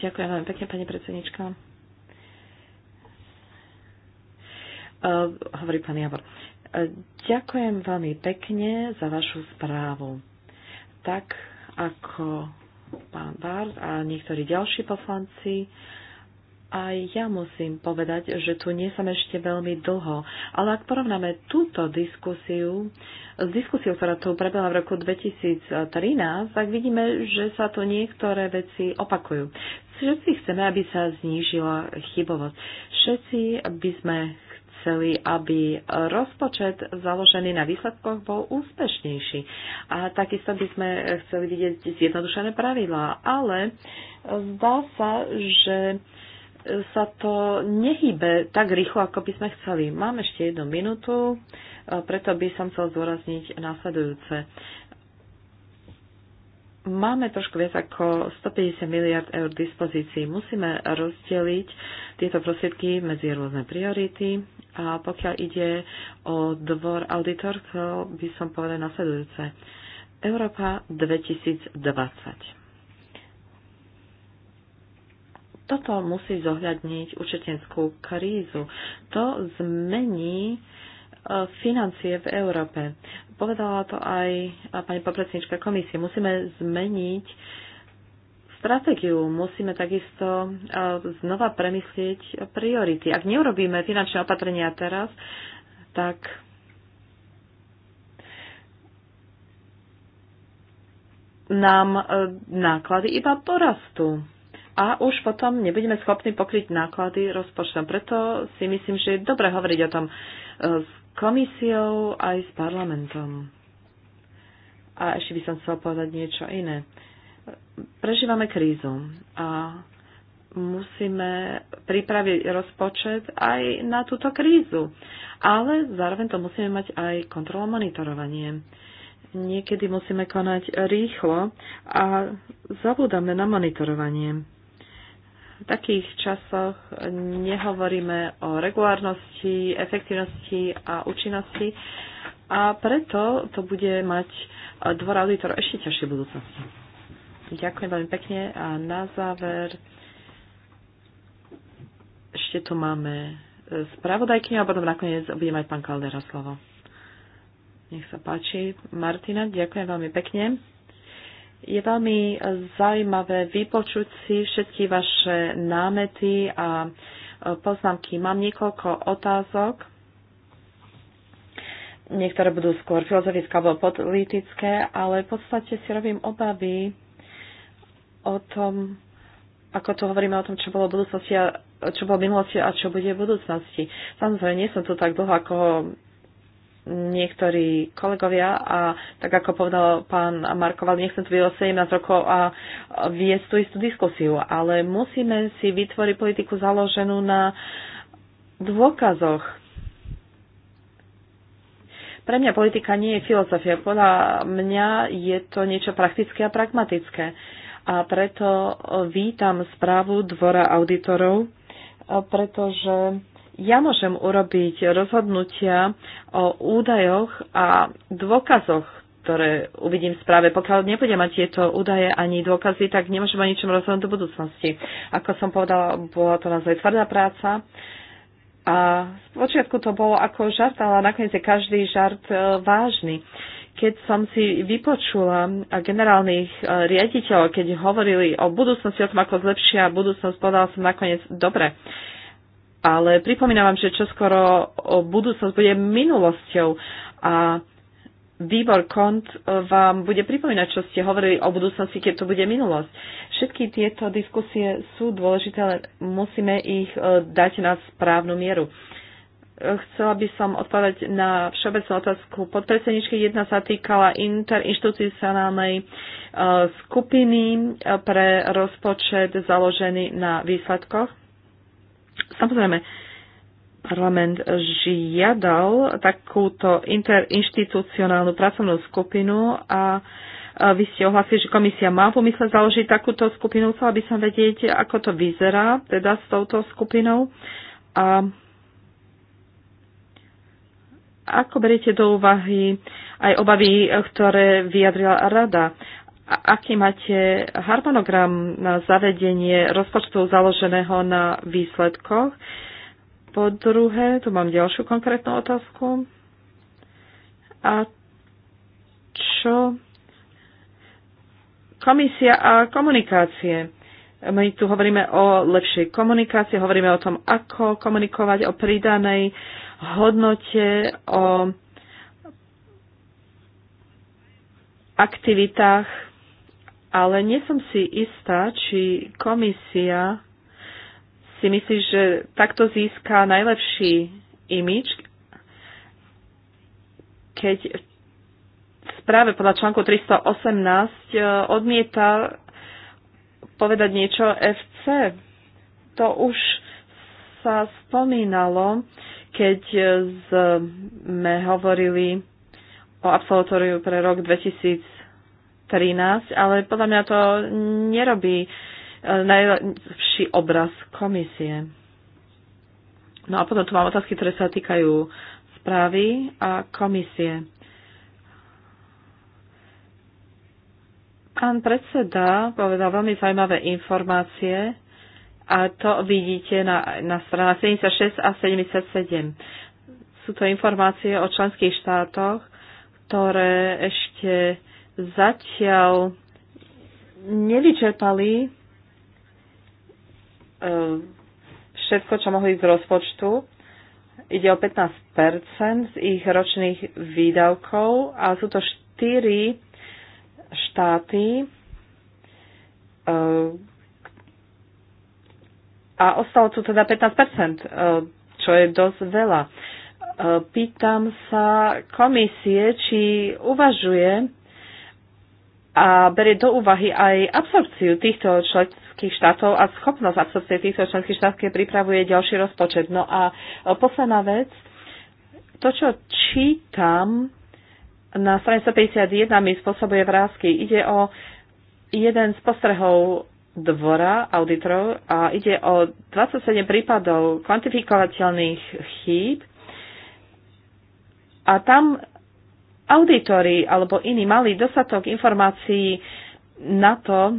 Ďakujem veľmi pekne, pani predsednička. Uh, hovorí pán Javor. Ďakujem veľmi pekne za vašu správu. Tak ako pán Bard a niektorí ďalší poslanci, aj ja musím povedať, že tu nie som ešte veľmi dlho, ale ak porovnáme túto diskusiu s diskusiou, ktorá tu prebehla v roku 2013, tak vidíme, že sa tu niektoré veci opakujú. Všetci chceme, aby sa znížila chybovosť. Všetci by sme chceli, aby rozpočet založený na výsledkoch bol úspešnejší. A takisto by sme chceli vidieť zjednodušené pravidlá. Ale zdá sa, že sa to nehýbe tak rýchlo, ako by sme chceli. Mám ešte jednu minútu, preto by som chcel zdôrazniť následujúce. Máme trošku viac ako 150 miliard eur dispozícií. Musíme rozdeliť tieto prostriedky medzi rôzne priority a pokiaľ ide o dvor auditor, to by som povedal nasledujúce. Európa 2020. Toto musí zohľadniť učetenskú krízu. To zmení financie v Európe. Povedala to aj pani popredníčka komisie. Musíme zmeniť stratégiu, musíme takisto znova premyslieť priority. Ak neurobíme finančné opatrenia teraz, tak nám e, náklady iba porastú a už potom nebudeme schopní pokryť náklady rozpočtom. Preto si myslím, že je dobre hovoriť o tom e, s komisiou aj s parlamentom. A ešte by som chcel povedať niečo iné. Prežívame krízu a musíme pripraviť rozpočet aj na túto krízu. Ale zároveň to musíme mať aj kontrolo monitorovanie. Niekedy musíme konať rýchlo a zabudáme na monitorovanie takých časoch nehovoríme o regulárnosti, efektivnosti a účinnosti a preto to bude mať dvor auditor ešte ťažšie v budúcnosti. Ďakujem veľmi pekne a na záver ešte tu máme spravodajkyňu a potom nakoniec bude mať pán Kaldera slovo. Nech sa páči. Martina, ďakujem veľmi pekne. Je veľmi zaujímavé vypočuť si všetky vaše námety a e, poznámky. Mám niekoľko otázok. Niektoré budú skôr filozofické alebo politické, ale v podstate si robím obavy o tom, ako tu hovoríme o tom, čo bolo v budúcnosti a čo bolo v minulosti a čo bude v budúcnosti. Samozrejme, nie som tu tak dlho ako niektorí kolegovia a tak ako povedal pán Markoval, nechcem tu byť o 17 rokov a viesť tú istú diskusiu, ale musíme si vytvoriť politiku založenú na dôkazoch. Pre mňa politika nie je filozofia, podľa mňa je to niečo praktické a pragmatické. A preto vítam správu Dvora auditorov, pretože ja môžem urobiť rozhodnutia o údajoch a dôkazoch, ktoré uvidím v správe. Pokiaľ nebudem mať tieto údaje ani dôkazy, tak nemôžem o ničom rozhodnúť do budúcnosti. Ako som povedala, bola to naozaj tvrdá práca. A z počiatku to bolo ako žart, ale nakoniec je každý žart e, vážny. Keď som si vypočula generálnych e, riaditeľov, keď hovorili o budúcnosti, o tom, ako zlepšia budúcnosť, povedala som nakoniec, dobre, ale pripomínam vám, že čoskoro budúcnosť bude minulosťou a výbor kont vám bude pripomínať, čo ste hovorili o budúcnosti, keď to bude minulosť. Všetky tieto diskusie sú dôležité, ale musíme ich e, dať na správnu mieru. E, chcela by som odpovedať na všeobecnú otázku podpredsedničky. Jedna sa týkala interinstitucionálnej e, skupiny pre rozpočet založený na výsledkoch. Samozrejme, parlament žiadal takúto interinstitucionálnu pracovnú skupinu a vy ste ohlasili, že komisia má v pomysle založiť takúto skupinu. Chcela by som vedieť, ako to vyzerá teda s touto skupinou a ako beriete do úvahy aj obavy, ktoré vyjadrila rada aký máte harmonogram na zavedenie rozpočtu založeného na výsledkoch. Po druhé, tu mám ďalšiu konkrétnu otázku. A čo komisia a komunikácie? My tu hovoríme o lepšej komunikácii, hovoríme o tom, ako komunikovať, o pridanej hodnote, o aktivitách ale nie som si istá, či komisia si myslí, že takto získa najlepší imič, keď práve správe podľa článku 318 e, odmieta povedať niečo FC. To už sa spomínalo, keď sme hovorili o absolutóriu pre rok 2000 ale podľa mňa to nerobí e, najlepší obraz komisie. No a potom tu mám otázky, ktoré sa týkajú správy a komisie. Pán predseda povedal veľmi zaujímavé informácie a to vidíte na, na stranách 76 a 77. Sú to informácie o členských štátoch, ktoré ešte zatiaľ nevyčerpali e, všetko, čo mohli z rozpočtu. Ide o 15 z ich ročných výdavkov a sú to 4 štáty e, a ostalo tu teda 15 e, čo je dosť veľa. Pýtam sa komisie, či uvažuje a berie do úvahy aj absorpciu týchto členských štátov a schopnosť absorpcie týchto členských štátov, keď pripravuje ďalší rozpočet. No a e, posledná vec, to, čo čítam na strane 151 mi spôsobuje vrázky. Ide o jeden z postrehov dvora auditorov a ide o 27 prípadov kvantifikovateľných chýb a tam auditori alebo iní mali dostatok informácií na to,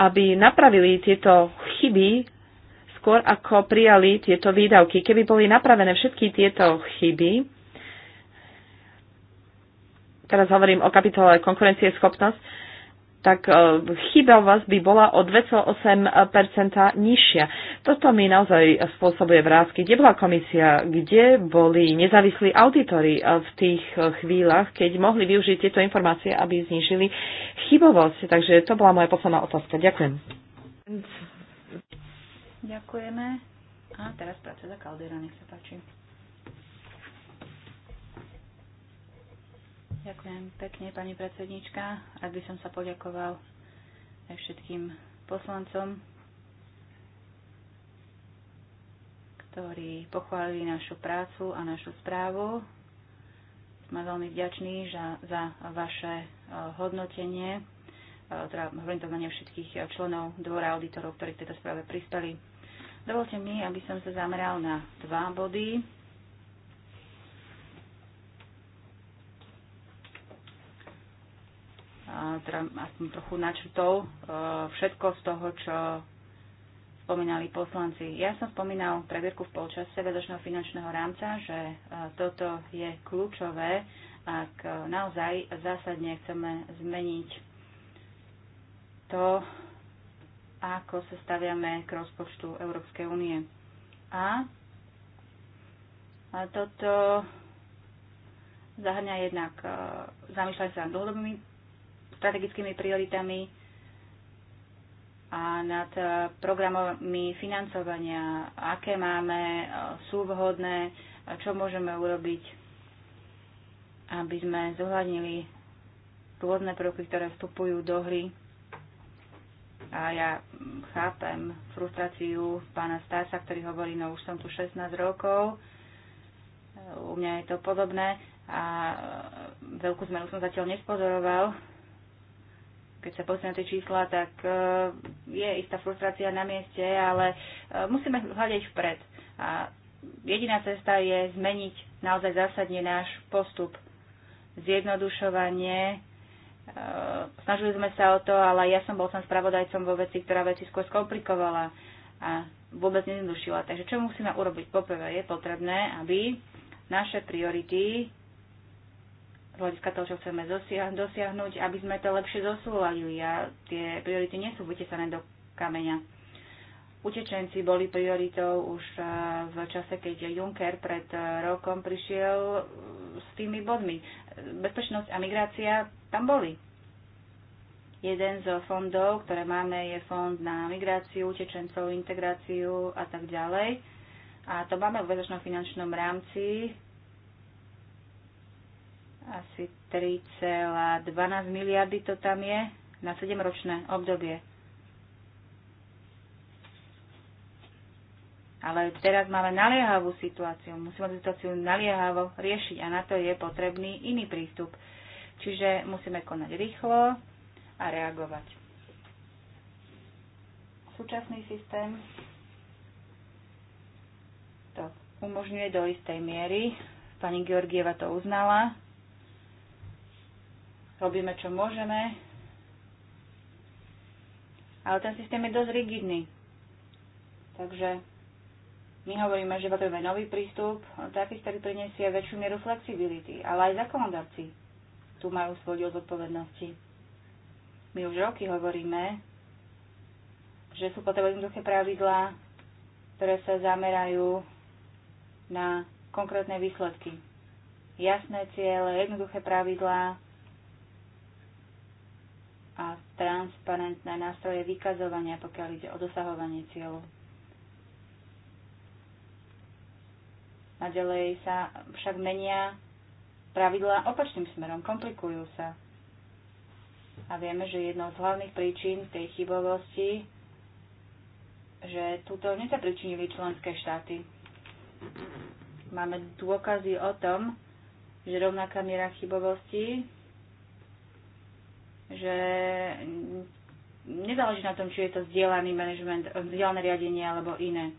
aby napravili tieto chyby skôr ako prijali tieto výdavky. Keby boli napravené všetky tieto chyby, teraz hovorím o kapitole schopnosť tak e, chyba vás by bola o 2,8 nižšia. Toto mi naozaj spôsobuje vrázky. Kde bola komisia? Kde boli nezávislí auditori e, v tých e, chvíľach, keď mohli využiť tieto informácie, aby znížili chybovosť? Takže to bola moja posledná otázka. Ďakujem. Ďakujeme. A teraz za Kaldera, nech sa páči. Ďakujem pekne, pani predsednička. Ak by som sa poďakoval aj všetkým poslancom, ktorí pochválili našu prácu a našu správu. Sme veľmi vďační za, za vaše e, hodnotenie, e, teda hovorím to mene všetkých e, členov dvora auditorov, ktorí k tejto správe prispeli. Dovolte mi, aby som sa zameral na dva body teda aspoň trochu načrtov e, všetko z toho, čo spomínali poslanci. Ja som spomínal previerku v polčase vedočného finančného rámca, že e, toto je kľúčové, ak naozaj zásadne chceme zmeniť to, ako sa staviame k rozpočtu Európskej únie. A, a toto zahrňa jednak e, zamýšľať sa nad dlhodobými strategickými prioritami a nad e, programami financovania, aké máme, e, sú vhodné, čo môžeme urobiť, aby sme zohľadnili rôzne prvky, ktoré vstupujú do hry. A ja chápem frustráciu pána Stasa, ktorý hovorí, no už som tu 16 rokov, e, u mňa je to podobné a veľkú zmenu som zatiaľ nespozoroval, keď sa pozrieme na tie čísla, tak e, je istá frustrácia na mieste, ale e, musíme hľadať vpred. A jediná cesta je zmeniť naozaj zásadne náš postup. Zjednodušovanie. E, snažili sme sa o to, ale ja som bol som spravodajcom vo veci, ktorá veci skôr skomplikovala a vôbec nezjednodušila. Takže čo musíme urobiť? Poprvé je potrebné, aby naše priority z hľadiska toho, čo chceme dosiahnuť, aby sme to lepšie zosúladili a tie priority nie sú vytesané do kameňa. Utečenci boli prioritou už eh, v čase, keď Juncker pred eh, rokom prišiel eh, s tými bodmi. Bezpečnosť a migrácia tam boli. Jeden z fondov, ktoré máme, je fond na migráciu, utečencov, integráciu a tak ďalej. A to máme v väzačno-finančnom rámci, asi 3,12 miliardy to tam je na 7-ročné obdobie. Ale teraz máme naliehavú situáciu. Musíme situáciu naliehavo riešiť a na to je potrebný iný prístup. Čiže musíme konať rýchlo a reagovať. Súčasný systém to umožňuje do istej miery. Pani Georgieva to uznala. Robíme, čo môžeme, ale ten systém je dosť rigidný. Takže my hovoríme, že potrebujeme nový prístup, taký, ktorý prinesie väčšiu mieru flexibility, ale aj zakonodavci tu majú svoj diel zodpovednosti. My už roky hovoríme, že sú potrebné jednoduché pravidlá, ktoré sa zamerajú na konkrétne výsledky. Jasné ciele, jednoduché pravidlá, a transparentné nástroje vykazovania, pokiaľ ide o dosahovanie cieľu. Naďalej sa však menia pravidlá opačným smerom, komplikujú sa. A vieme, že jednou z hlavných príčin tej chybovosti, že túto nezapričinili členské štáty. Máme dôkazy o tom, že rovnaká miera chybovosti že nezáleží na tom, či je to vzdielaný manažment, vzdielané riadenie alebo iné.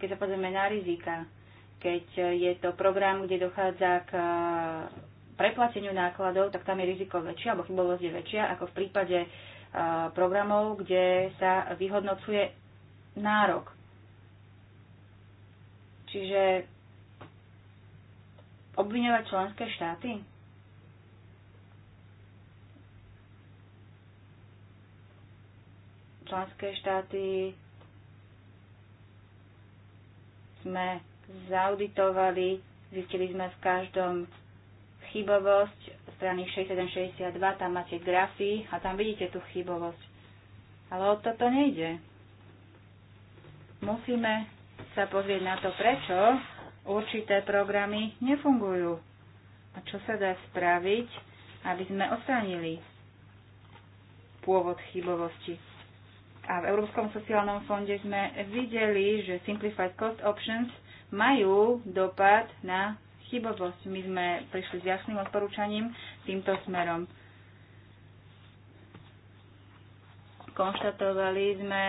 Keď sa pozrieme na rizika, keď je to program, kde dochádza k eh, preplateniu nákladov, tak tam je riziko väčšie alebo chybovosť je väčšia ako v prípade eh, programov, kde sa vyhodnocuje nárok. Čiže obviňovať členské štáty? členské štáty sme zauditovali, zistili sme v každom chybovosť, strany 61-62, tam máte grafy a tam vidíte tú chybovosť. Ale o toto nejde. Musíme sa pozrieť na to, prečo určité programy nefungujú a čo sa dá spraviť, aby sme odstránili pôvod chybovosti. A v Európskom sociálnom fonde sme videli, že Simplified Cost Options majú dopad na chybovosť. My sme prišli s jasným odporúčaním týmto smerom. Konštatovali sme,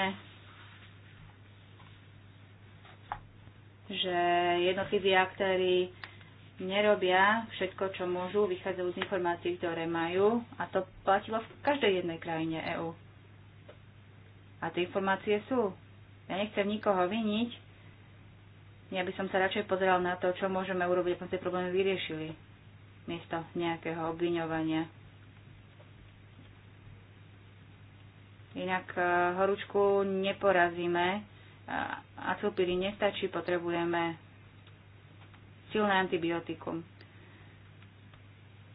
že jednotliví aktéry nerobia všetko, čo môžu, vychádzajú z informácií, ktoré majú a to platilo v každej jednej krajine EÚ. A tie informácie sú. Ja nechcem nikoho viniť. Ja by som sa radšej pozeral na to, čo môžeme urobiť, aby sme tie problémy vyriešili. Miesto nejakého obviňovania. Inak e, horúčku neporazíme. a Acilpíry nestačí, potrebujeme silné antibiotikum.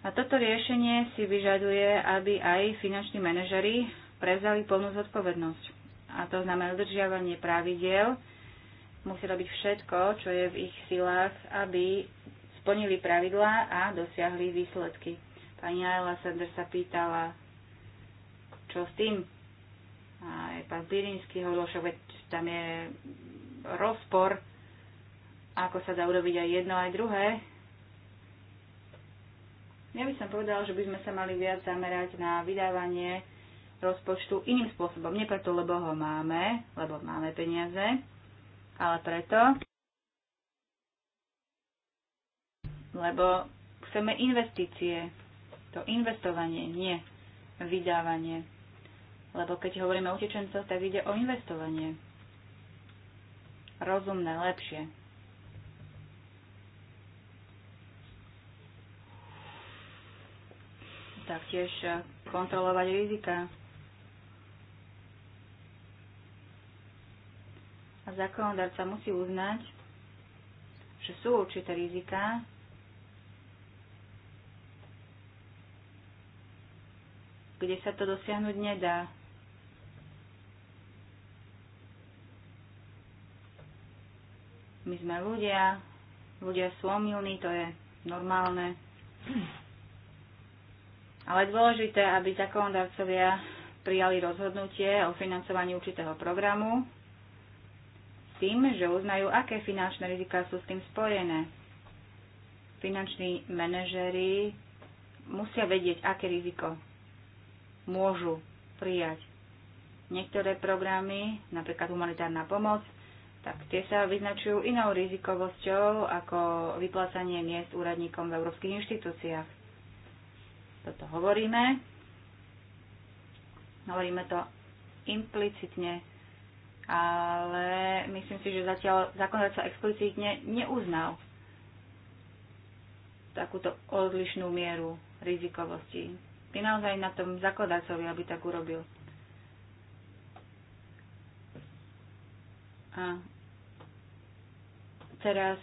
A toto riešenie si vyžaduje, aby aj finanční manažery prevzali plnú zodpovednosť a to znamená dodržiavanie pravidel, musí robiť všetko, čo je v ich silách, aby splnili pravidlá a dosiahli výsledky. Pani Ayla Sander sa pýtala, čo s tým? A aj pán Pirinsky hovoril, že tam je rozpor, ako sa dá urobiť aj jedno, aj druhé. Ja by som povedala, že by sme sa mali viac zamerať na vydávanie rozpočtu iným spôsobom. Nie preto, lebo ho máme, lebo máme peniaze, ale preto, lebo chceme investície. To investovanie, nie vydávanie. Lebo keď hovoríme o utečencoch, tak ide o investovanie. Rozumné, lepšie. Taktiež eh, kontrolovať rizika. A zákonodárca musí uznať, že sú určité rizika, kde sa to dosiahnuť nedá. My sme ľudia, ľudia sú omilní, to je normálne. Ale dôležité, aby zákonodarcovia prijali rozhodnutie o financovaní určitého programu tým, že uznajú, aké finančné riziká sú s tým spojené. Finanční manažery musia vedieť, aké riziko môžu prijať. Niektoré programy, napríklad humanitárna pomoc, tak tie sa vyznačujú inou rizikovosťou ako vyplácanie miest úradníkom v európskych inštitúciách. Toto hovoríme. Hovoríme to implicitne ale myslím si, že zatiaľ zákonodárca explicitne neuznal takúto odlišnú mieru rizikovosti. Je naozaj na tom zakladácovi, aby tak urobil. A teraz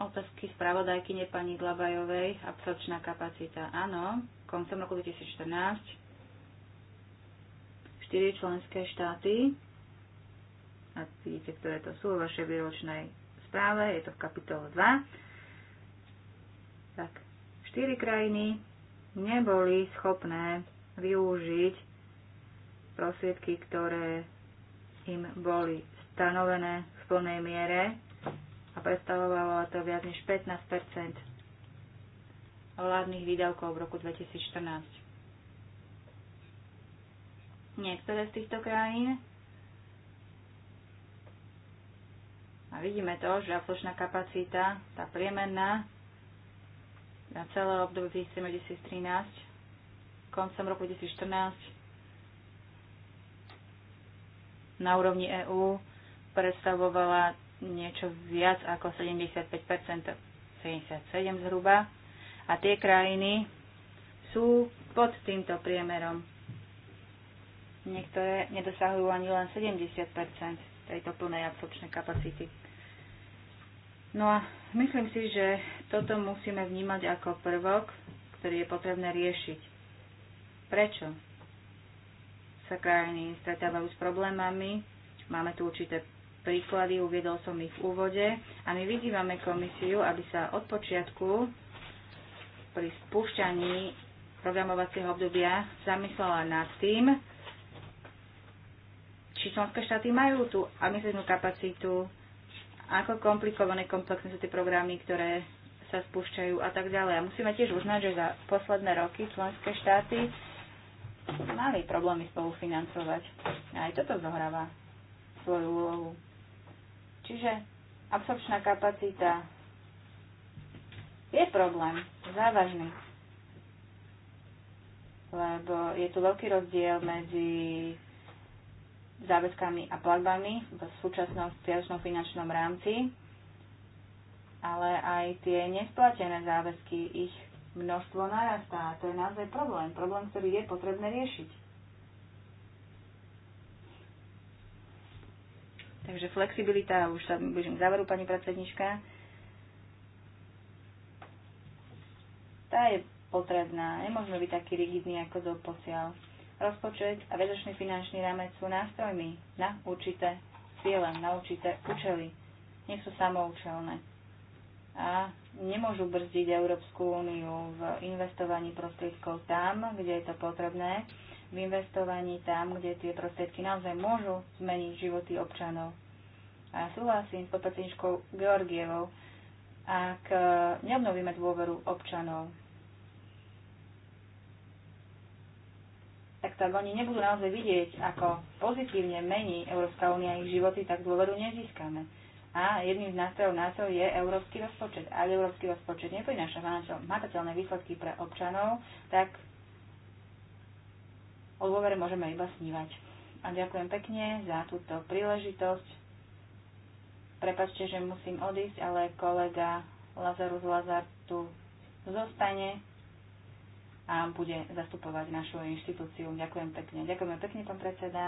otázky spravodajkyne pani Glabajovej, absorpčná kapacita. Áno, koncom roku 2014 4 členské štáty. A vidíte, ktoré to sú v vašej výročnej správe, je to v kapitole 2. Tak, 4 krajiny neboli schopné využiť prosvietky, ktoré im boli stanovené v plnej miere a predstavovalo to viac než 15 vládnych výdavkov v roku 2014 niektoré z týchto krajín. A vidíme to, že absolučná kapacita, tá priemerná, na celé obdobie 2013, koncom roku 2014, na úrovni EÚ predstavovala niečo viac ako 75 77 zhruba. A tie krajiny sú pod týmto priemerom. Niektoré nedosahujú ani len 70 tejto plnej absorpčnej kapacity. No a myslím si, že toto musíme vnímať ako prvok, ktorý je potrebné riešiť. Prečo sa krajiny stretávajú s problémami? Máme tu určité príklady, uviedol som ich v úvode a my vyzývame komisiu, aby sa od počiatku pri spúšťaní programovacieho obdobia zamyslela nad tým, či členské štáty majú tú administratívnu kapacitu, ako komplikované, komplexné sú tie programy, ktoré sa spúšťajú a tak ďalej. A musíme tiež uznať, že za posledné roky členské štáty mali problémy spolufinancovať. A aj toto zohráva svoju úlohu. Čiže absorpčná kapacita je problém, závažný. Lebo je tu veľký rozdiel medzi záväzkami a platbami v súčasnom spiačnom finančnom rámci, ale aj tie nesplatené záväzky, ich množstvo narastá a to je naozaj problém, problém, ktorý je potrebné riešiť. Takže flexibilita, už sa blížim k záveru, pani predsednička, tá je potrebná. Nemôžeme byť takí rigidní ako doposiaľ. posiaľ. Rozpočet a vedočný finančný rámec sú nástrojmi na určité ciele, na určité účely. Nie sú samoučelné. A nemôžu brzdiť Európsku úniu v investovaní prostriedkov tam, kde je to potrebné, v investovaní tam, kde tie prostriedky naozaj môžu zmeniť životy občanov. A súhlasím s podpredsedničkou Georgievou, ak neobnovíme dôveru občanov tak tak oni nebudú naozaj vidieť, ako pozitívne mení Európska únia ich životy, tak dôveru nezískame. A jedným z nástrojov na to je európsky rozpočet. Ak európsky rozpočet neprináša matateľné výsledky pre občanov, tak o dôvere môžeme iba snívať. A ďakujem pekne za túto príležitosť. Prepačte, že musím odísť, ale kolega Lazarus Lazar tu zostane a bude zastupovať našu inštitúciu. Ďakujem pekne. Ďakujeme pekne, pán predseda.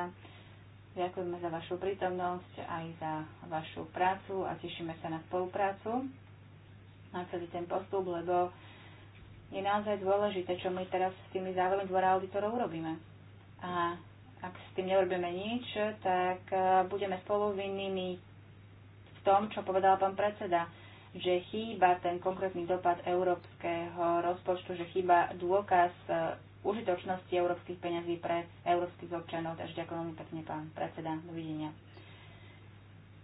Ďakujeme za vašu prítomnosť aj za vašu prácu a tešíme sa na spoluprácu na celý ten postup, lebo je naozaj dôležité, čo my teraz s tými závermi dvora auditorov urobíme. A ak s tým neurobíme nič, tak eh, budeme spolu v tom, čo povedal pán predseda že chýba ten konkrétny dopad európskeho rozpočtu, že chýba dôkaz e, užitočnosti európskych peňazí pre európskych občanov. Takže ďakujem veľmi pekne, pán predseda. Dovidenia.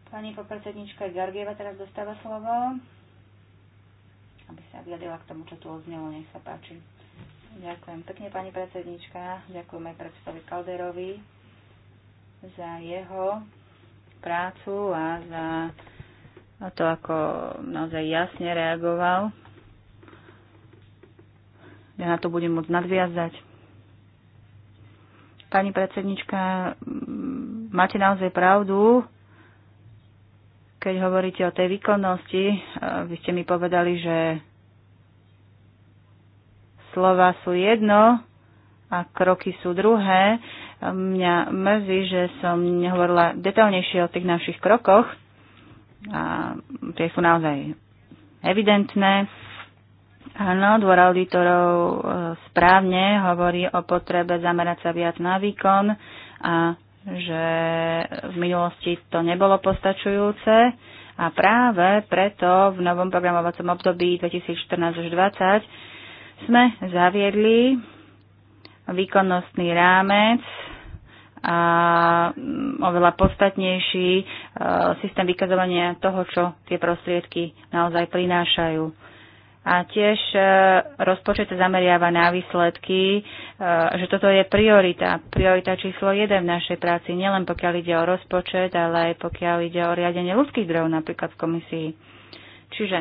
Pani podpredsednička Gargieva teraz dostáva slovo, aby sa vyjadrila k tomu, čo tu odznelo. Nech sa páči. Ďakujem pekne, pani predsednička. Ďakujem aj predsedovi Kalderovi za jeho prácu a za a to, ako naozaj jasne reagoval. Ja na to budem môcť nadviazať. Pani predsednička, mm, máte naozaj pravdu, keď hovoríte o tej výkonnosti. E, vy ste mi povedali, že slova sú jedno a kroky sú druhé. E, mňa mrzí, že som nehovorila detailnejšie o tých našich krokoch, a tie sú naozaj evidentné. Áno, dvor auditorov e, správne hovorí o potrebe zamerať sa viac na výkon a že v minulosti to nebolo postačujúce a práve preto v novom programovacom období 2014 až 2020 sme zaviedli výkonnostný rámec a mm, oveľa podstatnejší e, systém vykazovania toho, čo tie prostriedky naozaj prinášajú. A tiež e, rozpočet sa zameriava na výsledky, e, že toto je priorita. Priorita číslo 1 v našej práci, nielen pokiaľ ide o rozpočet, ale aj pokiaľ ide o riadenie ľudských zdrojov napríklad v komisii. Čiže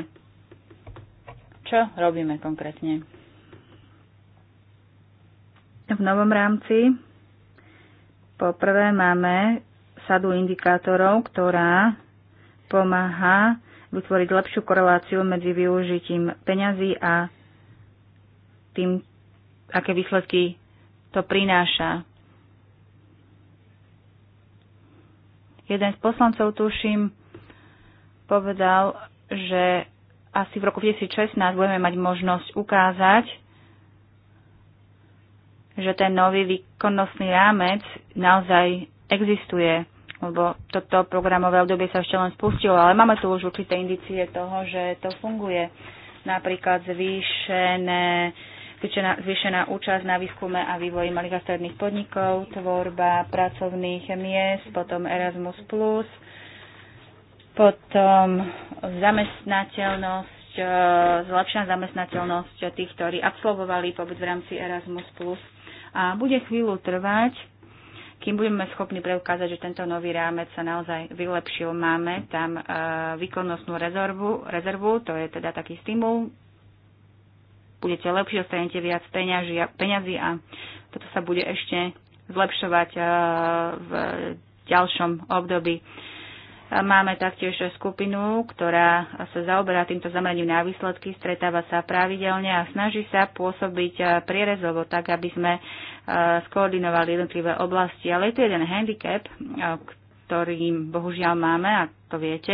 čo robíme konkrétne? V novom rámci Poprvé máme sadu indikátorov, ktorá pomáha vytvoriť lepšiu koreláciu medzi využitím peňazí a tým, aké výsledky to prináša. Jeden z poslancov, tuším, povedal, že asi v roku 2016 budeme mať možnosť ukázať, že ten nový výkonnostný rámec naozaj existuje, lebo toto programové obdobie sa ešte len spustilo, ale máme tu už určité indicie toho, že to funguje. Napríklad zvýšené zvýšená, zvýšená účasť na výskume a vývoji malých a stredných podnikov, tvorba pracovných miest, potom Erasmus+, potom zamestnateľnosť, e, zlepšená zamestnateľnosť tých, ktorí absolvovali pobyt v rámci Erasmus+ a bude chvíľu trvať, kým budeme schopní preukázať, že tento nový rámec sa naozaj vylepšil. Máme tam uh, výkonnostnú rezervu, rezervu, to je teda taký stimul. Budete lepšie, dostanete viac peňaží, peňazí a toto sa bude ešte zlepšovať uh, v ďalšom období. Máme taktiež skupinu, ktorá sa zaoberá týmto zameraním na výsledky, stretáva sa pravidelne a snaží sa pôsobiť eh, prierezovo, tak aby sme eh, skoordinovali jednotlivé oblasti. Ale je tu jeden handicap, eh, ktorým bohužiaľ máme, a to viete,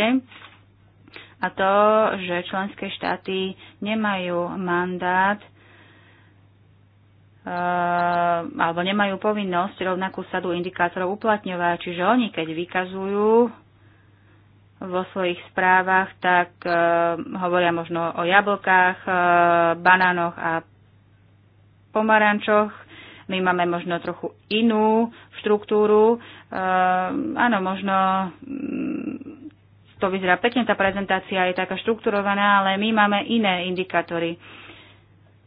a to, že členské štáty nemajú mandát alebo nemajú povinnosť rovnakú sadu indikátorov uplatňovať. Čiže oni, keď vykazujú vo svojich správach, tak e, hovoria možno o jablkách, e, banánoch a pomarančoch. My máme možno trochu inú štruktúru. E, áno, možno mm, to vyzerá pekne, tá prezentácia je taká štrukturovaná, ale my máme iné indikátory.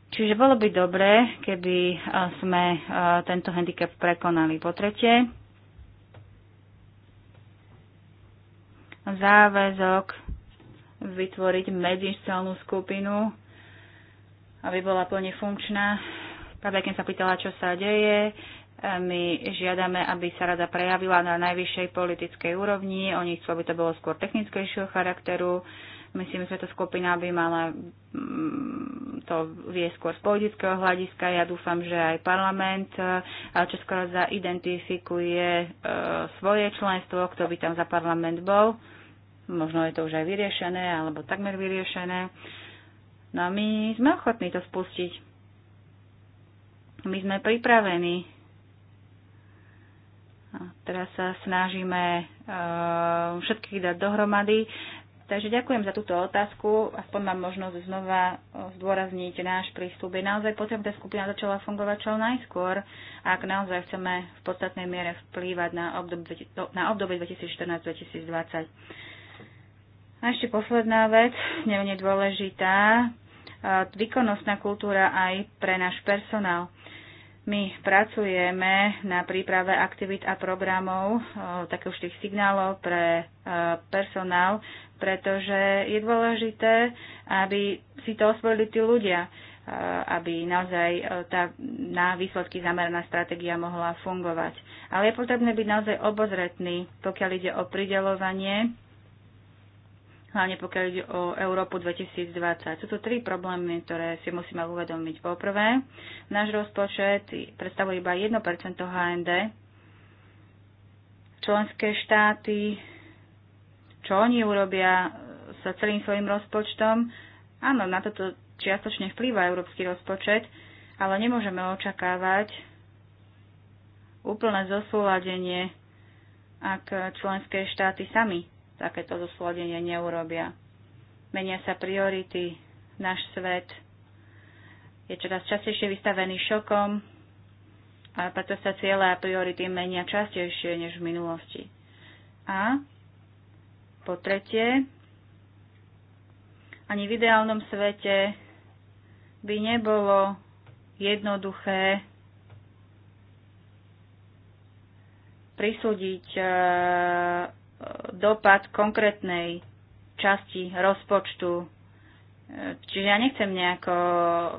Čiže bolo by dobré, keby e, sme e, tento handicap prekonali. Po tretie, záväzok vytvoriť medzišcelnú skupinu, aby bola plne funkčná. Pravda, keď sa pýtala, čo sa deje, my žiadame, aby sa rada prejavila na najvyššej politickej úrovni. Oni chcú, aby to bolo skôr technickejšieho charakteru. Myslím, že tá skupina by mala mm, to vie skôr z politického hľadiska. Ja dúfam, že aj parlament eh, čoskoro zaidentifikuje eh, svoje členstvo, kto by tam za parlament bol. Možno je to už aj vyriešené, alebo takmer vyriešené. No a my sme ochotní to spustiť. My sme pripravení. A teraz sa snažíme uh, všetkých dať dohromady. Takže ďakujem za túto otázku. Aspoň mám možnosť znova eh, zdôrazniť náš prístup. Je naozaj potrebné, tá skupina začala fungovať čo najskôr, ak naozaj chceme v podstatnej miere vplývať na obdobie, na obdobie 2014-2020. A ešte posledná vec, nevne dôležitá, výkonnostná kultúra aj pre náš personál. My pracujeme na príprave aktivít a programov, e, takých už tých signálov pre e, personál, pretože je dôležité, aby si to osvojili tí ľudia, e, aby naozaj tá na výsledky zameraná stratégia mohla fungovať. Ale je potrebné byť naozaj obozretný, pokiaľ ide o pridelovanie hlavne pokiaľ ide o Európu 2020. Sú to tri problémy, ktoré si musíme uvedomiť. Poprvé, náš rozpočet predstavuje iba 1% HND. Členské štáty, čo oni urobia sa celým svojim rozpočtom, áno, na toto čiastočne vplýva európsky rozpočet, ale nemôžeme očakávať úplné zosúladenie, ak členské štáty sami takéto zosúladenie neurobia. Menia sa priority, náš svet je čoraz častejšie vystavený šokom a preto sa ciele a priority menia častejšie než v minulosti. A po tretie, ani v ideálnom svete by nebolo jednoduché prisúdiť e, dopad konkrétnej časti rozpočtu. Čiže ja nechcem nejako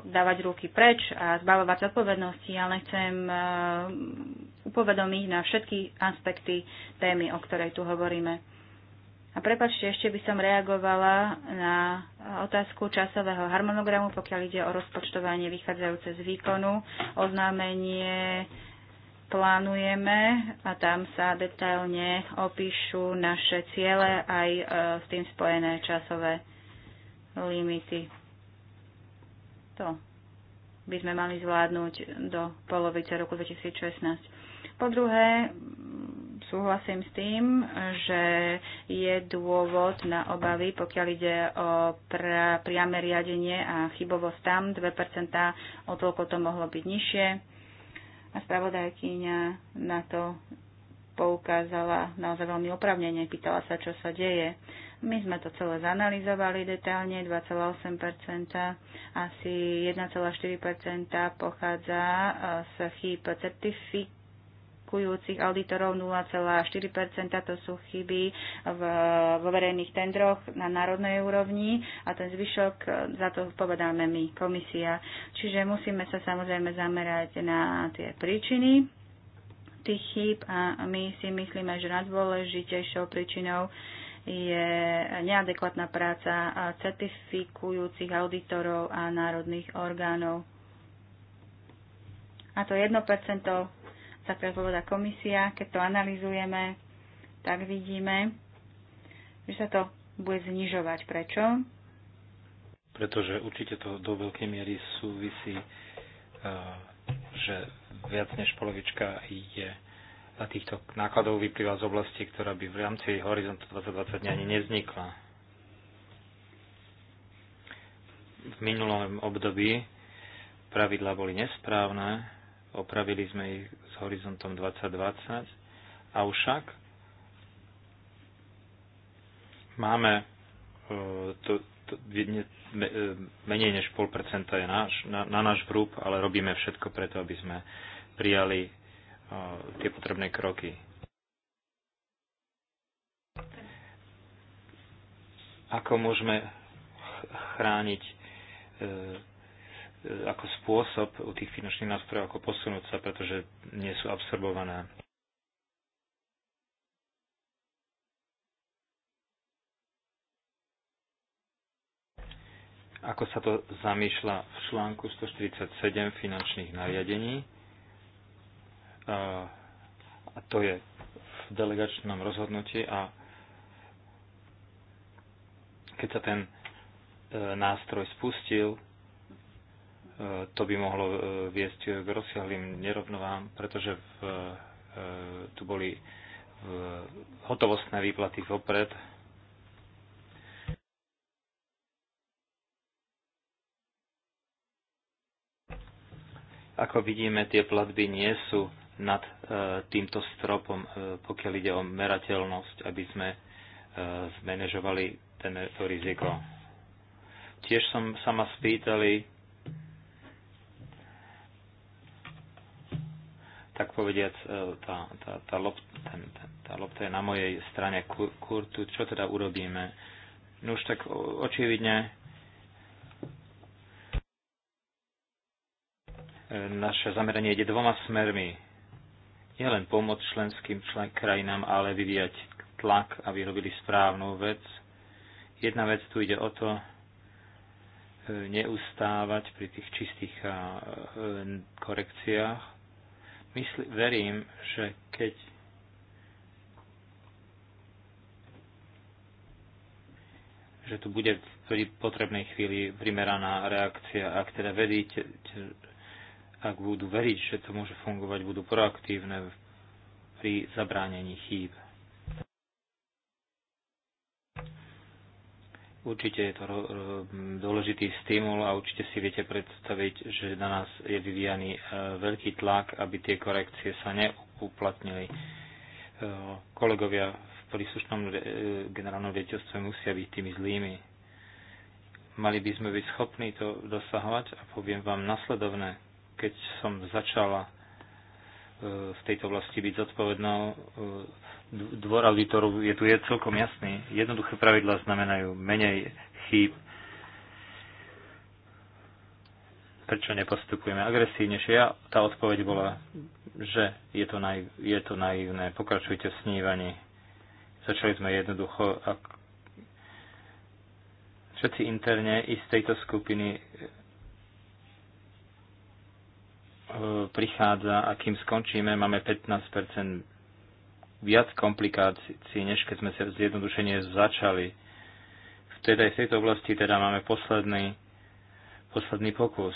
dávať ruky preč a zbavovať odpovednosti, ale chcem eh, upovedomiť na všetky aspekty témy, o ktorej tu hovoríme. A prepačte, ešte by som reagovala na eh, otázku časového harmonogramu, pokiaľ ide o rozpočtovanie vychádzajúce z výkonu, oznámenie plánujeme a tam sa detailne opíšu naše ciele aj e, s tým spojené časové limity. To by sme mali zvládnuť do polovice roku 2016. Po druhé, súhlasím s tým, že je dôvod na obavy, pokiaľ ide o priame riadenie a chybovosť tam 2%, o toľko to mohlo byť nižšie a spravodajkyňa na to poukázala naozaj veľmi opravnenie, pýtala sa, čo sa deje. My sme to celé zanalizovali detálne, 2,8%, asi 1,4% pochádza eh, z chýb certifikátu, prevádzkujúcich auditorov 0,4 to sú chyby v, vo verejných tendroch na národnej úrovni a ten zvyšok e, za to povedáme my, komisia. Čiže musíme sa samozrejme zamerať na tie príčiny tých chýb a my si myslíme, že najdôležitejšou príčinou je neadekvátna práca certifikujúcich auditorov a národných orgánov. A to 1% tá predpovedá komisia, keď to analizujeme, tak vidíme, že sa to bude znižovať. Prečo? Pretože určite to do veľkej miery súvisí, e, že viac než polovička je týchto nákladov vyplýva z oblasti, ktorá by v rámci horizontu 2020 ani nevznikla. V minulom období pravidlá boli nesprávne, opravili sme ich s horizontom 2020, avšak máme e, to, to, e, menej než 0,5% je náš, na, na náš vrúb, ale robíme všetko preto, aby sme prijali e, tie potrebné kroky. Ako môžeme chrániť E, ako spôsob u tých finančných nástrojov, ako posunúť sa, pretože nie sú absorbované. Ako sa to zamýšľa v článku 147 finančných nariadení, e, a to je v delegačnom rozhodnutí a keď sa ten e, nástroj spustil, to by mohlo e, viesť k rozsiahlým nerovnovám, pretože v, e, tu boli v, e, hotovostné výplaty vopred. Ako vidíme, tie platby nie sú nad týmto stropom, pokiaľ ide o merateľnosť, aby sme zmanéžovali to riziko. Tiež som sa ma spýtali, tak povediac, e, tá, tá, tá, lop, ten, ten, tá lopta je na mojej strane kurtu, čo teda urobíme? No už tak očividne e, naše zameranie ide dvoma smermi. Nie len pomôcť členským člen, krajinám, ale vyvíjať tlak, aby robili správnu vec. Jedna vec tu ide o to, e, neustávať pri tých čistých korekciách, Mysl- verím, že keď že tu bude v potrebnej chvíli primeraná reakcia. Ak teda vedíte, ak budú veriť, že to môže fungovať, budú proaktívne pri zabránení chýb. Určite je to dôležitý stimul a určite si viete predstaviť, že na nás je vyvíjaný e, veľký tlak, aby tie korekcie sa neuplatnili. E, kolegovia v príslušnom e, generálnom vieteľstve musia byť tými zlými. Mali by sme byť schopní to dosahovať a poviem vám nasledovné. Keď som začala v tejto oblasti byť zodpovednou. E, dvor auditorov je tu je celkom jasný. Jednoduché pravidlá znamenajú menej chýb. Prečo nepostupujeme agresívnejšie? Ja, tá odpoveď bola, že je to, naiv, je to naivné. Pokračujte v snívaní. Začali sme jednoducho. Ak všetci interne i z tejto skupiny prichádza a kým skončíme, máme 15 viac komplikácií, než keď sme sa zjednodušenie začali. V aj v tejto oblasti teda máme posledný, posledný pokus.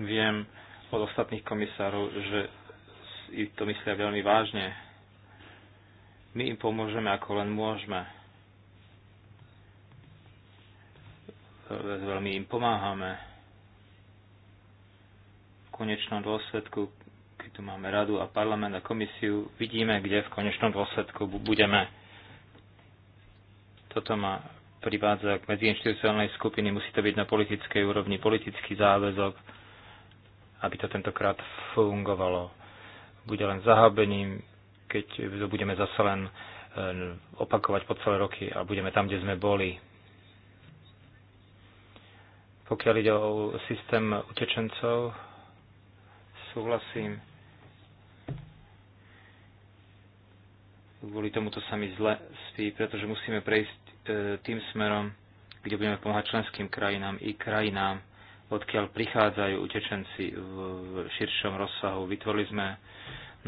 Viem od ostatných komisárov, že to myslia veľmi vážne. My im pomôžeme, ako len môžeme. veľmi im pomáhame. V konečnom dôsledku, keď tu máme radu a parlament a komisiu, vidíme, kde v konečnom dôsledku budeme. Toto ma privádza k medziinstitucionálnej skupiny, musí to byť na politickej úrovni politický záväzok, aby to tentokrát fungovalo. Bude len zahábením, keď budeme zase len e, opakovať po celé roky a budeme tam, kde sme boli pokiaľ ide o systém utečencov, súhlasím. Kvôli tomuto sa mi zle spí, pretože musíme prejsť e, tým smerom, kde budeme pomáhať členským krajinám i krajinám, odkiaľ prichádzajú utečenci v, v širšom rozsahu. Vytvorili sme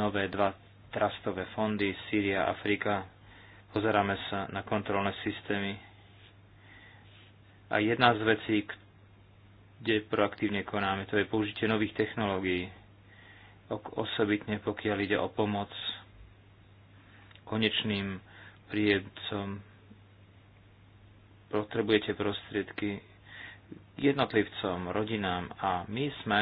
nové dva trastové fondy Sýria, Afrika. Pozeráme sa na kontrolné systémy. A jedna z vecí, kde proaktívne konáme, to je použitie nových technológií, osobitne pokiaľ ide o pomoc konečným príjemcom. Potrebujete prostriedky jednotlivcom, rodinám a my sme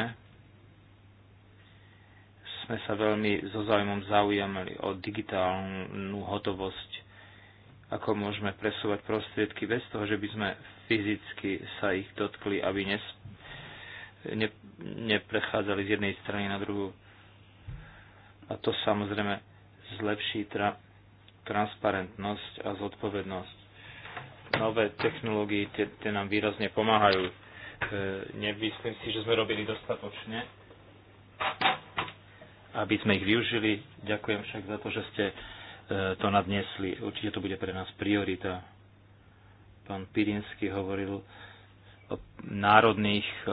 sme sa veľmi so záujmom zaujímali o digitálnu hotovosť ako môžeme presúvať prostriedky bez toho, že by sme fyzicky sa ich dotkli, aby nes, ne, neprechádzali z jednej strany na druhú. A to samozrejme zlepší tra, transparentnosť a zodpovednosť. Nové technológie tie, tie nám výrazne pomáhajú. E, nemyslím si, že sme robili dostatočne, aby sme ich využili. Ďakujem však za to, že ste E, to nadnesli. Určite to bude pre nás priorita. Pán Pirinsky hovoril o národných e,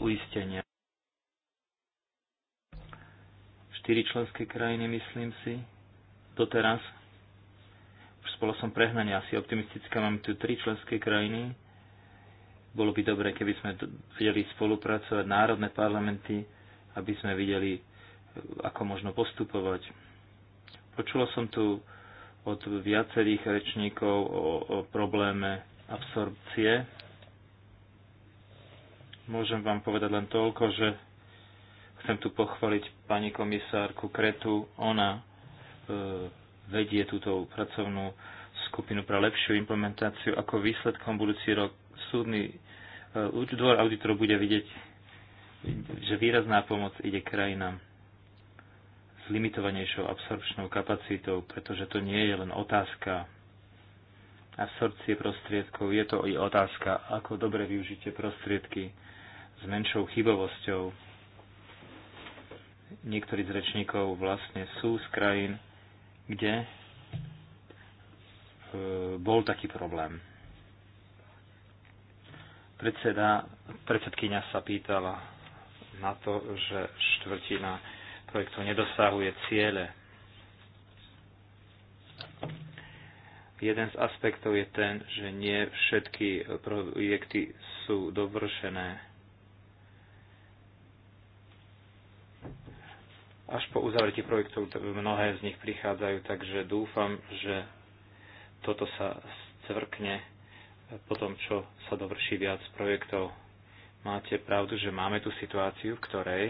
uisteniach. Štyri členské krajiny, myslím si, doteraz. Už spolo som prehnania, asi optimistická, máme tu tri členské krajiny. Bolo by dobre, keby sme vedeli spolupracovať národné parlamenty, aby sme videli, ako možno postupovať Počula som tu od viacerých rečníkov o, o probléme absorpcie. Môžem vám povedať len toľko, že chcem tu pochváliť pani komisárku Kretu. Ona e, vedie túto pracovnú skupinu pre lepšiu implementáciu. Ako výsledkom budúci rok súdny e, dvor auditorov bude vidieť, že výrazná pomoc ide krajinám s limitovanejšou absorpčnou kapacitou, pretože to nie je len otázka absorpcie prostriedkov, je to i otázka, ako dobre využite prostriedky s menšou chybovosťou. Niektorí z rečníkov vlastne sú z krajín, kde e, bol taký problém. Predseda, predsedkynia sa pýtala na to, že štvrtina to nedosahuje ciele. Jeden z aspektov je ten, že nie všetky projekty sú dovršené. až po uzavretí projektov mnohé z nich prichádzajú, takže dúfam, že toto sa cvrkne po tom, čo sa dovrší viac projektov. Máte pravdu, že máme tú situáciu, v ktorej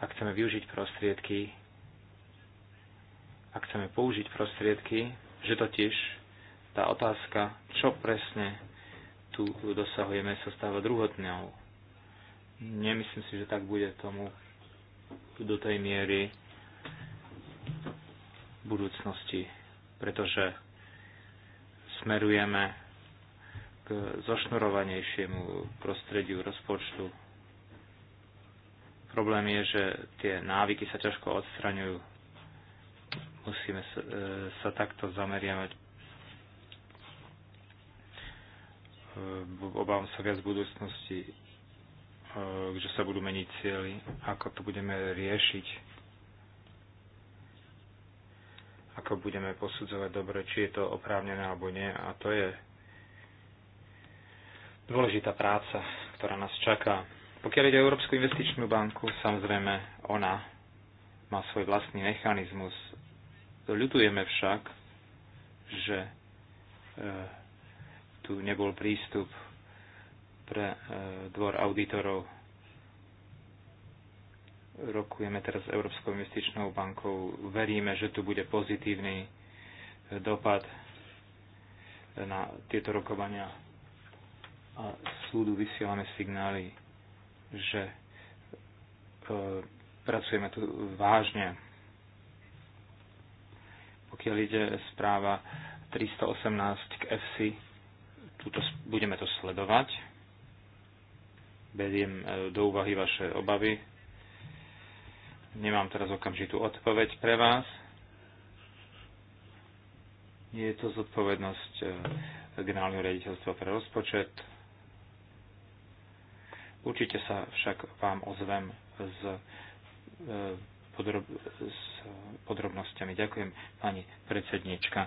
ak chceme využiť prostriedky, ak chceme použiť prostriedky, že totiž tá otázka, čo presne tu dosahujeme, sa stáva druhotnou. Nemyslím si, že tak bude tomu do tej miery v budúcnosti, pretože smerujeme k zošnurovanejšiemu prostrediu rozpočtu. Problém je, že tie návyky sa ťažko odstraňujú. Musíme sa, e, sa takto zameriavať. E, obávam sa viac v budúcnosti, e, že sa budú meniť cieľy, ako to budeme riešiť ako budeme posudzovať dobre, či je to oprávnené alebo nie. A to je dôležitá práca, ktorá nás čaká. Pokiaľ ide o Európsku investičnú banku, samozrejme ona má svoj vlastný mechanizmus. Ľutujeme však, že e, tu nebol prístup pre e, dvor auditorov. Rokujeme teraz s Európskou investičnou bankou. Veríme, že tu bude pozitívny e, dopad na tieto rokovania a súdu vysielame signály že e, pracujeme tu vážne. Pokiaľ ide správa 318 k FC, túto, budeme to sledovať. Beriem e, do úvahy vaše obavy. Nemám teraz okamžitú odpoveď pre vás. Je to zodpovednosť e, generálneho riaditeľstva pre rozpočet, Určite sa však vám ozvem s, e, podrob, s podrobnosťami. Ďakujem, pani predsednička.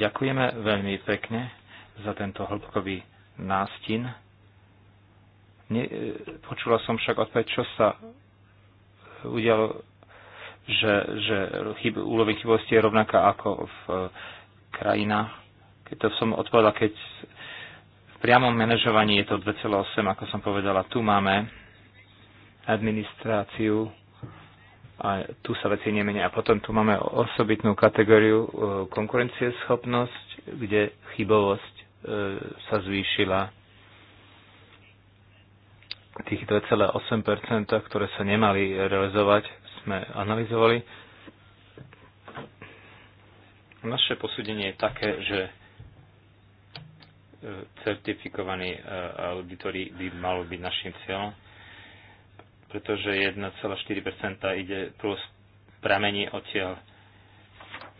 Ďakujeme veľmi pekne za tento hĺbkový nástin. Ne, e, počula som však odpäť, čo sa udialo, že, že chyb, úloveň chybovosti je rovnaká ako v e, krajinách. Keď to som odpovedala, keď priamom manažovaní je to 2,8, ako som povedala. Tu máme administráciu a tu sa veci nemenia. A potom tu máme osobitnú kategóriu e, konkurencieschopnosť, kde chybovosť e, sa zvýšila tých 2,8%, ktoré sa nemali realizovať, sme analyzovali. Naše posúdenie je také, že certifikovaní e, auditori by malo byť našim cieľom, pretože 1,4 ide plus pramení odtiaľ.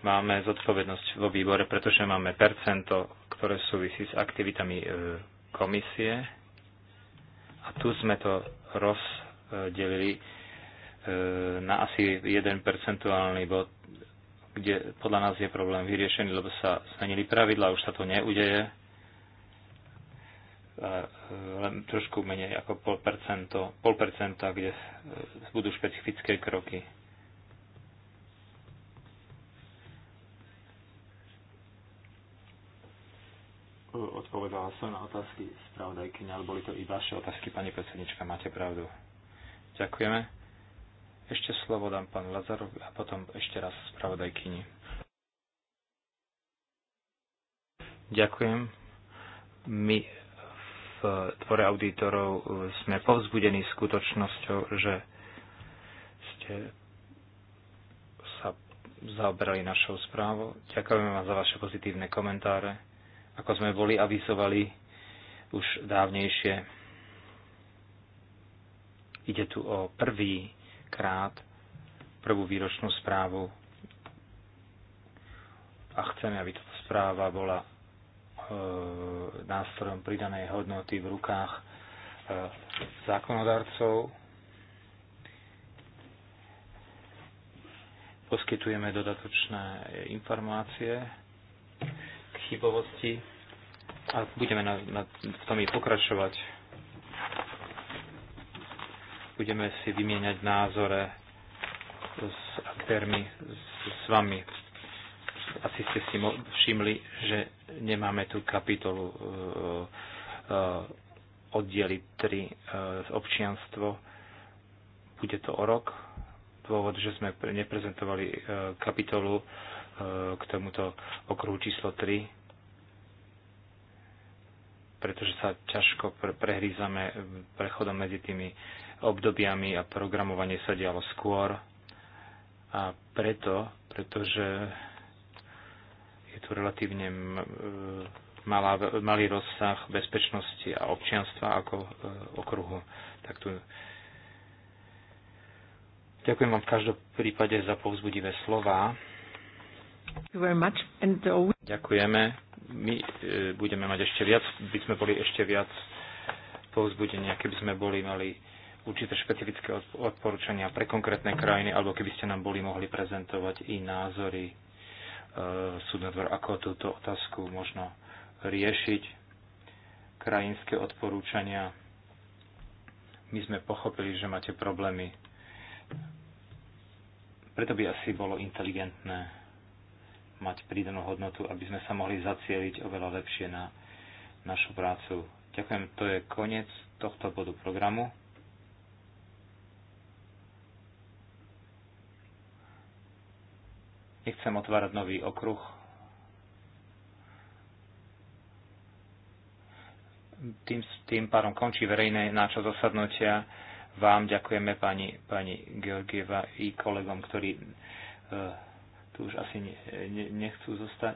Máme zodpovednosť vo výbore, pretože máme percento, ktoré súvisí s aktivitami e, komisie. A tu sme to rozdelili e, na asi jeden percentuálny bod, kde podľa nás je problém vyriešený, lebo sa zmenili pravidla, už sa to neudeje E, len trošku menej ako pol, percento, pol percenta, kde e, budú špecifické kroky. E, odpovedala som na otázky spravodajkyne, ale boli to i vaše otázky, pani predsednička, máte pravdu. Ďakujeme. Ešte slovo dám pán Lazarov a potom ešte raz spravodajkyni. Ďakujem. My v tvore auditorov e, sme povzbudení skutočnosťou, že ste sa zaoberali našou správou. Ďakujeme vám za vaše pozitívne komentáre. Ako sme boli avizovali už dávnejšie, ide tu o prvý krát prvú výročnú správu a chceme, aby táto správa bola E, nástrojom pridanej hodnoty v rukách e, zákonodarcov. Poskytujeme dodatočné informácie k chybovosti a budeme na, na, v tom i pokračovať. Budeme si vymieňať názore s aktérmi, s, s vami. Asi ste si všimli, že Nemáme tu kapitolu e, e, oddeliť 3 e, občianstvo. Bude to o rok. Dôvod, že sme neprezentovali kapitolu k tomuto okruhu číslo 3, pretože sa ťažko prehrízame prechodom medzi tými obdobiami a programovanie sa dialo skôr. A preto, pretože je tu relatívne e, malá, malý rozsah bezpečnosti a občianstva ako e, okruhu. Tak tu Ďakujem vám v každom prípade za povzbudivé slova. Uh, Ďakujeme. My e, budeme mať ešte viac, by sme boli ešte viac povzbudenia, keby sme boli mali určité špecifické odporúčania pre konkrétne krajiny, alebo keby ste nám boli mohli prezentovať i názory E, súdny dvor, ako túto otázku možno riešiť, krajinské odporúčania. My sme pochopili, že máte problémy. Preto by asi bolo inteligentné mať prídanú hodnotu, aby sme sa mohli zacieliť oveľa lepšie na našu prácu. Ďakujem, to je koniec tohto bodu programu. Nechcem otvárať nový okruh. Tým, tým pádom končí verejné náčo zasadnutia. Vám ďakujeme, pani, pani Georgieva, i kolegom, ktorí e, tu už asi ne, ne, nechcú zostať.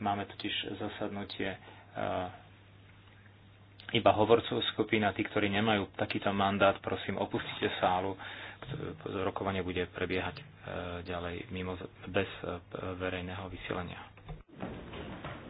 Máme totiž zasadnutie e, iba hovorcov skupina, tí, ktorí nemajú takýto mandát, prosím, opustite sálu. E, rokovanie bude prebiehať e, ďalej mimo, bez e, verejného vysielania.